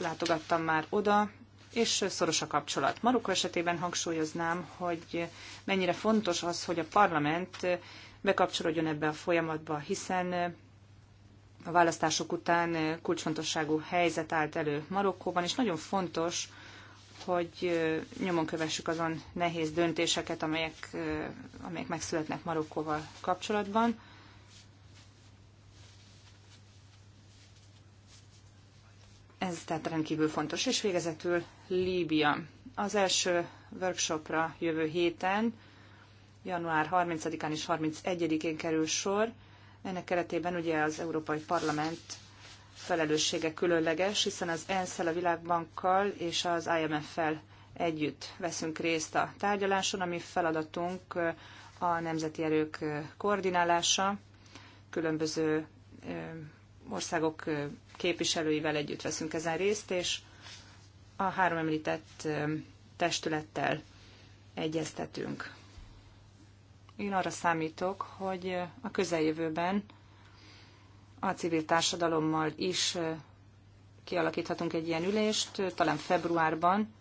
S3: látogattam már oda, és szoros a kapcsolat. Marokko esetében hangsúlyoznám, hogy mennyire fontos az, hogy a parlament bekapcsolódjon ebbe a folyamatba, hiszen a választások után kulcsfontosságú helyzet állt elő Marokkóban, és nagyon fontos, hogy nyomon kövessük azon nehéz döntéseket, amelyek, amelyek megszületnek Marokkóval kapcsolatban. Ez tehát rendkívül fontos. És végezetül Líbia. Az első workshopra jövő héten, január 30-án és 31-én kerül sor. Ennek keretében ugye az Európai Parlament felelőssége különleges, hiszen az ensz a Világbankkal és az IMF-fel együtt veszünk részt a tárgyaláson, ami feladatunk a nemzeti erők koordinálása, különböző országok képviselőivel együtt veszünk ezen részt, és a három említett testülettel egyeztetünk. Én arra számítok, hogy a közeljövőben a civil társadalommal is kialakíthatunk egy ilyen ülést, talán februárban.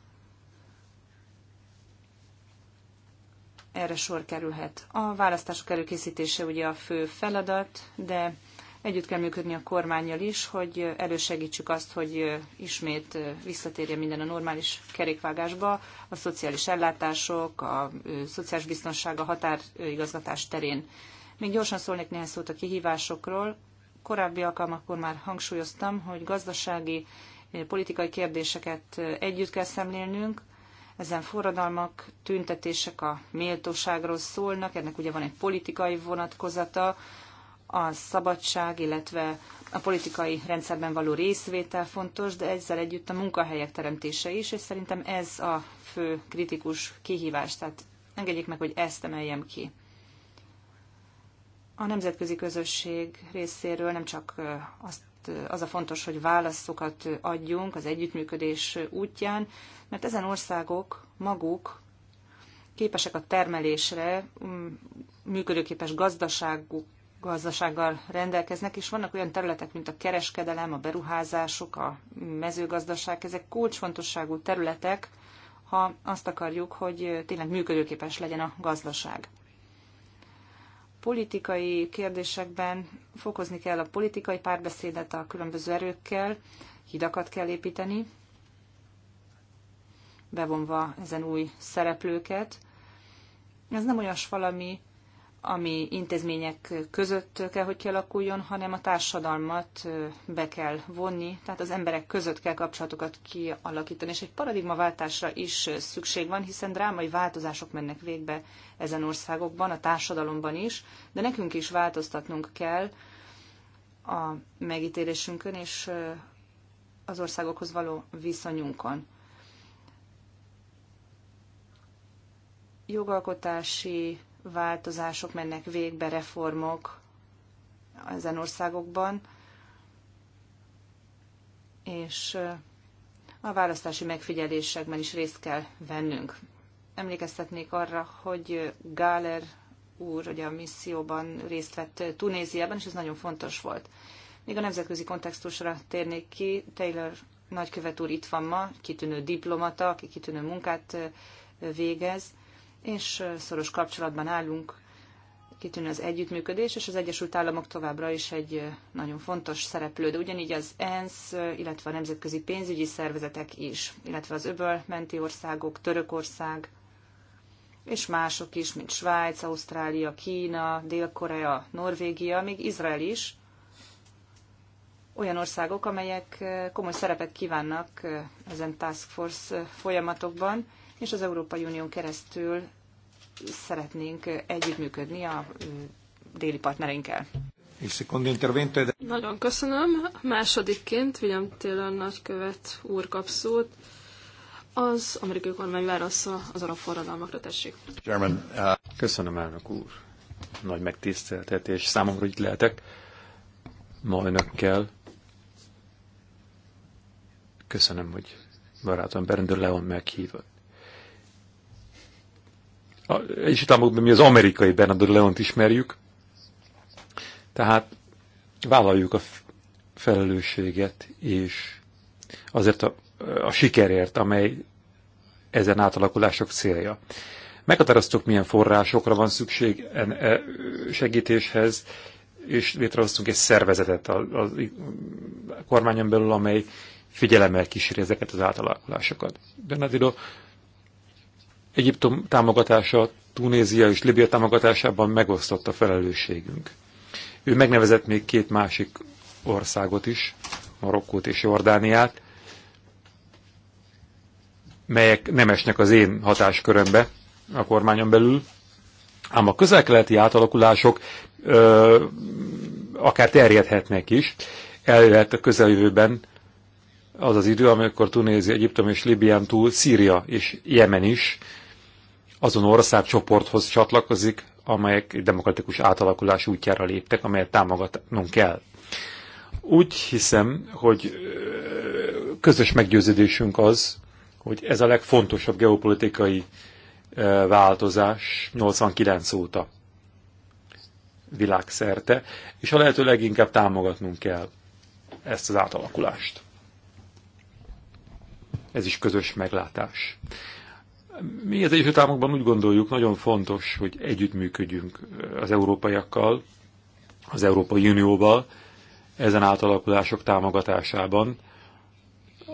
S3: Erre sor kerülhet. A választások előkészítése ugye a fő feladat, de Együtt kell működni a kormányjal is, hogy elősegítsük azt, hogy ismét visszatérjen minden a normális kerékvágásba, a szociális ellátások, a szociális biztonság, a határigazgatás terén. Még gyorsan szólnék néhány szót a kihívásokról. Korábbi alkalmakkor már hangsúlyoztam, hogy gazdasági, politikai kérdéseket együtt kell szemlélnünk, ezen forradalmak, tüntetések a méltóságról szólnak, ennek ugye van egy politikai vonatkozata, a szabadság, illetve a politikai rendszerben való részvétel fontos, de ezzel együtt a munkahelyek teremtése is, és szerintem ez a fő kritikus kihívás. Tehát engedjék meg, hogy ezt emeljem ki. A nemzetközi közösség részéről nem csak azt az a fontos, hogy válaszokat adjunk az együttműködés útján, mert ezen országok maguk képesek a termelésre, működőképes gazdaságuk gazdasággal rendelkeznek, és vannak olyan területek, mint a kereskedelem, a beruházások, a mezőgazdaság, ezek kulcsfontosságú területek, ha azt akarjuk, hogy tényleg működőképes legyen a gazdaság. Politikai kérdésekben fokozni kell a politikai párbeszédet a különböző erőkkel, hidakat kell építeni, bevonva ezen új szereplőket. Ez nem olyas valami, ami intézmények között kell, hogy kialakuljon, hanem a társadalmat be kell vonni, tehát az emberek között kell kapcsolatokat kialakítani, és egy paradigmaváltásra is szükség van, hiszen drámai változások mennek végbe ezen országokban, a társadalomban is, de nekünk is változtatnunk kell a megítélésünkön és az országokhoz való viszonyunkon. Jogalkotási változások mennek végbe, reformok ezen országokban, és a választási megfigyelésekben is részt kell vennünk. Emlékeztetnék arra, hogy Gáler úr ugye a misszióban részt vett Tunéziában, és ez nagyon fontos volt. Még a nemzetközi kontextusra térnék ki, Taylor nagykövet úr itt van ma, kitűnő diplomata, aki kitűnő munkát végez, és szoros kapcsolatban állunk, kitűnő az együttműködés, és az Egyesült Államok továbbra is egy nagyon fontos szereplő, de ugyanígy az ENSZ, illetve a nemzetközi pénzügyi szervezetek is, illetve az öböl menti országok, Törökország, és mások is, mint Svájc, Ausztrália, Kína, Dél-Korea, Norvégia, még Izrael is, olyan országok, amelyek komoly szerepet kívánnak ezen task force folyamatokban, és az Európai Unión keresztül szeretnénk együttműködni a déli partnereinkkel.
S2: Nagyon köszönöm. Másodikként William a nagykövet úr kapszót. Az amerikai kormány válasza az arab forradalmakra tessék.
S5: Uh, köszönöm, elnök úr. Nagy megtiszteltetés számomra, hogy itt lehetek. Ma önökkel. Köszönöm, hogy barátom Berendő Leon meghívott. Egyesült Államokban mi az amerikai Bernardo Leont ismerjük, tehát vállaljuk a felelősséget, és azért a, a sikerért, amely ezen átalakulások célja. Meghatároztuk, milyen forrásokra van szükség e, segítéshez, és létrehoztunk egy szervezetet a, a, kormányon belül, amely figyelemmel kíséri ezeket az átalakulásokat. Bernardino Egyiptom támogatása, Tunézia és Libia támogatásában megosztott a felelősségünk. Ő megnevezett még két másik országot is, Marokkót és Jordániát, melyek nem esnek az én hatáskörömbe a kormányon belül, ám a közelkeleti átalakulások ö, akár terjedhetnek is. Eljöhet a közeljövőben az az idő, amikor Tunézia, Egyiptom és Libián túl Szíria és Jemen is azon országcsoporthoz csatlakozik, amelyek demokratikus átalakulás útjára léptek, amelyet támogatnunk kell. Úgy hiszem, hogy közös meggyőződésünk az, hogy ez a legfontosabb geopolitikai változás 89 óta világszerte, és a lehető leginkább támogatnunk kell ezt az átalakulást. Ez is közös meglátás. Mi az Egyesült Államokban úgy gondoljuk, nagyon fontos, hogy együttműködjünk az európaiakkal, az Európai Unióval, ezen átalakulások támogatásában.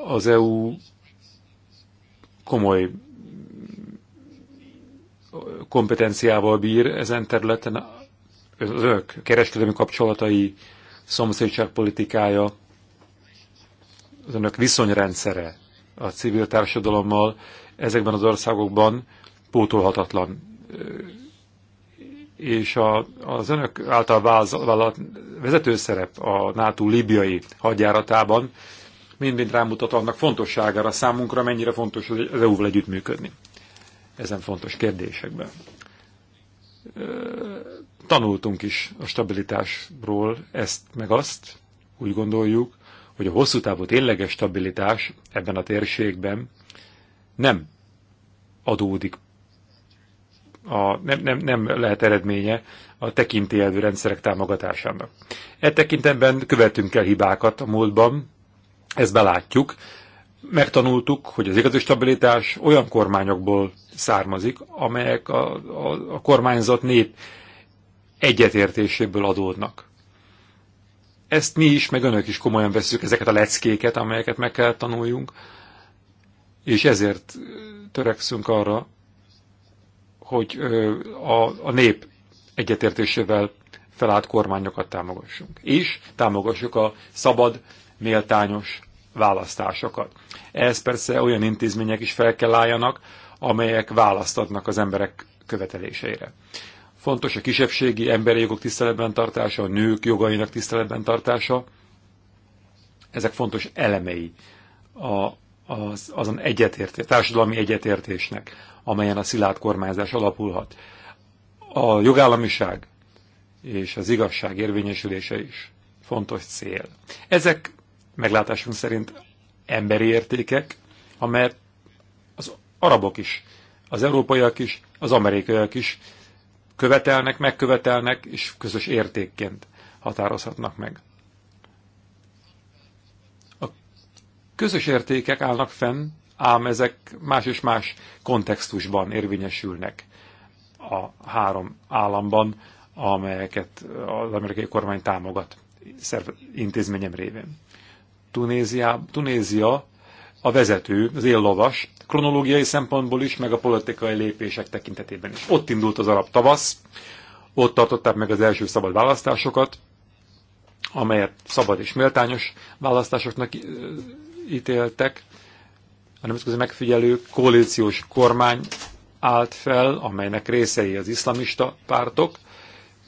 S5: Az EU komoly kompetenciával bír ezen területen, az ők kereskedelmi kapcsolatai, szomszédságpolitikája, az önök viszonyrendszere a civil társadalommal ezekben az országokban pótolhatatlan. És a, az önök által vállalt szerep a NATO libiai hadjáratában mind-mind rámutat annak fontosságára számunkra, mennyire fontos az EU-val együttműködni ezen fontos kérdésekben. Tanultunk is a stabilitásról ezt meg azt, úgy gondoljuk, hogy a hosszú távú tényleges stabilitás ebben a térségben nem adódik, a, nem, nem, nem lehet eredménye a tekintélyelvű rendszerek támogatásának. E tekintetben követünk el hibákat a múltban, ezt belátjuk, megtanultuk, hogy az igazi stabilitás olyan kormányokból származik, amelyek a, a, a kormányzat nép egyetértéséből adódnak. Ezt mi is, meg önök is komolyan veszük ezeket a leckéket, amelyeket meg kell tanuljunk, és ezért törekszünk arra, hogy a, a nép egyetértésével felállt kormányokat támogassunk. És támogassuk a szabad, méltányos választásokat. Ehhez persze olyan intézmények is fel kell álljanak, amelyek választatnak az emberek követeléseire. Fontos a kisebbségi emberi jogok tiszteletben tartása, a nők jogainak tiszteletben tartása. Ezek fontos elemei a, az, azon egyetértés, társadalmi egyetértésnek, amelyen a szilárd kormányzás alapulhat. A jogállamiság és az igazság érvényesülése is fontos cél. Ezek meglátásunk szerint emberi értékek, amelyet az arabok is, az európaiak is, az amerikaiak is követelnek, megkövetelnek, és közös értékként határozhatnak meg. Közös értékek állnak fenn, ám ezek más és más kontextusban érvényesülnek a három államban, amelyeket az amerikai kormány támogat szerv, intézményem révén. Tunézia, Tunézia a vezető, az éllovas, kronológiai szempontból is, meg a politikai lépések tekintetében is. Ott indult az arab tavasz, ott tartották meg az első szabad választásokat, amelyet szabad és méltányos választásoknak ítéltek. A nemzetközi megfigyelő koalíciós kormány állt fel, amelynek részei az iszlamista pártok,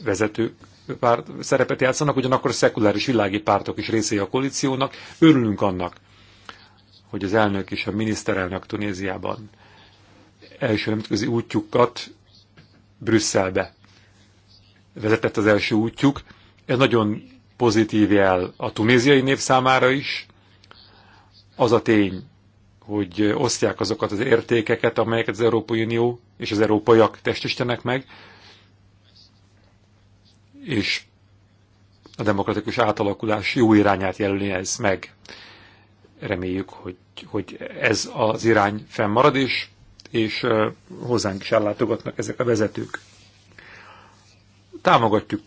S5: vezető párt szerepet játszanak, ugyanakkor szekuláris világi pártok is részei a koalíciónak. Örülünk annak, hogy az elnök és a miniszterelnök Tunéziában első nemzetközi útjukat Brüsszelbe vezetett az első útjuk. Ez nagyon pozitív jel a tunéziai nép számára is, az a tény, hogy osztják azokat az értékeket, amelyeket az Európai Unió és az európaiak testistenek meg, és a demokratikus átalakulás jó irányát jelöli ez meg. Reméljük, hogy, hogy ez az irány fennmarad, és, és hozzánk is ellátogatnak ezek a vezetők. Támogatjuk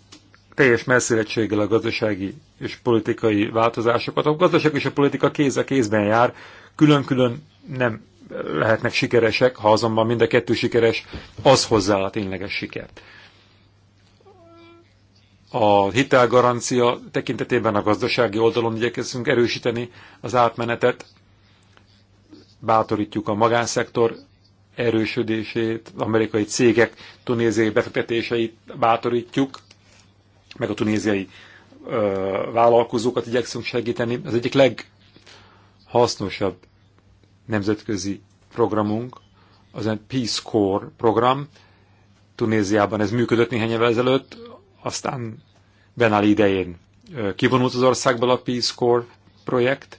S5: teljes messzélettséggel a gazdasági és politikai változásokat. A gazdaság és a politika kéz a kézben jár, külön-külön nem lehetnek sikeresek, ha azonban mind a kettő sikeres, az hozzá a tényleges sikert. A hitelgarancia tekintetében a gazdasági oldalon igyekezünk erősíteni az átmenetet, bátorítjuk a magánszektor erősödését, amerikai cégek tunéziai befektetéseit bátorítjuk, meg a tunéziai ö, vállalkozókat igyekszünk segíteni. Az egyik leghasznosabb nemzetközi programunk, az egy Peace Corps program. Tunéziában ez működött néhány évvel ezelőtt, aztán Ben Ali idején kivonult az országból a Peace Corps projekt,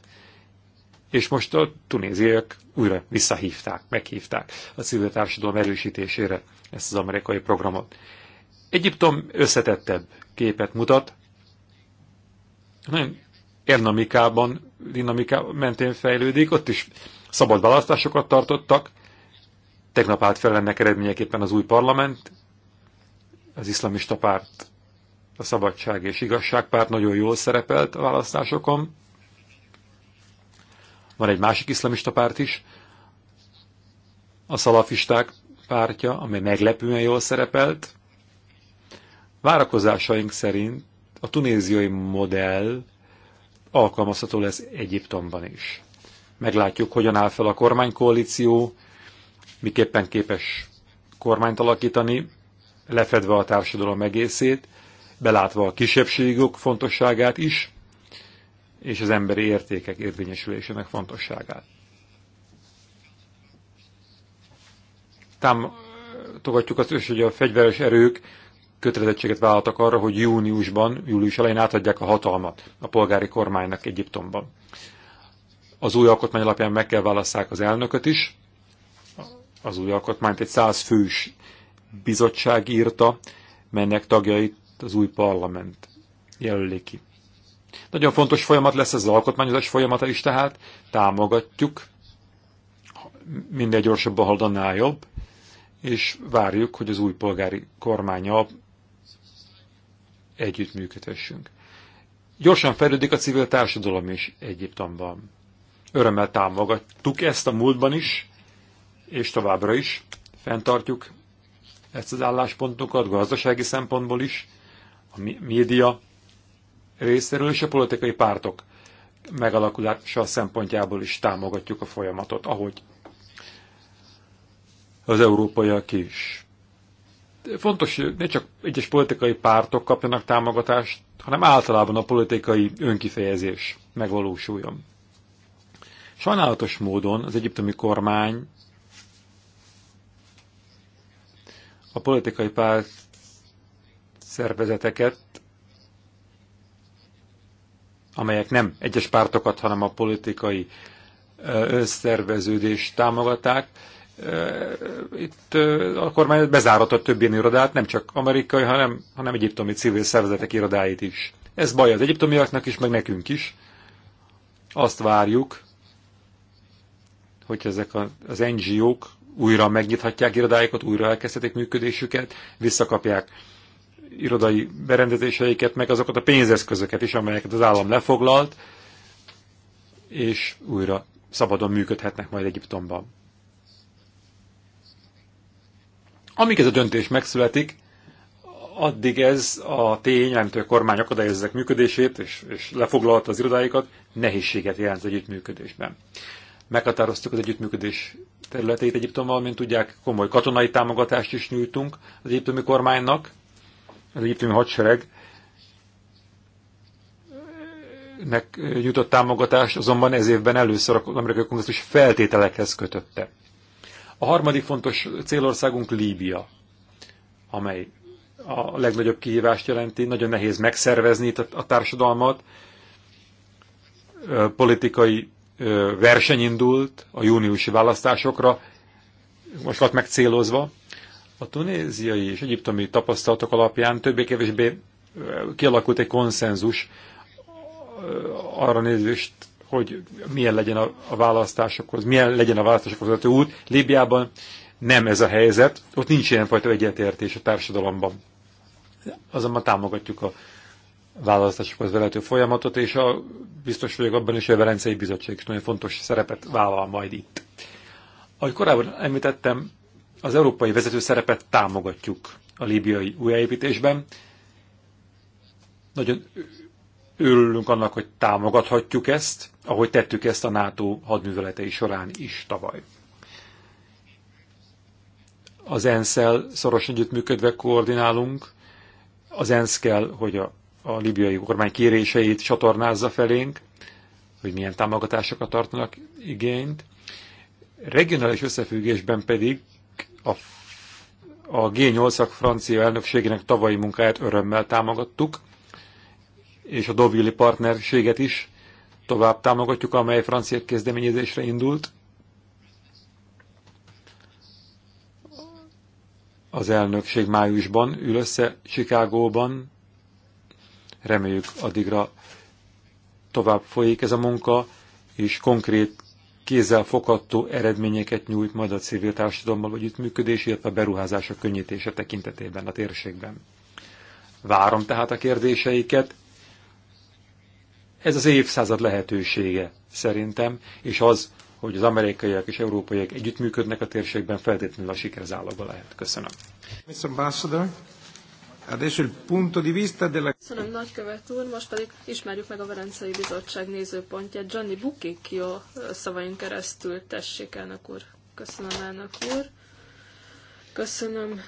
S5: és most a tunéziaiak újra visszahívták, meghívták a civil társadalom erősítésére ezt az amerikai programot. Egyiptom összetettebb képet mutat, nagyon ernamikában, dinamikában mentén fejlődik, ott is szabad választásokat tartottak, tegnap állt fel ennek eredményeképpen az új parlament, az iszlamista párt, a szabadság és igazság párt nagyon jól szerepelt a választásokon, van egy másik iszlamista párt is, a szalafisták pártja, amely meglepően jól szerepelt, Várakozásaink szerint a tunéziai modell alkalmazható lesz Egyiptomban is. Meglátjuk, hogyan áll fel a kormánykoalíció, miképpen képes kormányt alakítani, lefedve a társadalom egészét, belátva a kisebbségok fontosságát is, és az emberi értékek érvényesülésének fontosságát. Támogatjuk azt is, hogy a fegyveres erők kötelezettséget vállaltak arra, hogy júniusban, július elején átadják a hatalmat a polgári kormánynak Egyiptomban. Az új alkotmány alapján meg kell válasszák az elnököt is. Az új alkotmányt egy száz fős bizottság írta, melynek tagjait az új parlament jelöli ki. Nagyon fontos folyamat lesz ez az alkotmányozás folyamata is tehát, támogatjuk, minden gyorsabban haladnál jobb, és várjuk, hogy az új polgári kormánya együttműködhessünk. Gyorsan fejlődik a civil társadalom is Egyiptomban. Örömmel támogattuk ezt a múltban is, és továbbra is fenntartjuk ezt az álláspontokat gazdasági szempontból is, a média részéről és a politikai pártok megalakulása szempontjából is támogatjuk a folyamatot, ahogy az európaiak is fontos, hogy ne csak egyes politikai pártok kapjanak támogatást, hanem általában a politikai önkifejezés megvalósuljon. Sajnálatos módon az egyiptomi kormány a politikai párt szervezeteket, amelyek nem egyes pártokat, hanem a politikai összerveződést támogatták, itt a kormány bezáratta több ilyen irodát, nem csak amerikai, hanem, hanem egyiptomi civil szervezetek irodáit is. Ez baj az egyiptomiaknak is, meg nekünk is. Azt várjuk, hogy ezek a, az NGO-k újra megnyithatják irodáikat, újra elkezdhetik működésüket, visszakapják irodai berendezéseiket, meg azokat a pénzeszközöket is, amelyeket az állam lefoglalt, és újra szabadon működhetnek majd Egyiptomban. Amíg ez a döntés megszületik, addig ez a tény, amit a kormány akadályozzák működését, és, és lefoglalta az irodáikat, nehézséget jelent az együttműködésben. Meghatároztuk az együttműködés területeit Egyiptommal, mint tudják, komoly katonai támogatást is nyújtunk az egyiptomi kormánynak, az egyiptomi hadsereg eh, nek eh, nyújtott támogatást, azonban ez évben először az amerikai kongresszus feltételekhez kötötte. A harmadik fontos célországunk Líbia, amely a legnagyobb kihívást jelenti, nagyon nehéz megszervezni a társadalmat, politikai verseny indult a júniusi választásokra, most volt megcélozva. A tunéziai és egyiptomi tapasztalatok alapján többé-kevésbé kialakult egy konszenzus arra nézést, hogy milyen legyen a, a választásokhoz, milyen legyen a választásokhoz vezető út. Líbiában nem ez a helyzet, ott nincs ilyenfajta egyetértés a társadalomban. Azonban támogatjuk a választásokhoz vezető folyamatot, és a, biztos vagyok abban is, hogy a Velencei Bizottság is nagyon fontos szerepet vállal majd itt. Ahogy korábban említettem, az európai vezető szerepet támogatjuk a líbiai újjáépítésben. Nagyon örülünk annak, hogy támogathatjuk ezt, ahogy tettük ezt a NATO hadműveletei során is tavaly. Az ENSZ-el szoros együttműködve koordinálunk, az ENSZ kell, hogy a, a libiai kormány kéréseit csatornázza felénk, hogy milyen támogatásokat tartanak igényt. Regionális összefüggésben pedig a, a G8-ak francia elnökségének tavalyi munkáját örömmel támogattuk, és a Deauville partnerséget is tovább támogatjuk, amely francia kezdeményezésre indult. Az elnökség májusban ül össze Chicagóban. Reméljük addigra tovább folyik ez a munka, és konkrét kézzel fogható eredményeket nyújt majd a civil társadalommal együttműködés, illetve a beruházások könnyítése tekintetében a térségben. Várom tehát a kérdéseiket, ez az évszázad lehetősége szerintem, és az, hogy az amerikaiak és európaiak együttműködnek a térségben, feltétlenül a siker záloga lehet. Köszönöm.
S1: Mr. Köszönöm,
S2: nagykövet úr, most pedig ismerjük meg a Verencei Bizottság nézőpontját. Gianni Bukikio szavain keresztül tessék, elnök úr. Köszönöm, elnök úr. Köszönöm,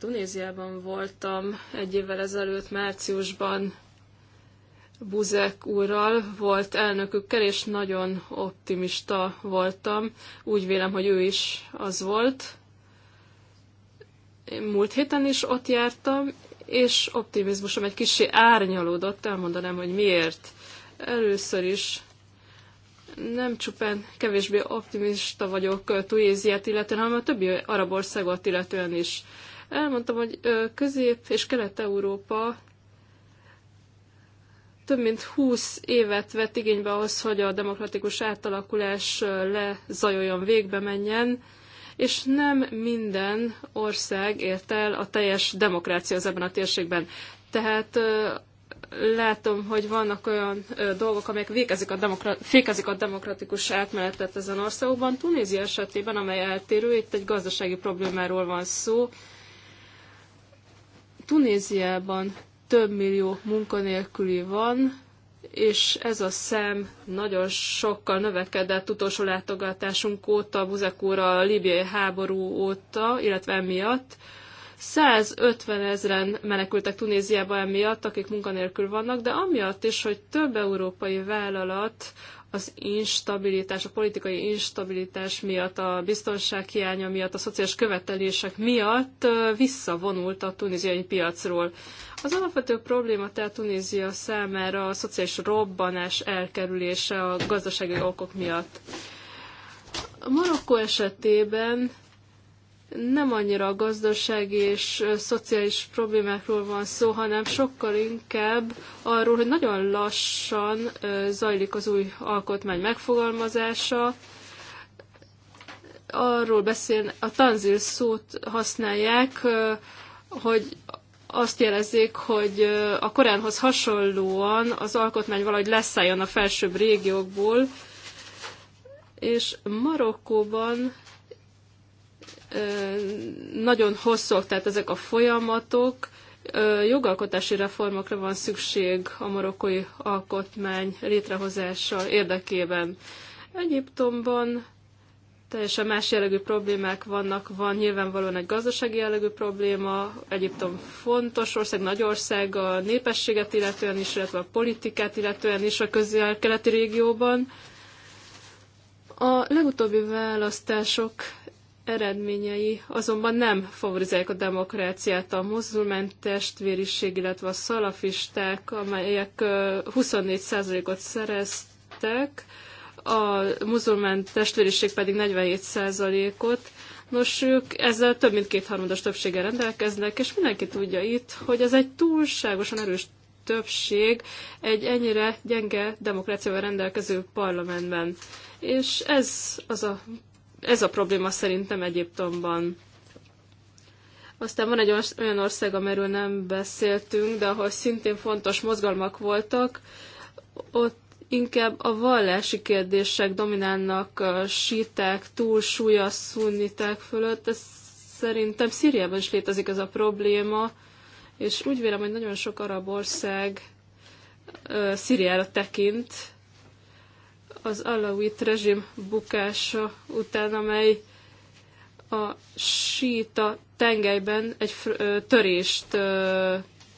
S2: Tunéziában voltam egy évvel ezelőtt, márciusban Buzek úrral, volt elnökükkel, és nagyon optimista voltam. Úgy vélem, hogy ő is az volt. Én múlt héten is ott jártam, és optimizmusom egy kicsi árnyalódott, elmondanám, hogy miért. Először is nem csupán kevésbé optimista vagyok Tuéziát illetően, hanem a többi arab országot illetően is. Elmondtam, hogy Közép- és Kelet-Európa több mint 20 évet vett igénybe ahhoz, hogy a demokratikus átalakulás lezajoljon, végbe menjen, és nem minden ország ért el a teljes demokrácia az ebben a térségben. Tehát látom, hogy vannak olyan dolgok, amelyek végezik a, demokra- fékezik a demokratikus átmenetet ezen országokban. Tunézia esetében, amely eltérő, itt egy gazdasági problémáról van szó, Tunéziában több millió munkanélküli van, és ez a szem nagyon sokkal növekedett utolsó látogatásunk óta, Buzekóra, a libiai háború óta, illetve emiatt. 150 ezeren menekültek Tunéziába emiatt, akik munkanélkül vannak, de amiatt is, hogy több európai vállalat az instabilitás, a politikai instabilitás miatt, a biztonság hiánya miatt, a szociális követelések miatt visszavonult a tunéziai piacról. Az alapvető probléma tehát Tunézia számára a szociális robbanás elkerülése a gazdasági okok miatt. A Marokkó esetében nem annyira a gazdasági és szociális problémákról van szó, hanem sokkal inkább arról, hogy nagyon lassan zajlik az új alkotmány megfogalmazása. Arról beszél, a tanzil szót használják, hogy azt jelezzék, hogy a Koránhoz hasonlóan az alkotmány valahogy leszálljon a felsőbb régiókból, és Marokkóban nagyon hosszúak, tehát ezek a folyamatok, jogalkotási reformokra van szükség a marokkói alkotmány létrehozása érdekében. Egyiptomban teljesen más jellegű problémák vannak, van nyilvánvalóan egy gazdasági jellegű probléma, Egyiptom fontos ország, nagy ország a népességet illetően is, illetve a politikát illetően is a közel-keleti régióban. A legutóbbi választások eredményei azonban nem favorizálják a demokráciát. A muzulmán testvériség, illetve a szalafisták, amelyek 24%-ot szereztek, a muzulmán testvériség pedig 47%-ot. Nos, ők ezzel több mint kétharmados többséggel rendelkeznek, és mindenki tudja itt, hogy ez egy túlságosan erős többség egy ennyire gyenge demokráciával rendelkező parlamentben. És ez az a ez a probléma szerintem Egyiptomban. Aztán van egy olyan ország, amiről nem beszéltünk, de ahol szintén fontos mozgalmak voltak, ott inkább a vallási kérdések dominálnak a síták, túlsúlya szunniták fölött. Ez szerintem Szíriában is létezik ez a probléma, és úgy vélem, hogy nagyon sok arab ország Szíriára tekint, az alawit rezsim bukása után, amely a síta tengelyben egy törést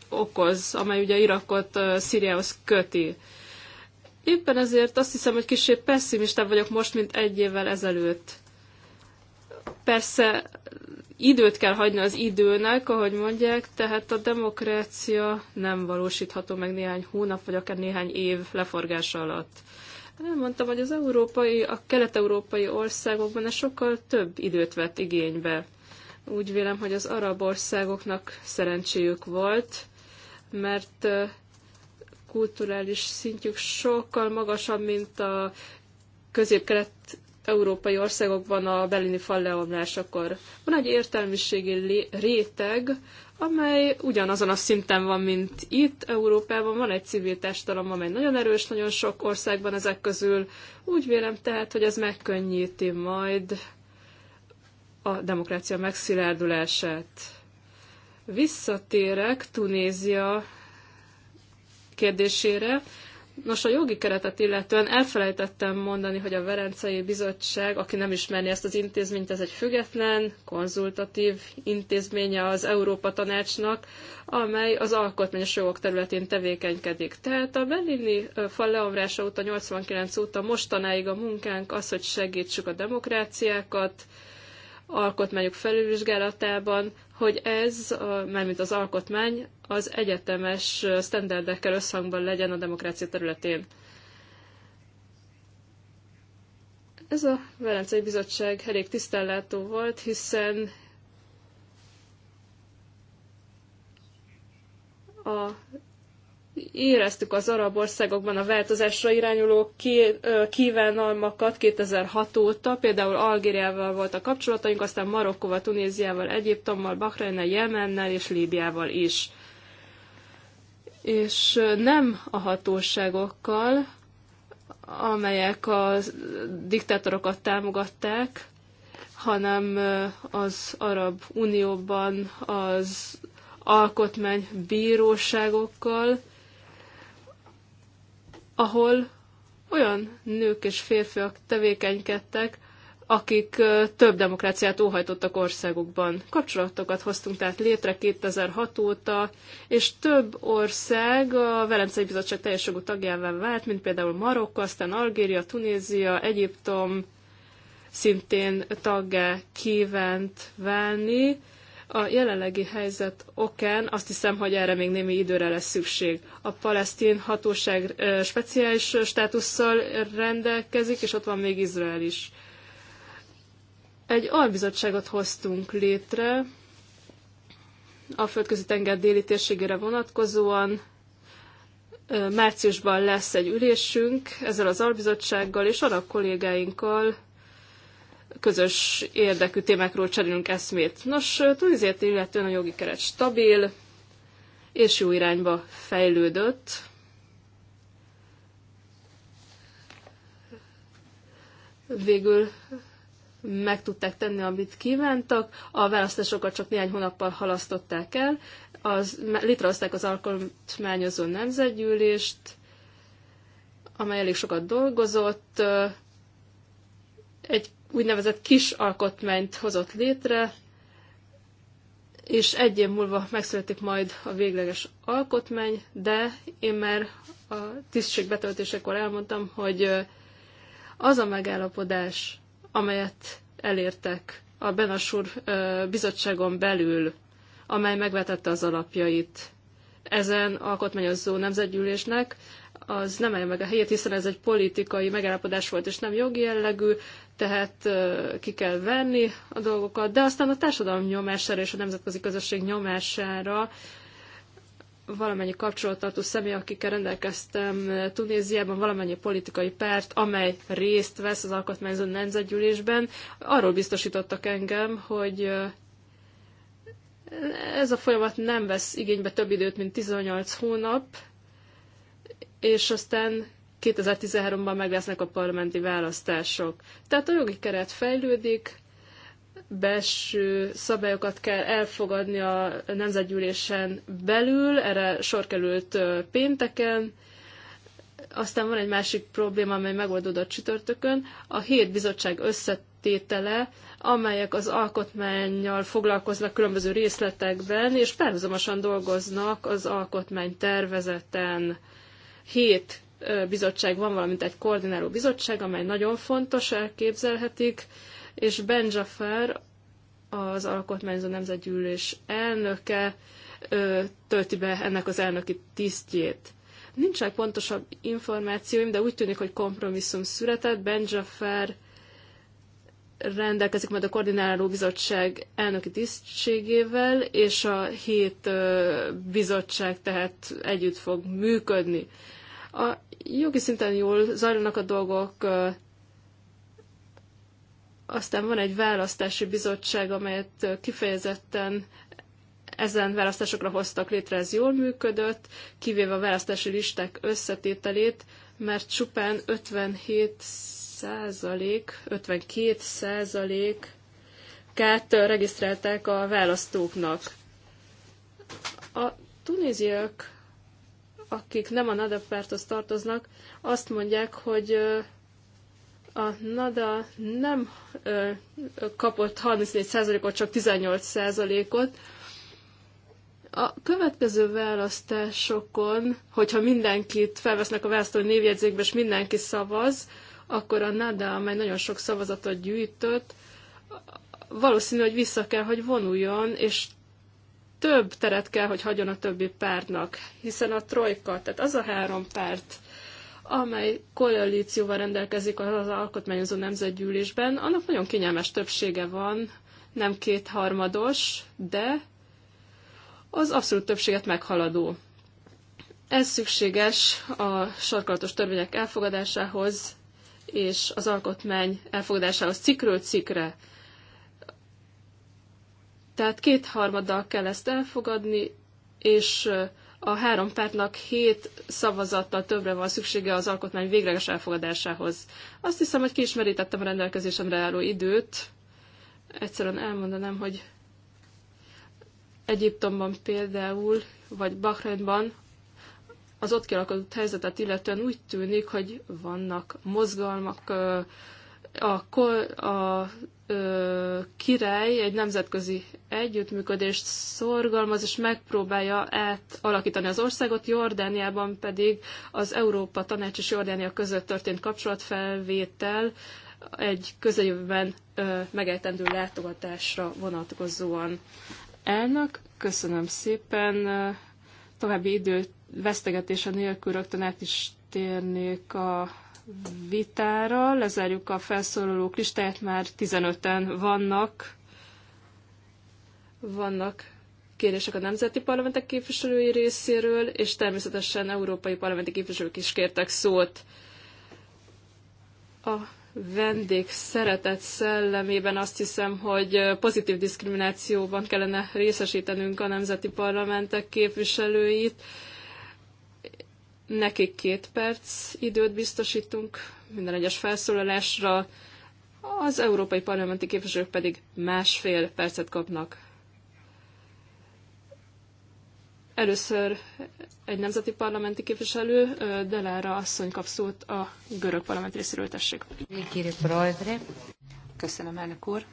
S2: okoz, amely ugye Irakot Szíriához köti. Éppen ezért azt hiszem, hogy kicsit pessimistább vagyok most, mint egy évvel ezelőtt. Persze időt kell hagyni az időnek, ahogy mondják, tehát a demokrácia nem valósítható meg néhány hónap, vagy akár néhány év leforgása alatt. Elmondtam, hogy az európai, a kelet-európai országokban ez sokkal több időt vett igénybe. Úgy vélem, hogy az arab országoknak szerencséjük volt, mert kulturális szintjük sokkal magasabb, mint a közép-kelet-európai országokban a berlini fal leomlásakor. Van egy értelmiségi réteg, amely ugyanazon a szinten van, mint itt Európában. Van egy civil társadalom, amely nagyon erős, nagyon sok országban ezek közül. Úgy vélem tehát, hogy ez megkönnyíti majd a demokrácia megszilárdulását. Visszatérek Tunézia kérdésére. Nos, a jogi keretet illetően elfelejtettem mondani, hogy a Verencei Bizottság, aki nem ismerni ezt az intézményt, ez egy független, konzultatív intézménye az Európa Tanácsnak, amely az alkotmányos jogok területén tevékenykedik. Tehát a berlini fal leomlása óta, 89 óta mostanáig a munkánk az, hogy segítsük a demokráciákat, alkotmányok felülvizsgálatában, hogy ez, mármint az alkotmány, az egyetemes sztenderdekkel összhangban legyen a demokrácia területén. Ez a Velencei Bizottság elég tisztellátó volt, hiszen a éreztük az arab országokban a változásra irányuló kívánalmakat 2006 óta, például Algériával a kapcsolataink, aztán Marokkóval, Tunéziával, Egyiptommal, Bahreinnel, Jemennel és Líbiával is. És nem a hatóságokkal, amelyek a diktátorokat támogatták, hanem az Arab Unióban az alkotmánybíróságokkal, ahol olyan nők és férfiak tevékenykedtek, akik több demokráciát óhajtottak országokban. Kapcsolatokat hoztunk tehát létre 2006 óta, és több ország a Velencei Bizottság teljes jogú tagjává vált, mint például Marokko, aztán Algéria, Tunézia, Egyiptom szintén taggá kívánt válni, a jelenlegi helyzet okán azt hiszem, hogy erre még némi időre lesz szükség. A palesztin hatóság speciális státusszal rendelkezik, és ott van még Izrael is. Egy albizottságot hoztunk létre a földközi tenger déli térségére vonatkozóan, márciusban lesz egy ülésünk ezzel az albizottsággal és arab kollégáinkkal, közös érdekű témákról cserélünk eszmét. Nos, Tunizért illetően a jogi keret stabil, és jó irányba fejlődött. Végül meg tudták tenni, amit kívántak. A választásokat csak néhány hónappal halasztották el. Az, létrehozták az alkotmányozó nemzetgyűlést, amely elég sokat dolgozott. Egy úgynevezett kis alkotmányt hozott létre, és egy év múlva megszületik majd a végleges alkotmány, de én már a tisztség betöltésekor elmondtam, hogy az a megállapodás, amelyet elértek a Benasur bizottságon belül, amely megvetette az alapjait ezen alkotmányozó nemzetgyűlésnek, az nem állja meg a helyét, hiszen ez egy politikai megállapodás volt, és nem jogi jellegű, tehát ki kell venni a dolgokat, de aztán a társadalom nyomására és a nemzetközi közösség nyomására valamennyi kapcsolattartó személy, akikkel rendelkeztem Tunéziában, valamennyi politikai párt, amely részt vesz az alkotmányzó nemzetgyűlésben, arról biztosítottak engem, hogy ez a folyamat nem vesz igénybe több időt, mint 18 hónap, és aztán 2013-ban meg lesznek a parlamenti választások. Tehát a jogi keret fejlődik, belső szabályokat kell elfogadni a nemzetgyűlésen belül, erre sor került pénteken, aztán van egy másik probléma, amely megoldódott csütörtökön, a hét bizottság összetétele, amelyek az alkotmányjal foglalkoznak különböző részletekben, és párhuzamosan dolgoznak az alkotmány tervezeten. Hét bizottság van, valamint egy koordináló bizottság, amely nagyon fontos, elképzelhetik, és Ben Jaffer, az Alkotmányzó Nemzetgyűlés elnöke tölti be ennek az elnöki tisztjét. Nincsenek pontosabb információim, de úgy tűnik, hogy kompromisszum született. Ben Jaffer rendelkezik majd a koordináló bizottság elnöki tisztségével, és a hét bizottság tehát együtt fog működni. A jogi szinten jól zajlanak a dolgok, aztán van egy választási bizottság, amelyet kifejezetten ezen választásokra hoztak létre, ez jól működött, kivéve a választási listák összetételét, mert csupán 57 százalék, 52 százalék kát regisztrálták a választóknak. A tunéziak akik nem a NADA párthoz tartoznak, azt mondják, hogy a NADA nem kapott 34%-ot, csak 18%-ot. A következő választásokon, hogyha mindenkit felvesznek a választói névjegyzékbe, és mindenki szavaz, akkor a NADA, amely nagyon sok szavazatot gyűjtött, valószínű, hogy vissza kell, hogy vonuljon, és több teret kell, hogy hagyjon a többi pártnak, hiszen a trojka, tehát az a három párt, amely koalícióval rendelkezik az alkotmányozó nemzetgyűlésben, annak nagyon kényelmes többsége van, nem kétharmados, de az abszolút többséget meghaladó. Ez szükséges a sarkalatos törvények elfogadásához és az alkotmány elfogadásához cikről cikre. Tehát kétharmaddal kell ezt elfogadni, és a három pártnak hét szavazattal többre van szüksége az alkotmány végleges elfogadásához. Azt hiszem, hogy kiismerítettem a rendelkezésemre álló időt. Egyszerűen elmondanám, hogy Egyiptomban például, vagy Bahreinban az ott kialakult helyzetet illetően úgy tűnik, hogy vannak mozgalmak, a, a ö, király egy nemzetközi együttműködést szorgalmaz, és megpróbálja átalakítani az országot, Jordániában pedig az Európa Tanács és Jordánia között történt kapcsolatfelvétel egy közeljövőben megejtendő látogatásra vonatkozóan. Elnök, köszönöm szépen. További idő vesztegetése nélkül rögtön át is térnék a vitára. Lezárjuk a felszólalók listáját, már 15-en vannak. Vannak kérések a nemzeti parlamentek képviselői részéről, és természetesen európai parlamenti képviselők is kértek szót. A vendég szeretet szellemében azt hiszem, hogy pozitív diszkriminációban kellene részesítenünk a nemzeti parlamentek képviselőit Nekik két perc időt biztosítunk minden egyes felszólalásra, az európai parlamenti képviselők pedig másfél percet kapnak. Először egy nemzeti parlamenti képviselő, Delára asszony kap szót a görög parlament részéről, tessék.
S3: Köszönöm, elnök úr.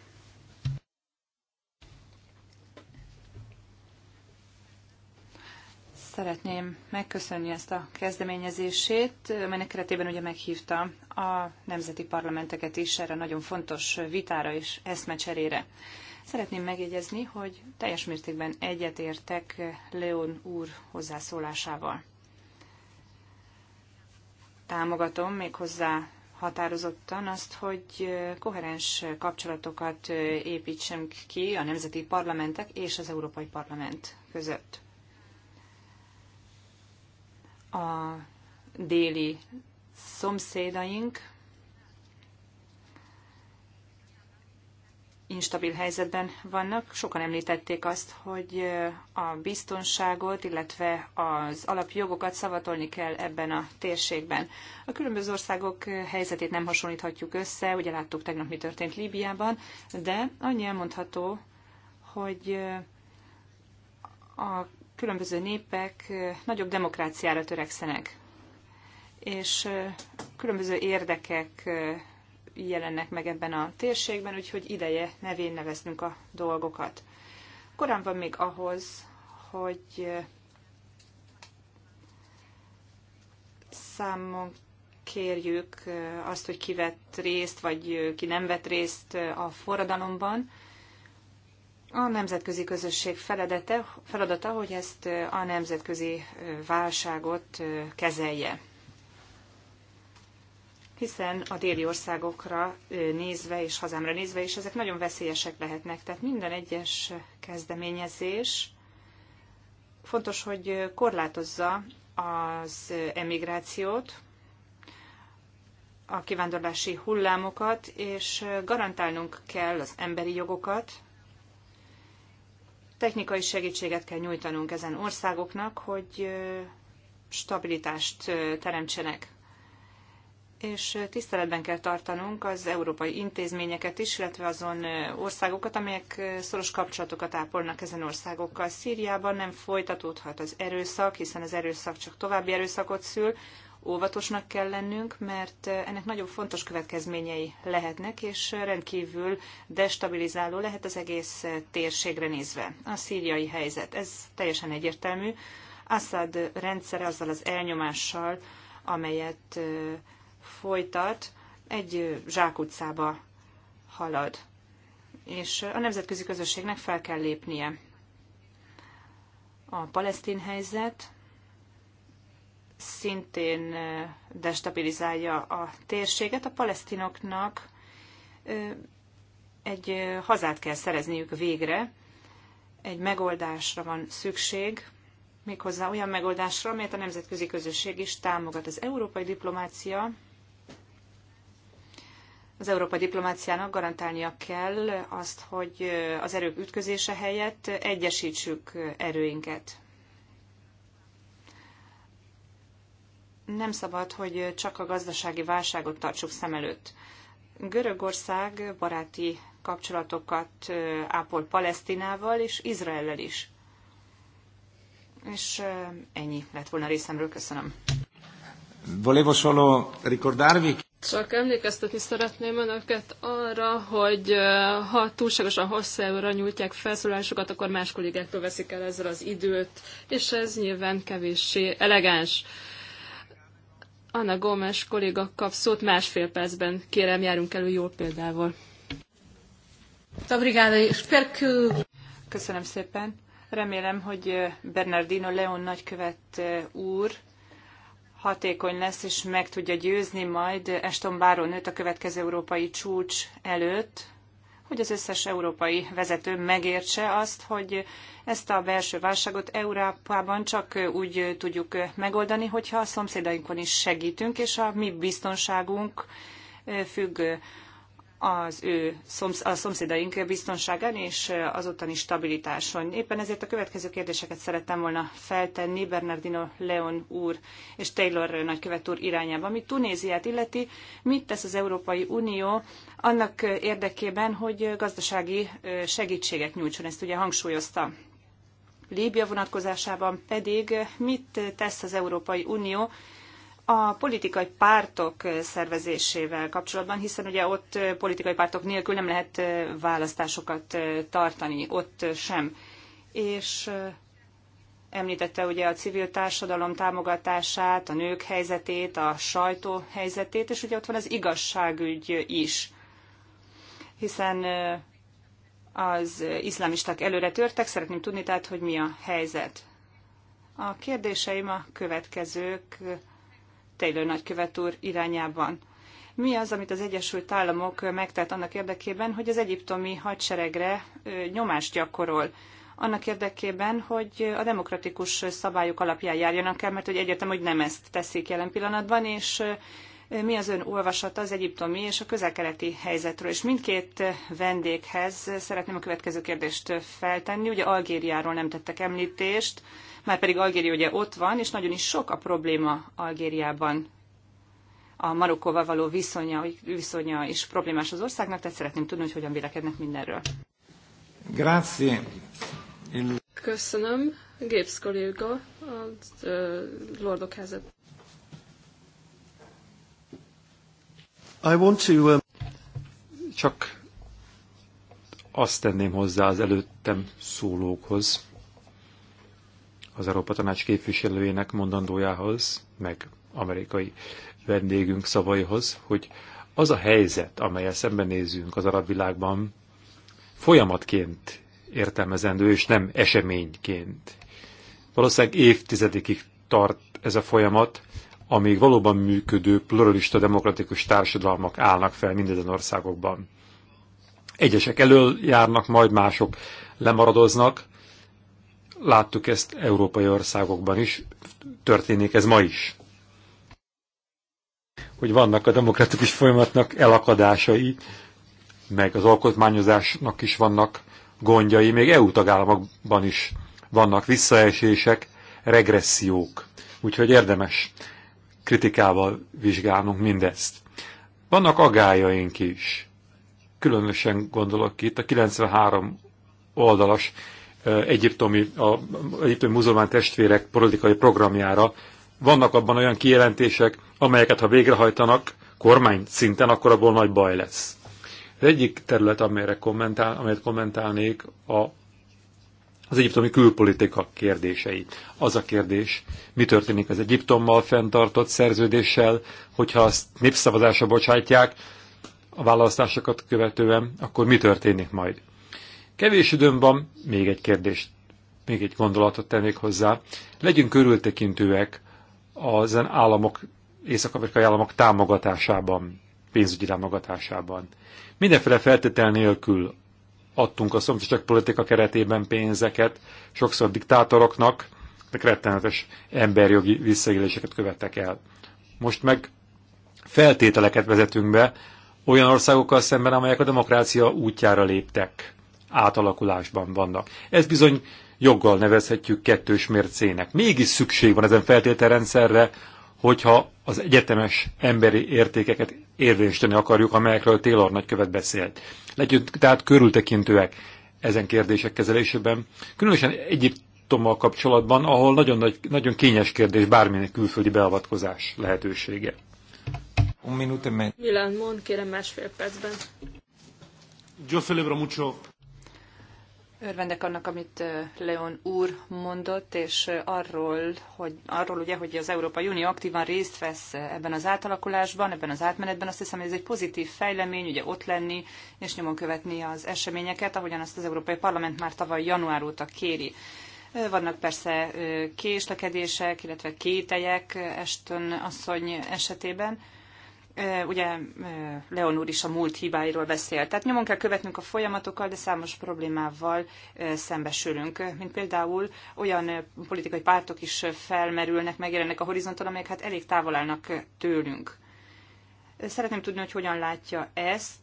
S3: Szeretném megköszönni ezt a kezdeményezését, melynek keretében ugye meghívta a nemzeti parlamenteket is erre nagyon fontos vitára és eszmecserére. Szeretném megjegyezni, hogy teljes mértékben egyetértek Leon úr hozzászólásával. Támogatom méghozzá határozottan azt, hogy koherens kapcsolatokat építsünk ki a nemzeti parlamentek és az Európai Parlament között a déli szomszédaink instabil helyzetben vannak. Sokan említették azt, hogy a biztonságot, illetve az alapjogokat szavatolni kell ebben a térségben. A különböző országok helyzetét nem hasonlíthatjuk össze, ugye láttuk tegnap, mi történt Líbiában, de annyi elmondható, hogy a különböző népek nagyobb demokráciára törekszenek, és különböző érdekek jelennek meg ebben a térségben, úgyhogy ideje nevén neveznünk a dolgokat. Korán van még ahhoz, hogy számon kérjük azt, hogy ki vett részt, vagy ki nem vett részt a forradalomban, a nemzetközi közösség feladata, feladata, hogy ezt a nemzetközi válságot kezelje. Hiszen a déli országokra nézve és hazámra nézve is ezek nagyon veszélyesek lehetnek. Tehát minden egyes kezdeményezés fontos, hogy korlátozza az emigrációt, a kivándorlási hullámokat, és garantálnunk kell az emberi jogokat, Technikai segítséget kell nyújtanunk ezen országoknak, hogy stabilitást teremtsenek. És tiszteletben kell tartanunk az európai intézményeket is, illetve azon országokat, amelyek szoros kapcsolatokat ápolnak ezen országokkal. Szíriában nem folytatódhat az erőszak, hiszen az erőszak csak további erőszakot szül, óvatosnak kell lennünk, mert ennek nagyon fontos következményei lehetnek, és rendkívül destabilizáló lehet az egész térségre nézve. A szíriai helyzet, ez teljesen egyértelmű. Assad rendszere azzal az elnyomással, amelyet folytat, egy zsákutcába halad. És a nemzetközi közösségnek fel kell lépnie. A palesztin helyzet szintén destabilizálja a térséget. A palesztinoknak egy hazát kell szerezniük végre, egy megoldásra van szükség, méghozzá olyan megoldásra, amelyet a nemzetközi közösség is támogat. Az európai diplomácia az európai diplomáciának garantálnia kell azt, hogy az erők ütközése helyett egyesítsük erőinket. nem szabad, hogy csak a gazdasági válságot tartsuk szem előtt. Görögország baráti kapcsolatokat ápol Palesztinával és Izraellel is. És ennyi lett volna részemről, köszönöm.
S1: Volevo solo ricordarvi
S2: csak emlékeztetni szeretném önöket arra, hogy ha túlságosan hosszára nyújtják felszólásokat, akkor más kollégáktól veszik el ezzel az időt, és ez nyilván kevéssé elegáns. Anna Gómez kolléga kap szót másfél percben. Kérem, járunk elő jó példával.
S3: Köszönöm szépen. Remélem, hogy eh, Bernardino Leon nagykövet eh, úr hatékony lesz, és meg tudja győzni majd Eston Báron őt a következő európai csúcs előtt, hogy az összes európai vezető megértse azt, hogy ezt a belső válságot Európában csak úgy tudjuk megoldani, hogyha a szomszédainkon is segítünk, és a mi biztonságunk függ az ő szomsz, a szomszédaink biztonságán és az ottani stabilitáson. Éppen ezért a következő kérdéseket szerettem volna feltenni Bernardino Leon úr és Taylor nagykövet úr irányába. Ami Tunéziát illeti, mit tesz az Európai Unió annak érdekében, hogy gazdasági segítséget nyújtson? Ezt ugye hangsúlyozta. Líbia vonatkozásában pedig mit tesz az Európai Unió a politikai pártok szervezésével kapcsolatban, hiszen ugye ott politikai pártok nélkül nem lehet választásokat tartani, ott sem. És említette ugye a civil társadalom támogatását, a nők helyzetét, a sajtó helyzetét, és ugye ott van az igazságügy is. Hiszen az iszlámisták előre törtek, szeretném tudni tehát, hogy mi a helyzet. A kérdéseim a következők Taylor nagykövet úr irányában. Mi az, amit az Egyesült Államok megtett annak érdekében, hogy az egyiptomi hadseregre nyomást gyakorol? annak érdekében, hogy a demokratikus szabályok alapján járjanak el, mert hogy egyetem, hogy nem ezt teszik jelen pillanatban, és mi az ön olvasata az egyiptomi és a közelkeleti helyzetről? És mindkét vendéghez szeretném a következő kérdést feltenni. Ugye Algériáról nem tettek említést, már pedig Algéria ugye ott van, és nagyon is sok a probléma Algériában. A Marokkóval való viszonya, viszonya is problémás az országnak, tehát szeretném tudni, hogy hogyan vélekednek mindenről.
S1: Grazie.
S3: Köszönöm. Gépsz kolléga, a
S2: Lordok házat.
S5: I want to, um... Csak azt tenném hozzá az előttem szólókhoz, az Európa Tanács képviselőjének mondandójához, meg amerikai vendégünk szavaihoz, hogy az a helyzet, amelyel szembenézünk az arab világban, folyamatként értelmezendő, és nem eseményként. Valószínűleg évtizedekig tart ez a folyamat, amíg valóban működő pluralista demokratikus társadalmak állnak fel mindezen országokban. Egyesek elől járnak, majd mások lemaradoznak. Láttuk ezt európai országokban is, történik ez ma is. Hogy vannak a demokratikus folyamatnak elakadásai, meg az alkotmányozásnak is vannak gondjai, még EU tagállamokban is vannak visszaesések, regressziók. Úgyhogy érdemes kritikával vizsgálnunk mindezt. Vannak agályaink is. Különösen gondolok itt a 93 oldalas egyiptomi, a, egyiptomi muzulmán testvérek politikai programjára. Vannak abban olyan kijelentések, amelyeket ha végrehajtanak kormány szinten, akkor abból nagy baj lesz. Az egyik terület, amelyre kommentál, amelyet kommentálnék, a az egyiptomi külpolitika kérdései. Az a kérdés, mi történik az Egyiptommal fenntartott szerződéssel, hogyha azt népszavazásra bocsátják a választásokat követően, akkor mi történik majd? Kevés időm van, még egy kérdést, még egy gondolatot tennék hozzá. Legyünk körültekintőek az államok, észak-afrikai államok támogatásában, pénzügyi támogatásában. Mindenféle feltétel nélkül adtunk a szomszédság politika keretében pénzeket, sokszor diktátoroknak, de rettenetes emberjogi visszaéléseket követtek el. Most meg feltételeket vezetünk be olyan országokkal szemben, amelyek a demokrácia útjára léptek, átalakulásban vannak. Ez bizony joggal nevezhetjük kettős mércének. Mégis szükség van ezen feltételrendszerre hogyha az egyetemes emberi értékeket érvényesíteni akarjuk, amelyekről Taylor nagykövet beszélt. Legyünk tehát körültekintőek ezen kérdések kezelésében, különösen Egyiptommal kapcsolatban, ahol nagyon, nagy, nagyon kényes kérdés bármilyen külföldi beavatkozás lehetősége.
S1: Un minuto e
S3: Milan Mon, kérem másfél percben.
S1: Yo celebro mucho
S3: Örvendek annak, amit Leon úr mondott, és arról, hogy, arról ugye, hogy az Európai Unió aktívan részt vesz ebben az átalakulásban, ebben az átmenetben. Azt hiszem, hogy ez egy pozitív fejlemény, ugye ott lenni és nyomon követni az eseményeket, ahogyan azt az Európai Parlament már tavaly január óta kéri. Vannak persze késlekedések, illetve kételyek Eston asszony esetében ugye Leon úr is a múlt hibáiról beszélt. Tehát nyomon kell követnünk a folyamatokkal, de számos problémával szembesülünk. Mint például olyan politikai pártok is felmerülnek, megjelennek a horizonton, amelyek hát elég távol állnak tőlünk. Szeretném tudni, hogy hogyan látja ezt,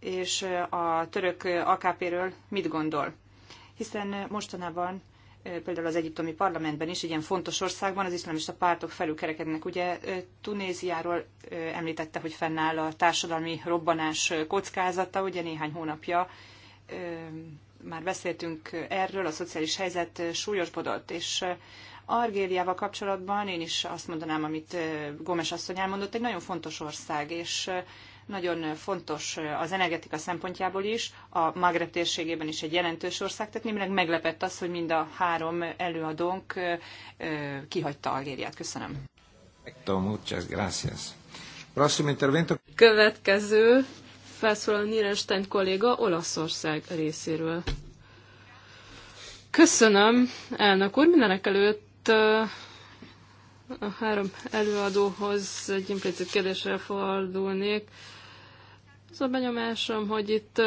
S3: és a török AKP-ről mit gondol. Hiszen mostanában például az egyiptomi parlamentben is, egy ilyen fontos országban az iszlamista pártok felülkerekednek. Ugye Tunéziáról említette, hogy fennáll a társadalmi robbanás kockázata, ugye néhány hónapja már beszéltünk erről, a szociális helyzet súlyosbodott, és Argéliával kapcsolatban én is azt mondanám, amit Gomes asszony elmondott, egy nagyon fontos ország, és nagyon fontos az energetika szempontjából is, a Magreb térségében is egy jelentős ország, tehát némileg meglepett az, hogy mind a három előadónk kihagyta Algériát. Köszönöm.
S1: Muchas gracias. Prossimo intervento.
S2: Következő felszólal Nierenstein kolléga Olaszország részéről. Köszönöm, elnök úr, mindenek előtt a három előadóhoz egy implicit kérdésre fordulnék. Az a benyomásom, hogy itt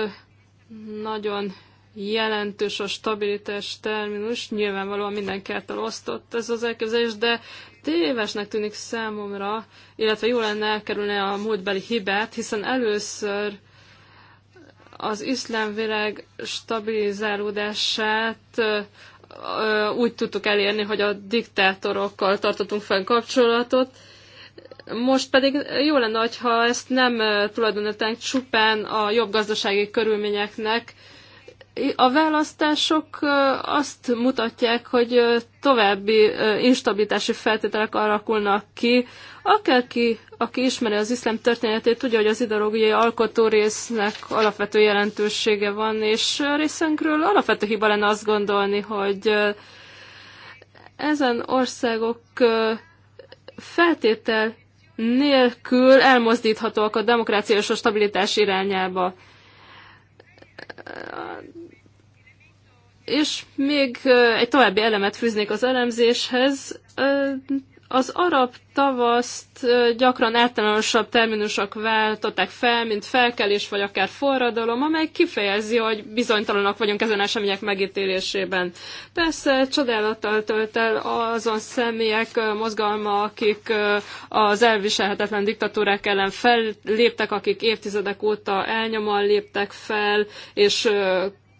S2: nagyon jelentős a stabilitás terminus, nyilvánvalóan mindenki által osztott ez az elképzelés, de tévesnek tűnik számomra, illetve jó lenne elkerülni a múltbeli hibát, hiszen először az iszlám világ stabilizálódását úgy tudtuk elérni, hogy a diktátorokkal tartottunk fenn kapcsolatot, most pedig jó lenne, ha ezt nem tulajdonítanánk csupán a jobb gazdasági körülményeknek. A választások azt mutatják, hogy további instabilitási feltételek alakulnak ki. Akárki, aki ismeri az iszlám történetét, tudja, hogy az ideológiai alkotó résznek alapvető jelentősége van, és részünkről alapvető hiba lenne azt gondolni, hogy ezen országok feltétel nélkül elmozdíthatóak a demokrácia és a stabilitás irányába. És még egy további elemet fűznék az elemzéshez. Az arab tavaszt gyakran általánosabb terminusok váltották fel, mint felkelés vagy akár forradalom, amely kifejezi, hogy bizonytalanak vagyunk ezen események megítélésében. Persze csodálattal tölt el azon személyek mozgalma, akik az elviselhetetlen diktatúrák ellen felléptek, akik évtizedek óta elnyomal léptek fel, és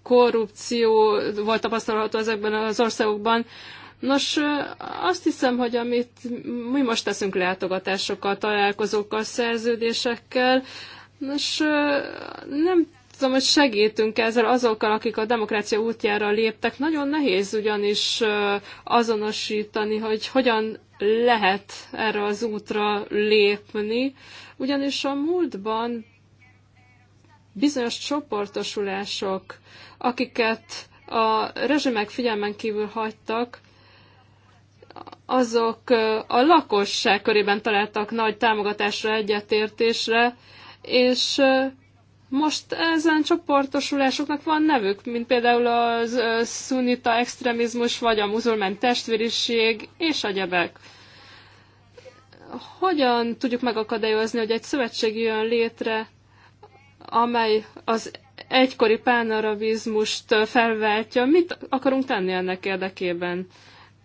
S2: korrupció volt tapasztalható ezekben az országokban. Nos, azt hiszem, hogy amit mi most teszünk látogatásokkal, találkozókkal, szerződésekkel, nos, nem tudom, hogy segítünk ezzel azokkal, akik a demokrácia útjára léptek. Nagyon nehéz ugyanis azonosítani, hogy hogyan lehet erre az útra lépni, ugyanis a múltban bizonyos csoportosulások, akiket a rezsimek figyelmen kívül hagytak, azok a lakosság körében találtak nagy támogatásra, egyetértésre, és most ezen csoportosulásoknak van nevük, mint például az szunita extremizmus, vagy a muzulmán testvériség, és gyebek. Hogyan tudjuk megakadályozni, hogy egy szövetség jön létre, amely az egykori pánarabizmust felváltja? Mit akarunk tenni ennek érdekében?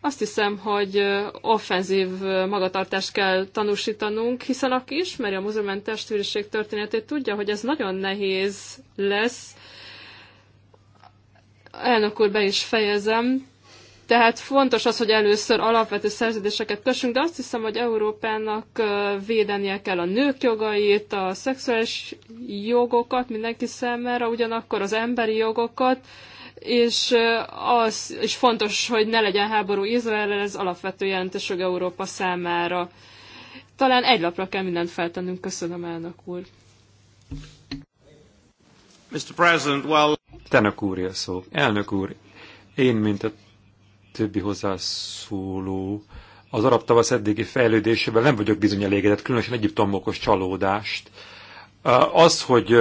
S2: azt hiszem, hogy offenzív magatartást kell tanúsítanunk, hiszen aki ismeri a muzulmán testvériség történetét, tudja, hogy ez nagyon nehéz lesz. Elnök úr, be is fejezem. Tehát fontos az, hogy először alapvető szerződéseket kössünk, de azt hiszem, hogy Európának védenie kell a nők jogait, a szexuális jogokat mindenki számára, ugyanakkor az emberi jogokat, és az és fontos, hogy ne legyen háború Izrael, ez alapvető jelentőség Európa számára. Talán egy lapra kell mindent feltennünk. Köszönöm, elnök úr.
S5: Mr. President, well... Tenök úr, a szó. Elnök úr, én, mint a többi hozzászóló, az arab tavasz eddigi fejlődésével nem vagyok bizony elégedett, különösen Egyiptom okos csalódást. Az, hogy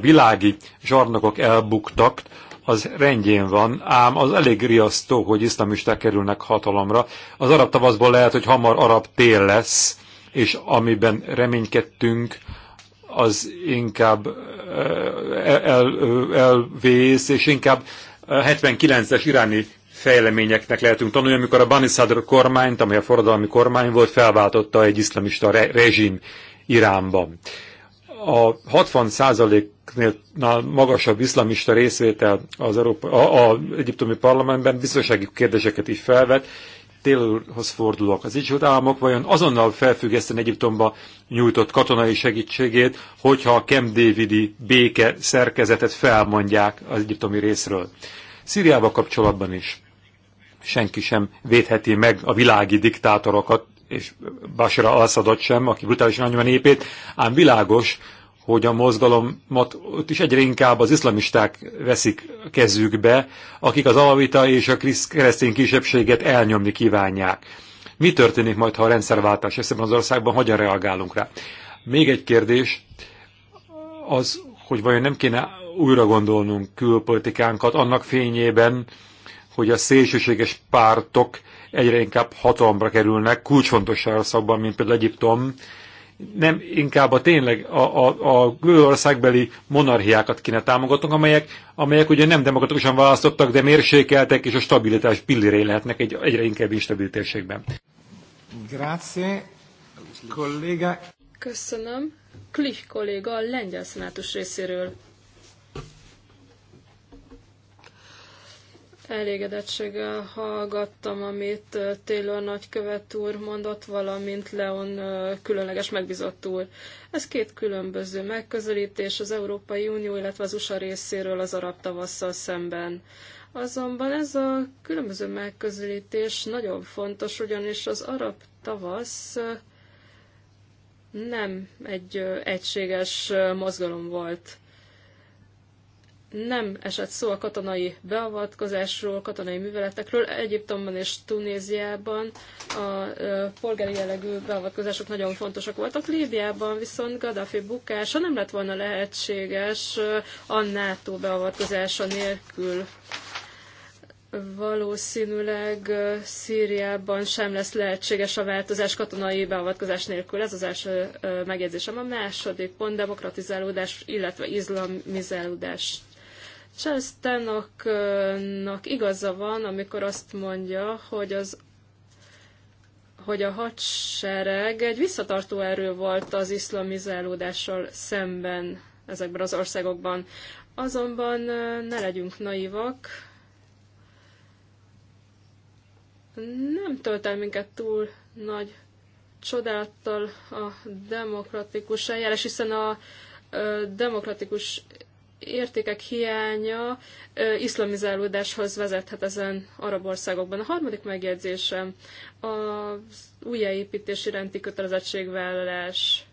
S5: világi zsarnokok elbuktak, az rendjén van, ám az elég riasztó, hogy iszlamisták kerülnek hatalomra. Az arab tavaszból lehet, hogy hamar arab tél lesz, és amiben reménykedtünk, az inkább eh, el, elvész, és inkább 79-es eh, iráni fejleményeknek lehetünk tanulni, amikor a Bani Sadr kormányt, amely a forradalmi kormány volt, felváltotta egy iszlamista re rezsim Iránban. A 60 iraknál magasabb iszlamista részvétel az, Európa, a, a egyiptomi parlamentben biztonsági kérdéseket is felvet, Taylorhoz fordulok. Az Egyesült Államok vajon azonnal felfüggeszteni Egyiptomba nyújtott katonai segítségét, hogyha a Camp Davidi béke szerkezetet felmondják az egyiptomi részről. Szíriába kapcsolatban is senki sem védheti meg a világi diktátorokat, és Bashar al-Assadot sem, aki brutálisan anyja népét, ám világos, hogy a mozgalomat ott is egyre inkább az iszlamisták veszik kezükbe, akik az alavita és a keresztény kisebbséget elnyomni kívánják. Mi történik majd, ha a rendszerváltás eszében az országban, hogyan reagálunk rá? Még egy kérdés az, hogy vajon nem kéne újra gondolnunk külpolitikánkat annak fényében, hogy a szélsőséges pártok egyre inkább hatalomra kerülnek, kulcsfontosságú szakban, mint például Egyiptom, nem inkább a tényleg a, a, a görögországbeli monarchiákat kéne támogatnunk, amelyek, amelyek ugye nem demokratikusan választottak, de mérsékeltek, és a stabilitás pillérei lehetnek egy, egyre inkább instabil térségben.
S1: Grazie, kolléga.
S2: Köszönöm. Klich kolléga a lengyel szenátus részéről. elégedettséggel hallgattam, amit Taylor nagykövet úr mondott, valamint Leon különleges megbizott úr. Ez két különböző megközelítés az Európai Unió, illetve az USA részéről az arab tavasszal szemben. Azonban ez a különböző megközelítés nagyon fontos, ugyanis az arab tavasz nem egy egységes mozgalom volt nem esett szó a katonai beavatkozásról, katonai műveletekről. Egyiptomban és Tunéziában a polgári jellegű beavatkozások nagyon fontosak voltak. Líbiában viszont Gaddafi bukása nem lett volna lehetséges a NATO beavatkozása nélkül. Valószínűleg Szíriában sem lesz lehetséges a változás katonai beavatkozás nélkül. Ez az első megjegyzésem. A második pont demokratizálódás, illetve izlamizálódás. Charles Tannocknak igaza van, amikor azt mondja, hogy az hogy a hadsereg egy visszatartó erő volt az iszlamizálódással szemben ezekben az országokban. Azonban ne legyünk naivak, nem tölt el minket túl nagy csodálattal a demokratikus eljárás, hiszen a demokratikus értékek hiánya iszlamizálódáshoz vezethet ezen arab országokban. A harmadik megjegyzésem az újjáépítési iránti kötelezettségvállalás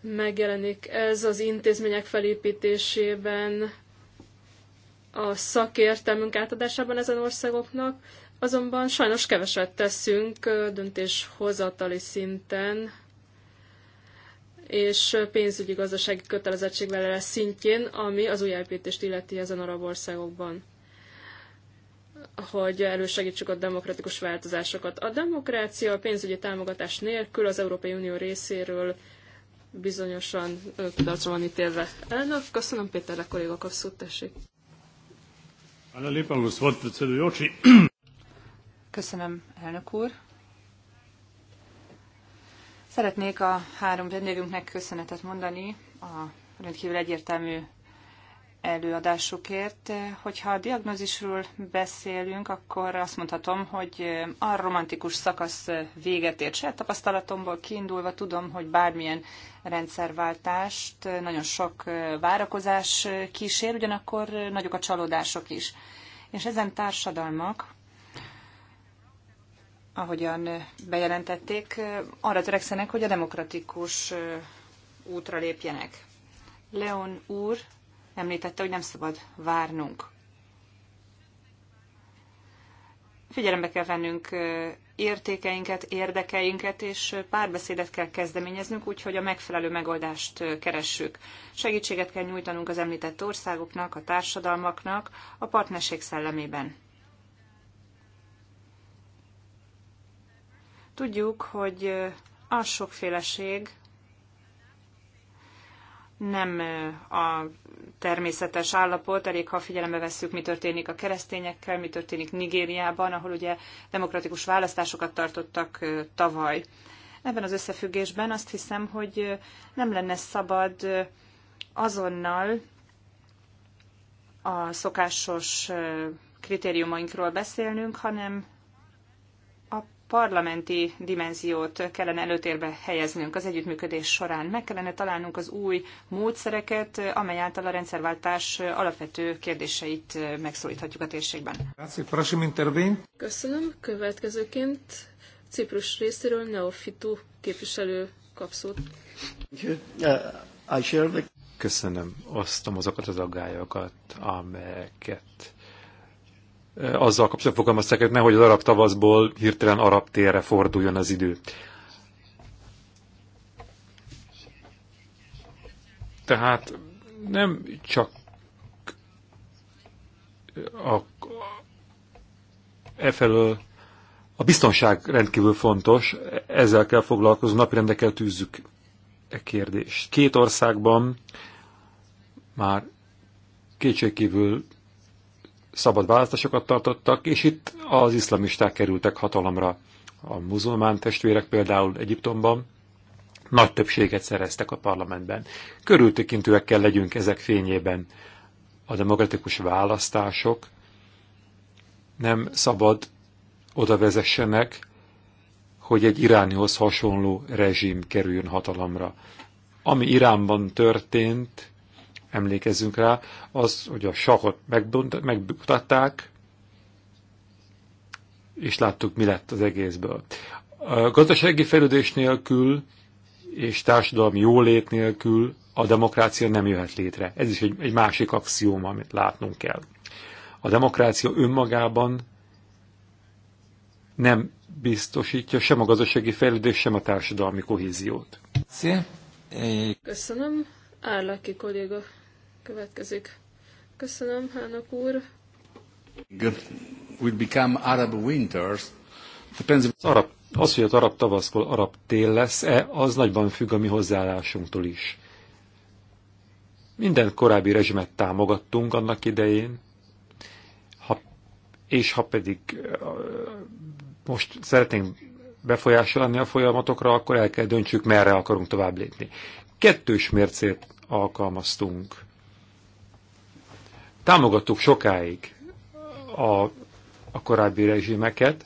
S2: megjelenik. Ez az intézmények felépítésében, a szakértelmünk átadásában ezen országoknak, azonban sajnos keveset teszünk döntéshozatali szinten és pénzügyi gazdasági lesz szintjén, ami az új elpítést illeti ezen arab országokban hogy elősegítsük a demokratikus változásokat. A demokrácia a pénzügyi támogatás nélkül az Európai Unió részéről bizonyosan kudarcra van ítélve. Elnök, köszönöm kollégok a szót tessék.
S3: Köszönöm, elnök úr. Szeretnék a három vendégünknek köszönetet mondani a rendkívül egyértelmű előadásukért. Hogyha a diagnózisról beszélünk, akkor azt mondhatom, hogy a romantikus szakasz véget ért. Saját tapasztalatomból kiindulva tudom, hogy bármilyen rendszerváltást nagyon sok várakozás kísér, ugyanakkor nagyok a csalódások is. És ezen társadalmak ahogyan bejelentették, arra törekszenek, hogy a demokratikus útra lépjenek. Leon úr említette, hogy nem szabad várnunk. Figyelembe kell vennünk értékeinket, érdekeinket, és párbeszédet kell kezdeményeznünk, úgyhogy a megfelelő megoldást keressük. Segítséget kell nyújtanunk az említett országoknak, a társadalmaknak, a partnerség szellemében. Tudjuk, hogy a sokféleség nem a természetes állapot, elég ha figyelembe vesszük, mi történik a keresztényekkel, mi történik Nigériában, ahol ugye demokratikus választásokat tartottak tavaly. Ebben az összefüggésben azt hiszem, hogy nem lenne szabad azonnal a szokásos kritériumainkról beszélnünk, hanem parlamenti dimenziót kellene előtérbe helyeznünk az együttműködés során. Meg kellene találnunk az új módszereket, amely által a rendszerváltás alapvető kérdéseit megszólíthatjuk a térségben. Köszönöm. Következőként
S2: Ciprus részéről Neofitu képviselő kap szót.
S5: Uh, Köszönöm. Osztom azokat az aggályokat, amelyeket Eh, azzal kapcsolatban fogalmazták, hogy nehogy az arab tavaszból hirtelen arab térre forduljon az idő. Tehát nem csak a, efelől a biztonság rendkívül fontos, ezzel kell foglalkozni, napirendre tűzzük e kérdést. Két országban már kétségkívül szabad választásokat tartottak, és itt az iszlamisták kerültek hatalomra. A muzulmán testvérek például Egyiptomban nagy többséget szereztek a parlamentben. Körültekintőek kell legyünk ezek fényében. A demokratikus választások nem szabad oda vezessenek, hogy egy iránihoz hasonló rezsim kerüljön hatalomra. Ami Iránban történt, emlékezzünk rá, az, hogy a sahot megmutatták, és láttuk, mi lett az egészből. A gazdasági fejlődés nélkül és társadalmi jólét nélkül a demokrácia nem jöhet létre. Ez is egy, egy másik axióma, amit látnunk kell. A demokrácia önmagában nem biztosítja sem a gazdasági fejlődés, sem a társadalmi kohéziót.
S2: Köszönöm, Árlaki kolléga következik. Köszönöm, Hánok úr.
S7: Will become Arab winters. Depends... Az,
S5: arab, az, hogy az arab tavaszkor arab tél lesz-e, az nagyban függ a mi hozzáállásunktól is. Minden korábbi rezsimet támogattunk annak idején, ha, és ha pedig most szeretnénk befolyásolni a folyamatokra, akkor el kell döntsük, merre akarunk tovább lépni. Kettős mércét alkalmaztunk Támogattuk sokáig a, a korábbi rezsimeket,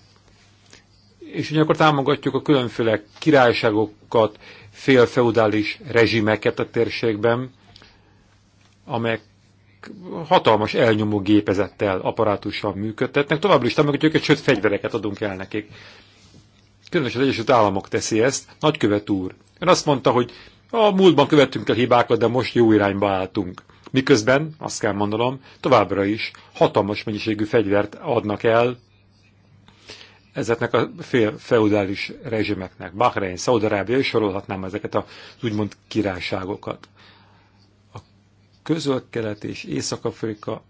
S5: és akkor támogatjuk a különféle királyságokat, félfeudális rezsimeket a térségben, amelyek hatalmas elnyomó gépezettel, apparátussal működtetnek. Továbbra is támogatjuk őket, sőt fegyvereket adunk el nekik. Különösen az Egyesült Államok teszi ezt. Nagykövet úr. Ön azt mondta, hogy a múltban követtünk el hibákat, de most jó irányba álltunk. Miközben, azt kell mondanom, továbbra is hatalmas mennyiségű fegyvert adnak el ezeknek a feudális rezsimeknek. Bahrein, Szaudarábia, és sorolhatnám ezeket az úgymond királyságokat. A közölkelet és Észak-Afrika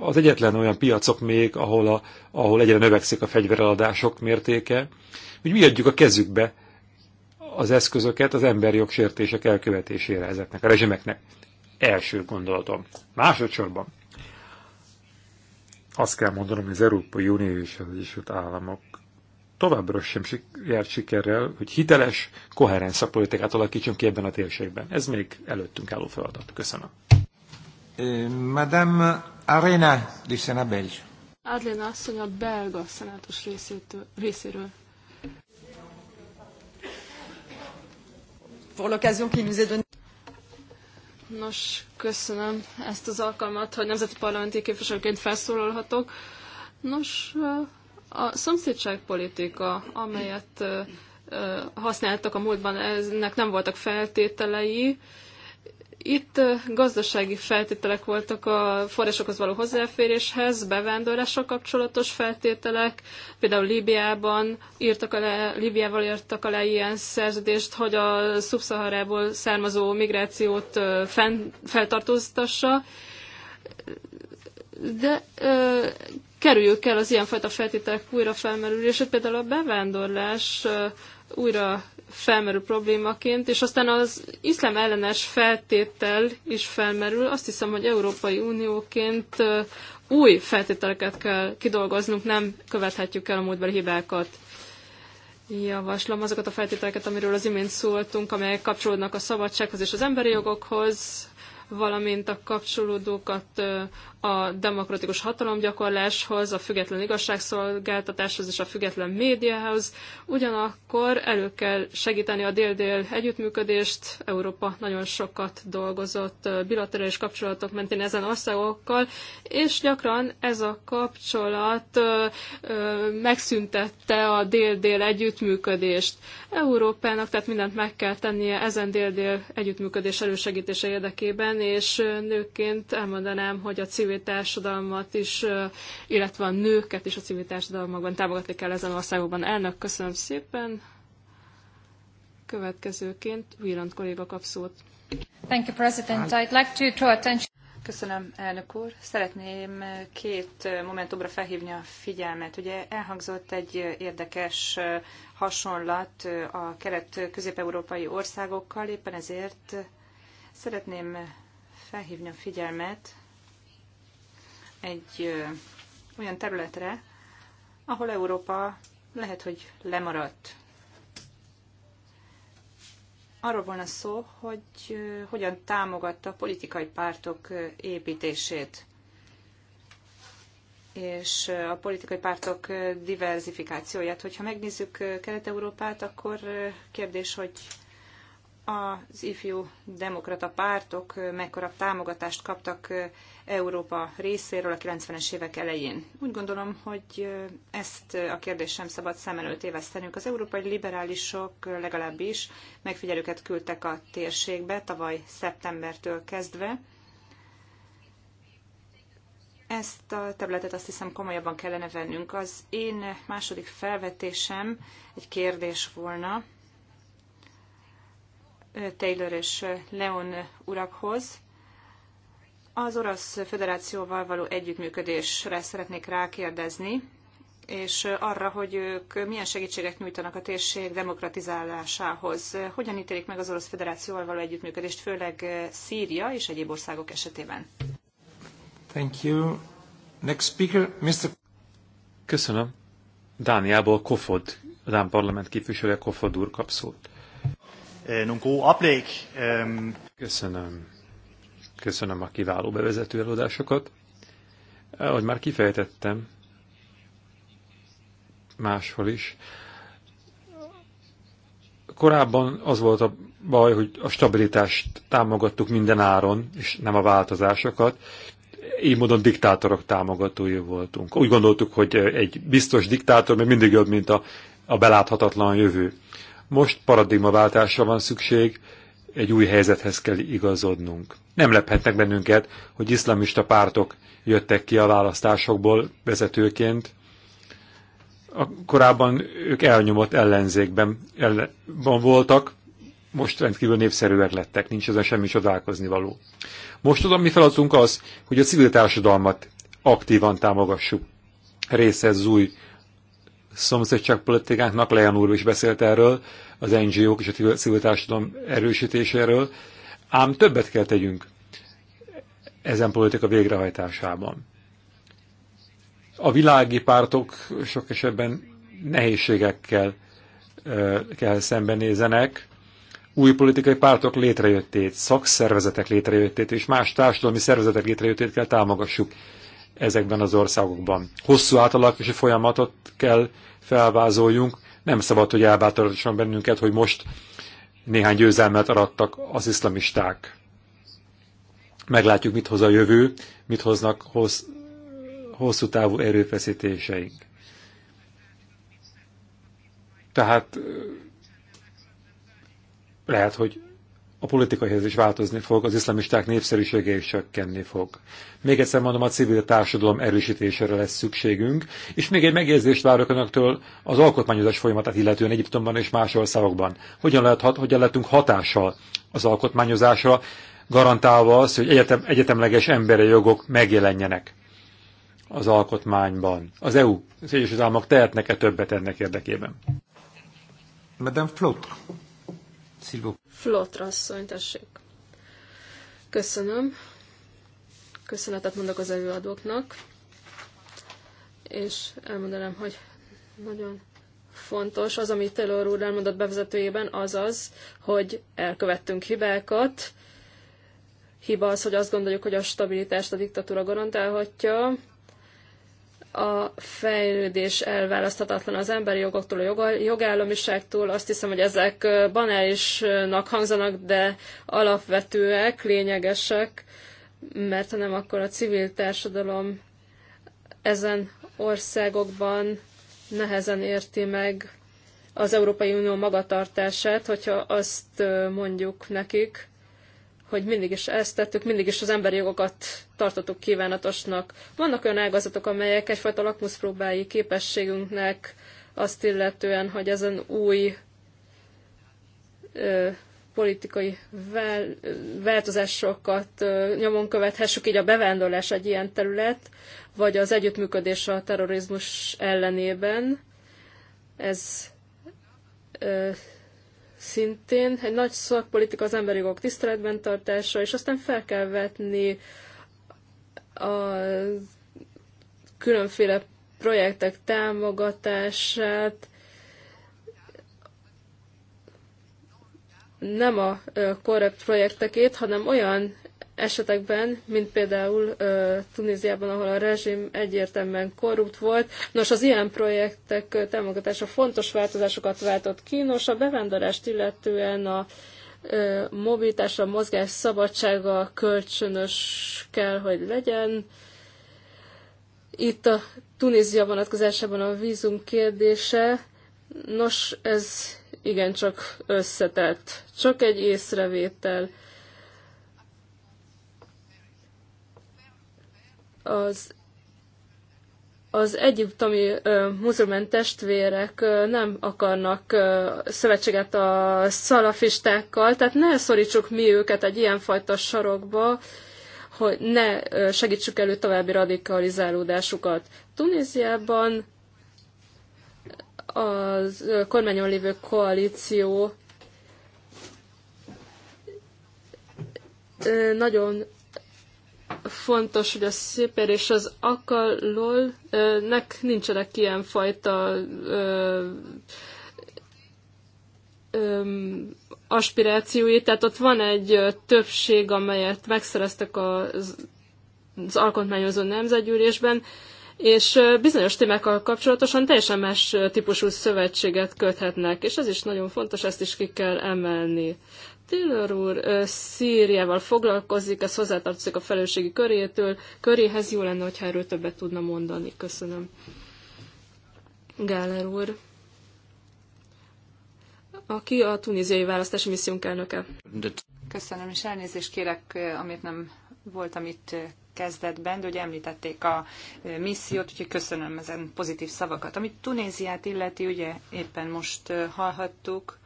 S5: az egyetlen olyan piacok még, ahol, a, ahol egyre növekszik a fegyvereladások mértéke, hogy mi adjuk a kezükbe az eszközöket az emberi jogsértések elkövetésére ezeknek a rezsimeknek első gondolatom. Másodszorban azt kell mondanom, hogy az Európai Unió és az Egyesült Államok továbbra sem járt sikerrel, hogy hiteles, koherens szakpolitikát alakítsunk ki ebben a
S1: térségben. Ez még előttünk álló feladat. Köszönöm. Eh, Madame Arena, du Sénat belge.
S2: Adlena asszony a belga szenátus részétől, részéről. Pour l'occasion qui nous est donnée. Nos, köszönöm ezt az alkalmat, hogy nemzeti parlamenti képviselőként felszólalhatok. Nos, a szomszédságpolitika, amelyet használtak a múltban, ennek nem voltak feltételei, itt gazdasági feltételek voltak a forrásokhoz való hozzáféréshez, bevándorlással kapcsolatos feltételek, például Líbiában írtak alá, Líbiával írtak alá ilyen szerződést, hogy a szubszaharából származó migrációt fenn, feltartóztassa, de ö, kerüljük el az ilyenfajta feltételek újra felmerülését, például a bevándorlás ö, újra felmerül problémaként, és aztán az iszlám ellenes feltétel is felmerül. Azt hiszem, hogy Európai Unióként új feltételeket kell kidolgoznunk, nem követhetjük el a múltbeli hibákat. Javaslom azokat a feltételeket, amiről az imént szóltunk, amelyek kapcsolódnak a szabadsághoz és az emberi jogokhoz, valamint a kapcsolódókat a demokratikus hatalomgyakorláshoz, a független igazságszolgáltatáshoz és a független médiához. Ugyanakkor elő kell segíteni a dél-dél együttműködést. Európa nagyon sokat dolgozott bilaterális kapcsolatok mentén ezen országokkal, és gyakran ez a kapcsolat megszüntette a dél-dél együttműködést. Európának tehát mindent meg kell tennie ezen dél-dél együttműködés elősegítése érdekében, és nőként elmondanám, hogy a civil civil társadalmat is, illetve a nőket is a civil társadalmakban támogatni kell ezen országokban. Elnök, köszönöm szépen. Következőként Wieland kolléga kap
S3: szót. Thank you, President. I'd like to draw attention... Köszönöm, elnök úr. Szeretném két momentumra felhívni a figyelmet. Ugye elhangzott egy érdekes hasonlat a kelet-közép-európai országokkal, éppen ezért szeretném felhívni a figyelmet egy olyan területre, ahol Európa lehet, hogy lemaradt. Arról volna szó, hogy hogyan támogatta a politikai pártok építését és a politikai pártok diverzifikációját. Hogyha megnézzük Kelet-Európát, akkor kérdés, hogy az ifjú demokrata pártok mekkora támogatást kaptak Európa részéről a 90-es évek elején. Úgy gondolom, hogy ezt a kérdést sem szabad szem előtt évesztenünk. Az európai liberálisok legalábbis megfigyelőket küldtek a térségbe tavaly szeptembertől kezdve. Ezt a területet azt hiszem komolyabban kellene vennünk. Az én második felvetésem egy kérdés volna Taylor és Leon urakhoz az Orosz Föderációval való együttműködésre szeretnék rákérdezni, és arra, hogy ők milyen segítséget nyújtanak a térség demokratizálásához. Hogyan ítélik meg az Orosz Föderációval való együttműködést, főleg Szíria és egyéb országok esetében?
S1: Thank
S5: you. Next speaker, Mr. Köszönöm. Dániából Kofod, a Dán parlament képviselője Kofod úr kap szót. Eh, eh, Köszönöm. Köszönöm a kiváló bevezető előadásokat. Ahogy már kifejtettem, máshol is. Korábban az volt a baj, hogy a stabilitást támogattuk minden áron, és nem a változásokat. Így módon diktátorok támogatói voltunk. Úgy gondoltuk, hogy egy biztos diktátor még mindig jobb, mint a, a beláthatatlan jövő. Most paradigmaváltásra van szükség, egy új helyzethez kell igazodnunk. Nem lephetnek bennünket, hogy iszlamista pártok jöttek ki a választásokból vezetőként. A, korábban ők elnyomott ellenzékben ellen, voltak, most rendkívül népszerűek lettek, nincs ezen semmi csodálkozni való. Most az, mi feladatunk az, hogy a civil társadalmat aktívan támogassuk. Része ez az új politikánknak, Lejan úr is beszélt erről, az NGO-k és a civil társadalom erősítéséről, ám többet kell tegyünk ezen politika végrehajtásában. A világi pártok sok esetben nehézségekkel kell szembenézenek, új politikai pártok létrejöttét, szakszervezetek létrejöttét és más társadalmi szervezetek létrejöttét kell támogassuk ezekben az országokban. Hosszú átalakulási folyamatot kell felvázoljunk, nem szabad, hogy elbátorítson bennünket, hogy most néhány győzelmet arattak az iszlamisták. Meglátjuk, mit hoz a jövő, mit hoznak hossz, hosszú távú erőfeszítéseink. Tehát lehet, hogy a politikai helyzet is változni fog, az iszlamisták népszerűsége is csökkenni fog. Még egyszer mondom, a civil társadalom erősítésére lesz szükségünk, és még egy megjegyzést várok önöktől az alkotmányozás folyamatát illetően Egyiptomban és más országokban. Hogyan, lehet, hogyan lehetünk hatással az alkotmányozásra, garantálva az, hogy egyetem, egyetemleges emberi jogok megjelenjenek az alkotmányban. Az EU, az Egyesült Államok tehetnek-e többet ennek érdekében?
S1: Madame Flotr. Szilvó.
S2: Flotrasszony, tessék. Köszönöm. Köszönetet mondok az előadóknak, és elmondanám, hogy nagyon fontos az, amit Taylor úr elmondott bevezetőjében, az az, hogy elkövettünk hibákat. Hiba az, hogy azt gondoljuk, hogy a stabilitást a diktatúra garantálhatja, a fejlődés elválaszthatatlan az emberi jogoktól, a jogállamiságtól. Azt hiszem, hogy ezek banálisnak hangzanak, de alapvetőek, lényegesek, mert ha nem, akkor a civil társadalom ezen országokban nehezen érti meg az Európai Unió magatartását, hogyha azt mondjuk nekik, hogy mindig is ezt tettük, mindig is az emberi jogokat tartottuk kívánatosnak. Vannak olyan ágazatok, amelyek egyfajta lakmuszpróbái képességünknek azt illetően, hogy ezen új ö, politikai vál, változásokat ö, nyomon követhessük, így a bevándorlás egy ilyen terület, vagy az együttműködés a terrorizmus ellenében. Ez ö, szintén egy nagy szakpolitika az emberi jogok tiszteletben tartása, és aztán fel kell vetni a különféle projektek támogatását, nem a korrekt projektekét, hanem olyan esetekben, mint például uh, Tunéziában, ahol a rezsim egyértelműen korrupt volt. Nos, az ilyen projektek támogatása fontos változásokat váltott ki, nos, a bevándorlást illetően a uh, mobilitás, a mozgás szabadsága kölcsönös kell, hogy legyen. Itt a Tunézia vonatkozásában a vízum kérdése, nos, ez igencsak összetett. Csak egy észrevétel az az egyiptomi ö, muzulmán testvérek ö, nem akarnak ö, szövetséget a szalafistákkal, tehát ne szorítsuk mi őket egy ilyenfajta sarokba, hogy ne ö, segítsük elő további radikalizálódásukat. Tunéziában a kormányon lévő koalíció nagyon fontos, hogy a szépér és az akalol nek nincsenek ilyen fajta aspirációi, tehát ott van egy többség, amelyet megszereztek az, az alkotmányozó nemzetgyűlésben, és bizonyos témákkal kapcsolatosan teljesen más típusú szövetséget köthetnek, és ez is nagyon fontos, ezt is ki kell emelni. Taylor úr szírjával foglalkozik, ez hozzátartozik a felelősségi körétől, köréhez jó lenne, hogyha erről többet tudna mondani. Köszönöm. Gáler úr,
S3: aki a tunéziai választási missziunk elnöke. Köszönöm, és elnézést kérek, amit nem voltam itt kezdetben, de ugye említették a missziót, úgyhogy köszönöm ezen pozitív szavakat. Amit Tunéziát illeti, ugye éppen most hallhattuk,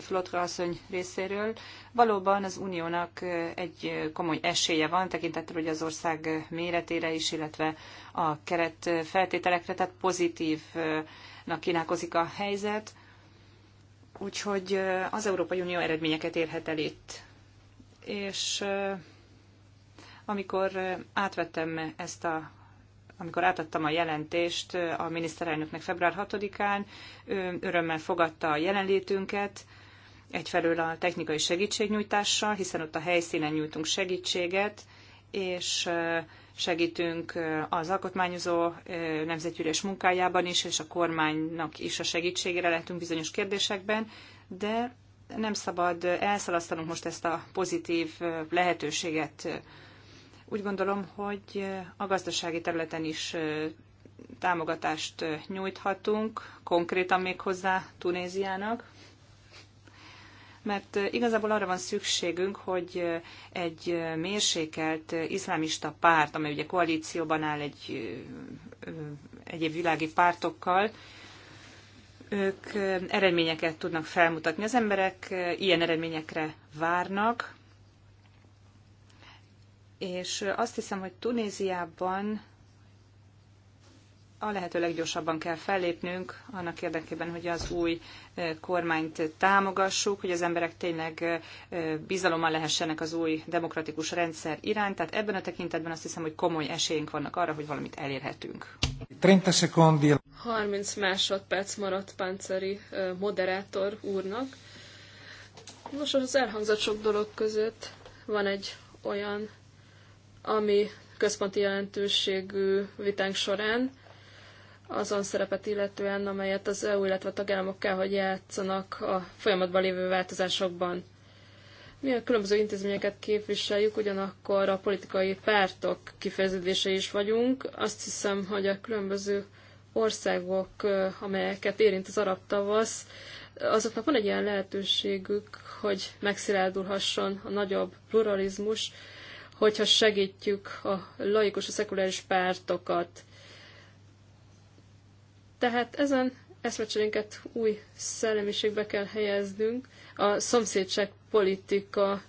S3: Flotra asszony részéről. Valóban az uniónak egy komoly esélye van, tekintettel, hogy az ország méretére is, illetve a keret feltételekre, tehát pozitívnak kínálkozik a helyzet. Úgyhogy az Európai Unió eredményeket érhet el itt. És amikor átvettem ezt a amikor átadtam a jelentést a miniszterelnöknek február 6-án, örömmel fogadta a jelenlétünket, Egyfelől a technikai segítségnyújtással, hiszen ott a helyszínen nyújtunk segítséget, és segítünk az alkotmányozó nemzetgyűlés munkájában is, és a kormánynak is a segítségére lehetünk bizonyos kérdésekben, de nem szabad elszalasztanunk most ezt a pozitív lehetőséget. Úgy gondolom, hogy a gazdasági területen is támogatást nyújthatunk, konkrétan még hozzá Tunéziának mert igazából arra van szükségünk, hogy egy mérsékelt iszlámista párt, amely ugye koalícióban áll egy egyéb világi pártokkal, ők eredményeket tudnak felmutatni. Az emberek ilyen eredményekre várnak, és azt hiszem, hogy Tunéziában a lehető leggyorsabban kell fellépnünk annak érdekében, hogy az új kormányt támogassuk, hogy az emberek tényleg bizalommal lehessenek az új demokratikus rendszer iránt. Tehát ebben a tekintetben azt hiszem, hogy komoly esélyünk vannak arra, hogy valamit
S1: elérhetünk. 30
S3: 30 másodperc maradt Pánceri
S2: moderátor úrnak. Most az elhangzott sok dolog között van egy olyan, ami központi jelentőségű vitánk során, azon szerepet illetően, amelyet az EU, illetve a tagállamok kell, hogy játszanak a folyamatban lévő változásokban. Mi a különböző intézményeket képviseljük, ugyanakkor a politikai pártok kifejeződése is vagyunk. Azt hiszem, hogy a különböző országok, amelyeket érint az arab tavasz, azoknak van egy ilyen lehetőségük, hogy megszilárdulhasson a nagyobb pluralizmus, hogyha segítjük a laikus, a szekuláris pártokat. Tehát ezen eszmecserénket új szellemiségbe kell helyeznünk. A szomszédság politika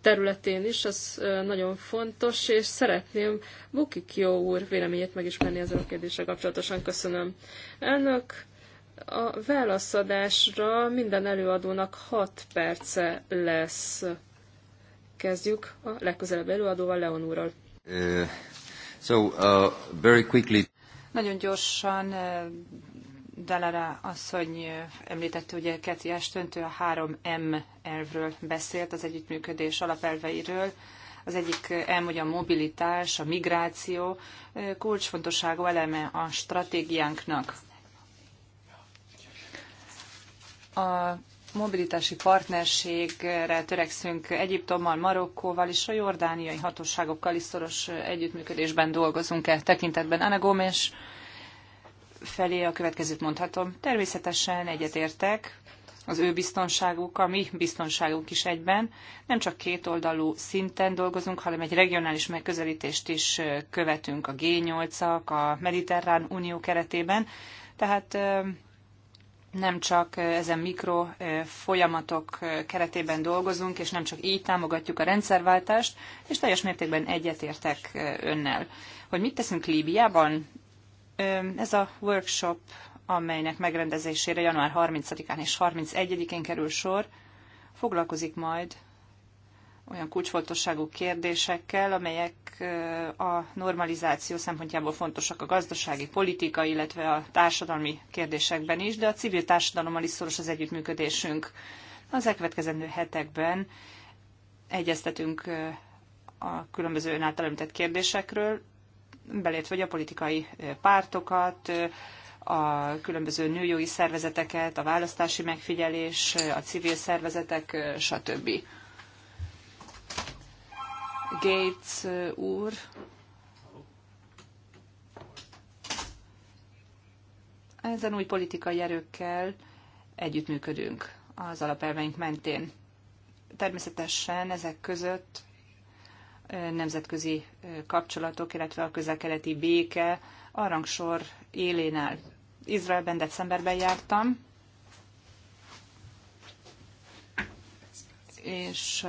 S2: területén is, az nagyon fontos, és szeretném Bukik jó úr véleményét megismerni ezzel a kérdéssel kapcsolatosan. Köszönöm. Elnök, a válaszadásra minden előadónak 6 perce lesz.
S3: Kezdjük a legközelebb előadóval, Leon úrral.
S4: Uh, so, uh,
S6: very quickly.
S3: Nagyon gyorsan Delara asszony említette, ugye Keti Estöntő a 3M elvről beszélt, az együttműködés alapelveiről. Az egyik M, hogy a mobilitás, a migráció kulcsfontosságú eleme a stratégiánknak. A mobilitási partnerségre törekszünk Egyiptommal, Marokkóval és a jordániai hatóságokkal is szoros együttműködésben dolgozunk e tekintetben. Anna Gómez felé a következőt mondhatom. Természetesen egyetértek, az ő biztonságuk, a mi biztonságunk is egyben. Nem csak kétoldalú szinten dolgozunk, hanem egy regionális megközelítést is követünk a G8-ak, a Mediterrán Unió keretében. Tehát nem csak ezen mikro folyamatok keretében dolgozunk, és nem csak így támogatjuk a rendszerváltást, és teljes mértékben egyetértek önnel. Hogy mit teszünk Líbiában? Ez a workshop, amelynek megrendezésére január 30-án és 31-én kerül sor, foglalkozik majd olyan kulcsfontosságú kérdésekkel, amelyek a normalizáció szempontjából fontosak a gazdasági, politika, illetve a társadalmi kérdésekben is, de a civil társadalommal is szoros az együttműködésünk. Az elkövetkezendő hetekben egyeztetünk a különböző említett kérdésekről, belét vagy a politikai pártokat, a különböző nőjogi szervezeteket, a választási megfigyelés, a civil szervezetek, stb. Gates úr. Ezen új politikai erőkkel együttműködünk az alapelveink mentén. Természetesen ezek között nemzetközi kapcsolatok, illetve a közel-keleti béke a rangsor élén áll. Izraelben decemberben jártam, és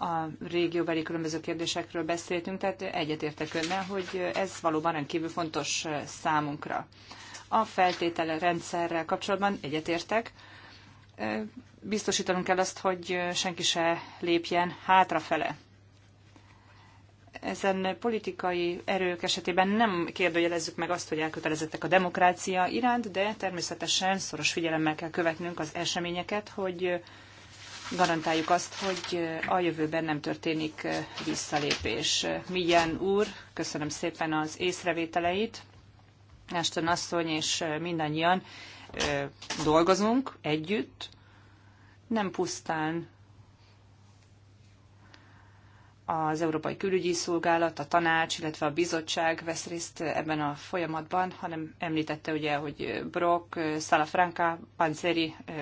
S3: a régióbeli különböző kérdésekről beszéltünk, tehát egyetértek önnel, hogy ez valóban rendkívül fontos számunkra. A feltétele rendszerrel kapcsolatban egyetértek. Biztosítanunk kell azt, hogy senki se lépjen hátrafele. Ezen politikai erők esetében nem kérdőjelezzük meg azt, hogy elkötelezettek a demokrácia iránt, de természetesen szoros figyelemmel kell követnünk az eseményeket, hogy garantáljuk azt, hogy a jövőben nem történik visszalépés. Milyen úr, köszönöm szépen az észrevételeit. Ashton asszony és mindannyian dolgozunk együtt, nem pusztán az Európai Külügyi Szolgálat, a tanács, illetve a bizottság vesz részt ebben a folyamatban, hanem említette ugye, hogy Brock, Salafranca, Panzeri eh,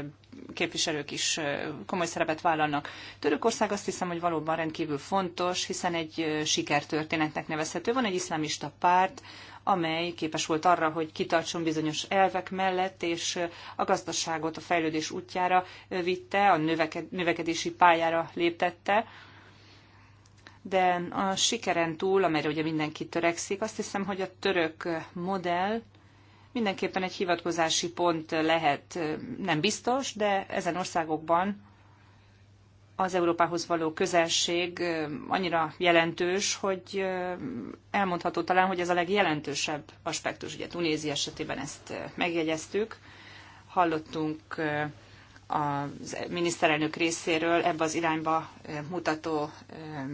S3: képviselők is eh, komoly szerepet vállalnak. Törökország azt hiszem, hogy valóban rendkívül fontos, hiszen egy eh, sikertörténetnek nevezhető. Van egy iszlámista párt, amely képes volt arra, hogy kitartson bizonyos elvek mellett, és a gazdaságot a fejlődés útjára vitte, a növekedési pályára léptette, de a sikeren túl, amelyre ugye mindenki törekszik, azt hiszem, hogy a török modell mindenképpen egy hivatkozási pont lehet, nem biztos, de ezen országokban az Európához való közelség annyira jelentős, hogy elmondható talán, hogy ez a legjelentősebb aspektus. Ugye Tunézia esetében ezt megjegyeztük, hallottunk eh, a miniszterelnök részéről ebbe az irányba eh, mutató eh,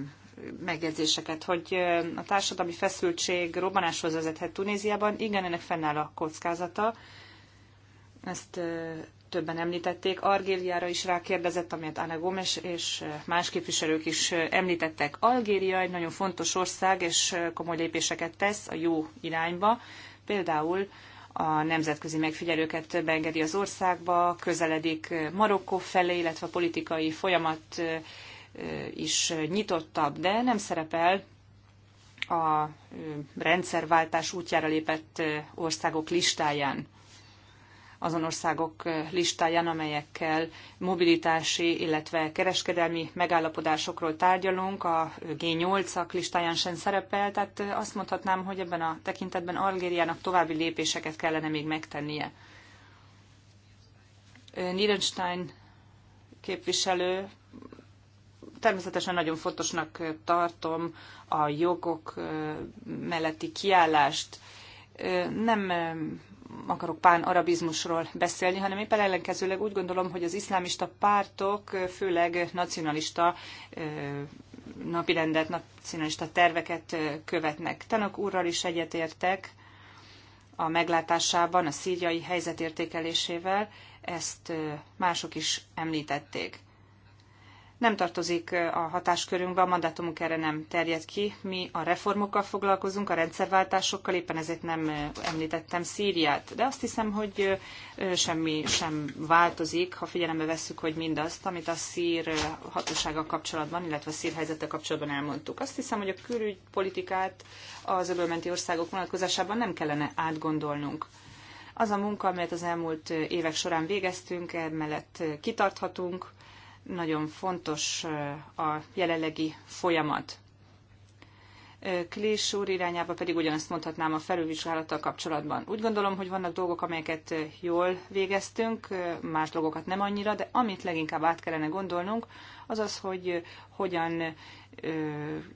S3: megjegyzéseket, hogy a társadalmi feszültség robbanáshoz vezethet Tunéziában. Igen, ennek fennáll a kockázata. Ezt többen említették. Argéliára is rákérdezett, amit Anna Gomes és más képviselők is említettek. Algéria egy nagyon fontos ország, és komoly lépéseket tesz a jó irányba. Például a nemzetközi megfigyelőket beengedi az országba, közeledik Marokkó felé, illetve a politikai folyamat is nyitottabb, de nem szerepel a rendszerváltás útjára lépett országok listáján azon országok listáján, amelyekkel mobilitási, illetve kereskedelmi megállapodásokról tárgyalunk, a G8-ak listáján sem szerepel, tehát azt mondhatnám, hogy ebben a tekintetben Algériának további lépéseket kellene még megtennie. Niedenstein képviselő Természetesen nagyon fontosnak tartom a jogok melletti kiállást. Nem akarok pán arabizmusról beszélni, hanem éppen ellenkezőleg úgy gondolom, hogy az iszlámista pártok, főleg nacionalista napirendet, nacionalista terveket követnek. Tanok úrral is egyetértek a meglátásában, a szíriai helyzet értékelésével, ezt mások is említették nem tartozik a hatáskörünkbe, a mandátumunk erre nem terjed ki. Mi a reformokkal foglalkozunk, a rendszerváltásokkal, éppen ezért nem említettem Szíriát. De azt hiszem, hogy semmi sem változik, ha figyelembe vesszük, hogy mindazt, amit a szír hatósággal kapcsolatban, illetve a szír helyzettel kapcsolatban elmondtuk. Azt hiszem, hogy a külügypolitikát az öbölmenti országok vonatkozásában nem kellene átgondolnunk az a munka, amelyet az elmúlt évek során végeztünk, emellett kitarthatunk, nagyon fontos a jelenlegi folyamat. Klés úr irányába pedig ugyanazt mondhatnám a felülvizsgálattal kapcsolatban. Úgy gondolom, hogy vannak dolgok, amelyeket jól végeztünk, más dolgokat nem annyira, de amit leginkább át kellene gondolnunk, az az, hogy hogyan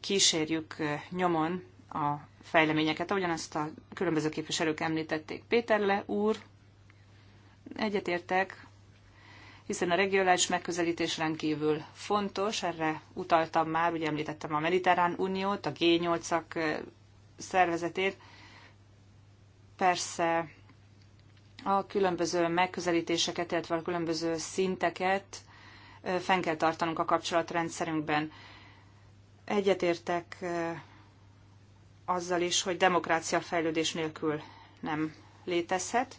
S3: kísérjük nyomon a fejleményeket, ahogyan azt a különböző képviselők említették. Péterle úr, egyetértek hiszen a regionális megközelítés rendkívül fontos, erre utaltam már, ugye említettem a Mediterrán Uniót, a G8-ak szervezetét. Persze a különböző megközelítéseket, illetve a különböző szinteket fenn kell tartanunk a kapcsolatrendszerünkben. Egyetértek azzal is, hogy demokrácia fejlődés nélkül nem létezhet.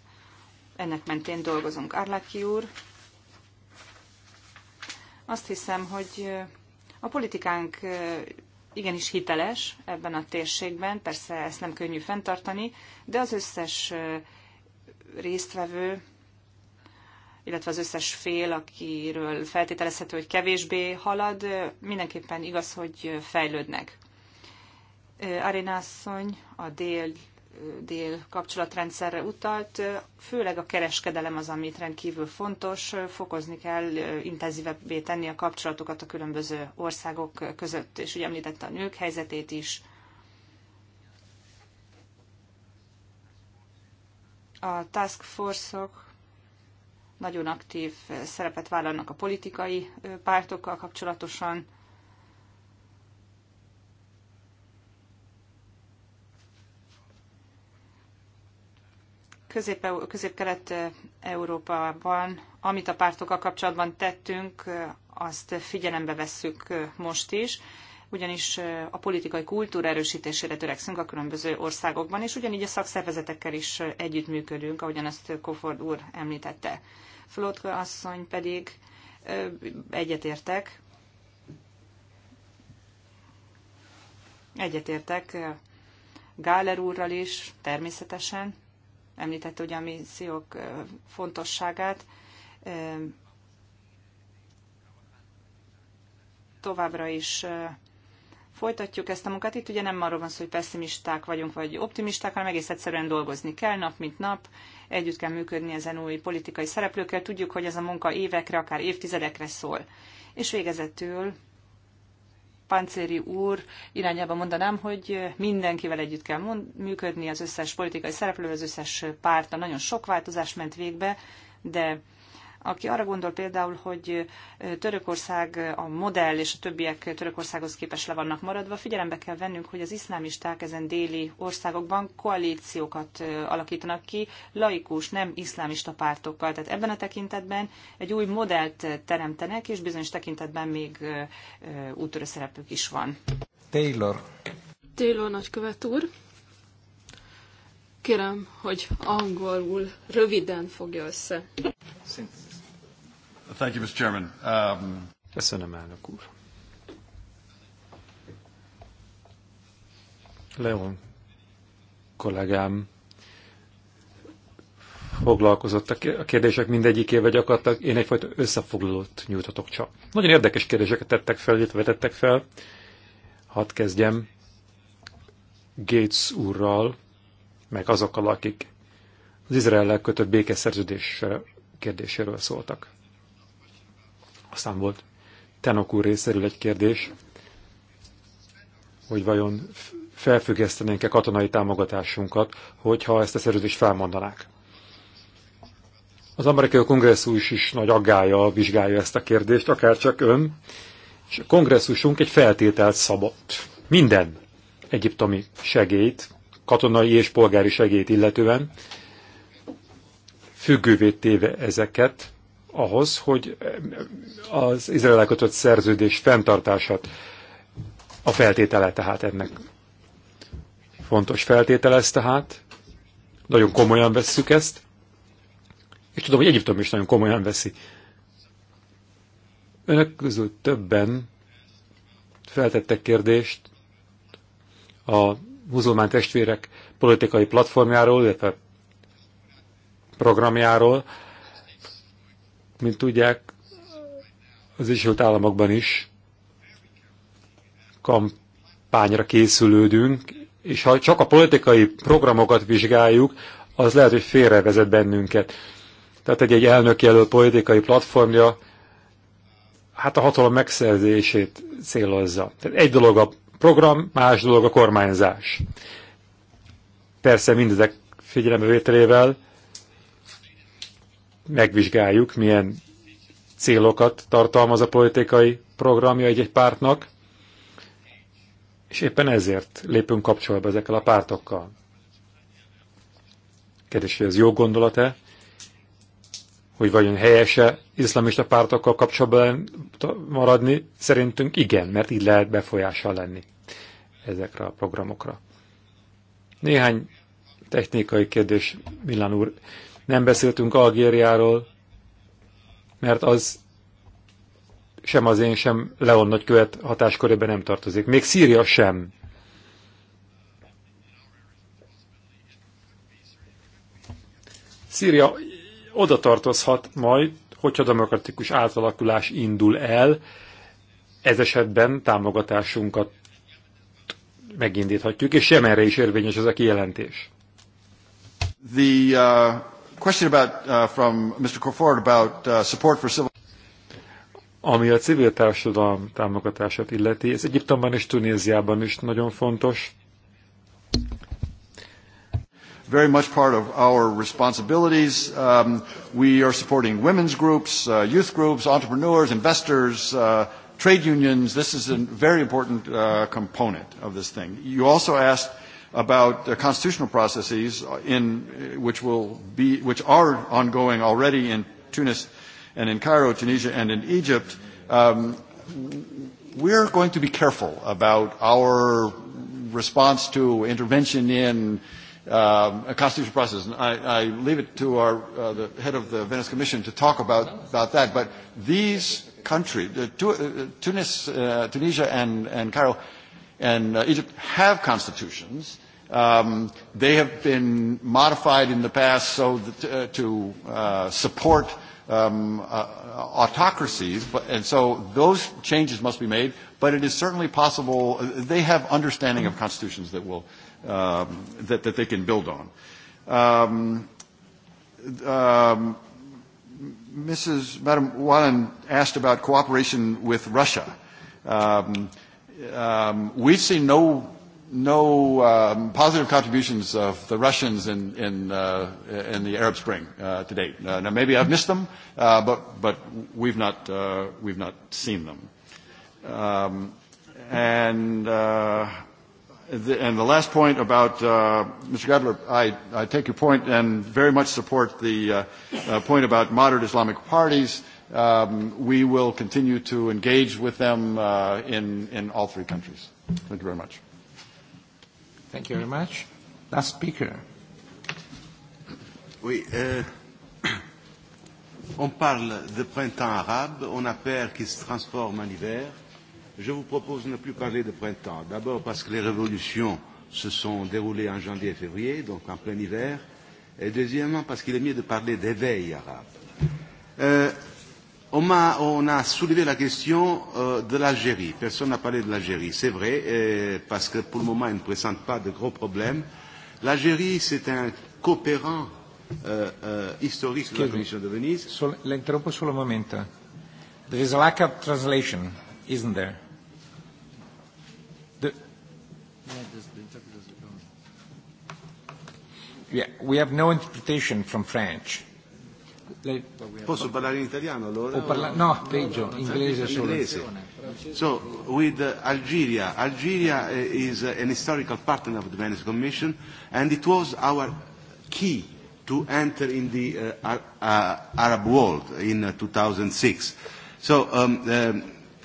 S3: Ennek mentén dolgozunk. Arlaki úr, azt hiszem, hogy a politikánk igenis hiteles ebben a térségben, persze ezt nem könnyű fenntartani, de az összes résztvevő, illetve az összes fél, akiről feltételezhető, hogy kevésbé halad, mindenképpen igaz, hogy fejlődnek. Arénászony a dél dél kapcsolatrendszerre utalt, főleg a kereskedelem az, amit rendkívül fontos, fokozni kell, intenzívebbé tenni a kapcsolatokat a különböző országok között, és ugye említette a nők helyzetét is. A task force-ok -ok nagyon aktív szerepet vállalnak a politikai pártokkal kapcsolatosan, Közép-Kelet-Európában, amit a pártokkal kapcsolatban tettünk, azt figyelembe vesszük most is, ugyanis a politikai kultúra erősítésére törekszünk a különböző országokban, és ugyanígy a szakszervezetekkel is együttműködünk, ahogyan ezt Koford úr említette. Flotka asszony pedig egyetértek, egyetértek Gáler úrral is, természetesen, említette ugye a missziók fontosságát. Továbbra is folytatjuk ezt a munkát. Itt ugye nem arról van szó, hogy pessimisták vagyunk, vagy optimisták, hanem egész egyszerűen dolgozni kell nap, mint nap. Együtt kell működni ezen új politikai szereplőkkel. Tudjuk, hogy ez a munka évekre, akár évtizedekre szól. És végezetül Pancéri úr irányába mondanám, hogy mindenkivel együtt kell mond, működni, az összes politikai szereplő, az összes párta. Nagyon sok változás ment végbe, de aki arra gondol például, hogy Törökország a modell és a többiek Törökországhoz képes le vannak maradva, figyelembe kell vennünk, hogy az iszlámisták ezen déli országokban koalíciókat alakítanak ki laikus, nem iszlámista pártokkal. Tehát ebben a tekintetben egy új modellt teremtenek, és bizonyos tekintetben még úttörő szerepük is van. Taylor. Taylor nagykövet
S2: úr. Kérem, hogy angolul röviden fogja össze. Szintén.
S4: Thank you, Mr. Chairman. Um... Köszönöm, elnök úr.
S5: Leon kollégám foglalkozott a kérdések mindegyikével gyakorlatilag én egyfajta összefoglalót nyújtatok csak. Nagyon érdekes kérdéseket tettek fel, illetve vetettek fel. Hadd kezdjem Gates úrral, meg azokkal, akik az Izrael kötött békeszerződés kérdéséről szóltak. Aztán volt Tenok úr részéről egy kérdés, hogy vajon felfüggesztenénk-e katonai támogatásunkat, hogyha ezt a szerződést felmondanák. Az amerikai kongresszus is nagy aggája vizsgálja ezt a kérdést, akár csak ön, és a kongresszusunk egy feltételt szabott. Minden egyiptomi segélyt, katonai és polgári segélyt illetően, függővé téve ezeket ahhoz, hogy az Izrael kötött szerződés fenntartását a feltétele tehát ennek. Fontos feltétele ez tehát. Nagyon komolyan vesszük ezt. És tudom, hogy Egyiptom is nagyon komolyan veszi. Önök közül többen feltettek kérdést a muzulmán testvérek politikai platformjáról, illetve programjáról, mint tudják, az Egyesült Államokban is kampányra készülődünk, és ha csak a politikai programokat vizsgáljuk, az lehet, hogy félrevezet bennünket. Tehát egy, egy elnök jelölt politikai platformja hát a hatalom megszerzését célozza. Tehát egy dolog a program, más dolog a kormányzás. Persze mindezek figyelembevételével megvizsgáljuk, milyen célokat tartalmaz a politikai programja egy-egy pártnak, és éppen ezért lépünk kapcsolatba ezekkel a pártokkal. Kérdés, hogy ez jó gondolat-e, hogy vajon helyese iszlamista pártokkal kapcsolatban maradni, szerintünk igen, mert így lehet befolyással lenni ezekre a programokra. Néhány technikai kérdés Milan úr nem beszéltünk Algériáról, mert az sem az én, sem Leon nagykövet hatáskörébe nem tartozik. Még Szíria sem. Szíria oda tartozhat majd, hogyha demokratikus átalakulás indul el, ez esetben támogatásunkat megindíthatjuk, és Jemenre is érvényes ez a kijelentés.
S4: The, uh question about, uh, from Mr. Crawford about uh, support for civil ami a civil társadalom
S5: támogatását illeti, ez Egyiptomban és Tunéziában is nagyon fontos.
S4: Very much part of our responsibilities. Um, we are supporting women's groups, uh, youth groups, entrepreneurs, investors, uh, trade unions. This is a very important uh, component of this thing. You also asked about uh, constitutional processes in, which, will be, which are ongoing already in Tunis and in Cairo, Tunisia, and in Egypt, um, we're going to be careful about our response to intervention in um, a constitutional process. And I, I leave it to our, uh, the head of the Venice Commission to talk about, about that. But these countries, the, uh, Tunis, uh, Tunisia, and, and Cairo, and uh, Egypt have constitutions. Um, they have been modified in the past so that, uh, to uh, support um, uh, autocracies, but, and so those changes must be made. But it is certainly possible uh, they have understanding of constitutions that will um, that, that they can build on. Um, um, Mrs. Madam Wallen asked about cooperation with Russia. Um, um, we've seen no no um, positive contributions of the Russians in in, uh, in the Arab Spring uh, to date. Uh, now maybe I've missed them, uh, but but we've not uh, we've not seen them. Um, and uh, the, and the last point about uh, Mr. Gabler, I, I take your point and very much support the uh, uh, point about moderate Islamic parties. Um, we will continue to engage with them uh, in, in all three countries. Thank you very much. Thank you
S1: very much. Last speaker.
S7: Oui,
S4: euh,
S7: on parle de printemps arabe, on a peur qu'il se transforme en hiver. Je vous propose de ne plus parler de printemps. D'abord parce que les révolutions se sont déroulées en janvier et février, donc en plein hiver. Et deuxièmement parce qu'il est mieux de parler d'éveil arabe. Euh, On a, on a soulevé la question euh, de l'Algérie. Personne n'a parlé de l'Algérie. C'est vrai, et, parce que pour le moment, elle ne présente pas de gros problèmes. L'Algérie, c'est un coopérant euh, euh, historique
S4: de la
S1: Commission de Venise. Sol, l'interrompo solo moment. There is a lack of translation, isn't there? The... Yeah, we have no interpretation from French.
S7: Lei... Posso parlare in italiano allora? O parla... No, peggio, inglese solo. Inglese. So, with uh, Algeria, Algeria uh, is uh, an historical partner of the Venice Commission and it was our key to enter in the uh, uh, Arab world in uh, 2006. So um, uh,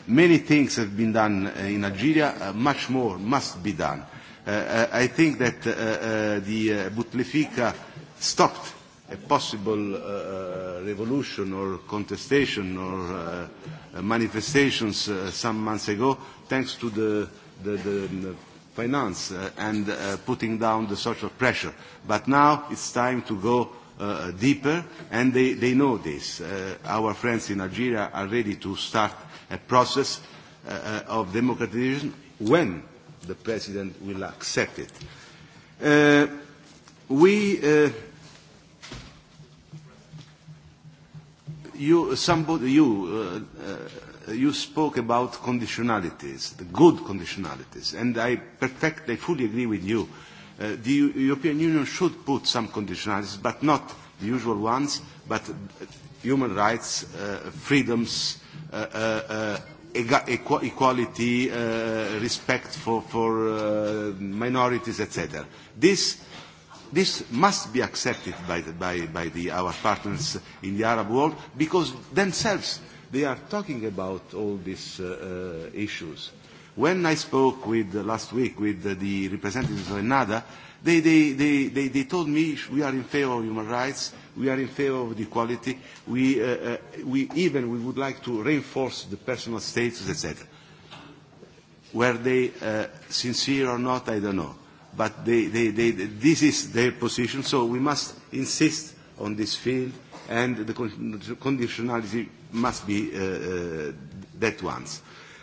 S7: many things have been done in Algeria, uh, much more must be done. Uh, uh, I think that uh, uh, the uh, Bouteflika stopped a possible uh, uh, revolution or contestation or uh, uh, manifestations uh, some months ago, thanks to the, the, the, the finance uh, and uh, putting down the social pressure. But now it's time to go uh, uh, deeper, and they, they know this. Uh, our friends in Algeria are ready to start a process uh, of democratization when the president will accept it. Uh, we uh, you, somebody, you, uh, uh, you spoke about conditionalities, the good conditionalities, and I perfectly, fully agree with you. Uh, the European Union should put some conditionalities, but not the usual ones, but uh, human rights, uh, freedoms, uh, uh, uh equ equality, uh, respect for, for uh, minorities, etc. This this must be accepted by, the, by, by the, our partners in the Arab world because themselves they are talking about all these uh, uh issues. When I spoke with, uh, last week with uh, the representatives of NADA, they, they, they, they, they told me we are in favor of human rights, we are in favor of equality, we, uh, uh, we even we would like to reinforce the personal status, etc. Were they uh, sincere or not, I don't know but they, they, they, this is their position, so we must insist on this field, and the conditionality must be uh, uh that one.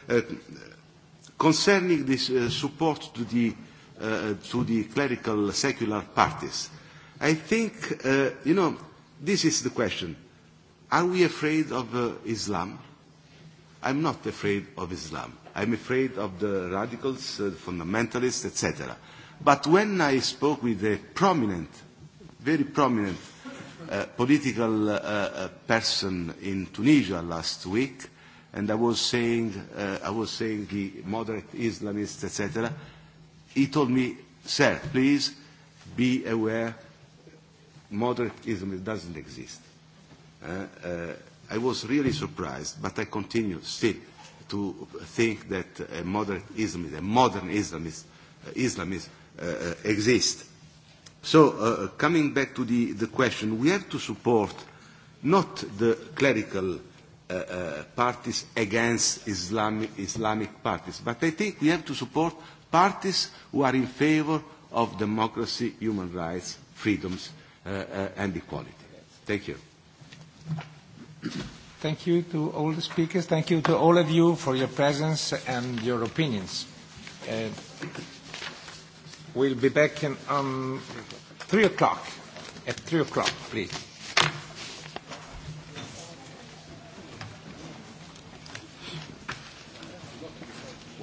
S7: Uh, concerning this uh, support to the, uh, to the clerical secular parties, I think, uh, you know, this is the question. Are we afraid of uh, Islam? I'm not afraid of Islam. I'm afraid of the radicals, uh, the fundamentalists, etc. But when I spoke with a prominent, very prominent uh, political uh, uh, person in Tunisia last week, and I was saying, uh, I was saying the moderate Islamists, etc., he told me, sir, please be aware, moderate Islamism doesn't exist. Uh, uh, I was really surprised, but I continue still to think that a moderate Islamist, a modern Islamist, uh, Islamist Uh, uh, exist. So, uh, uh, coming back to the, the question, we have to support not the clerical uh, uh, parties against Islamic, Islamic parties, but I think we have to support parties who are in favor of democracy, human rights, freedoms, uh, uh, and equality. Thank you.
S1: Thank you to all the speakers. Thank you to all of you for your presence and your opinions. Uh, We'll be back in, um, 3 o'clock. At three o'clock, please.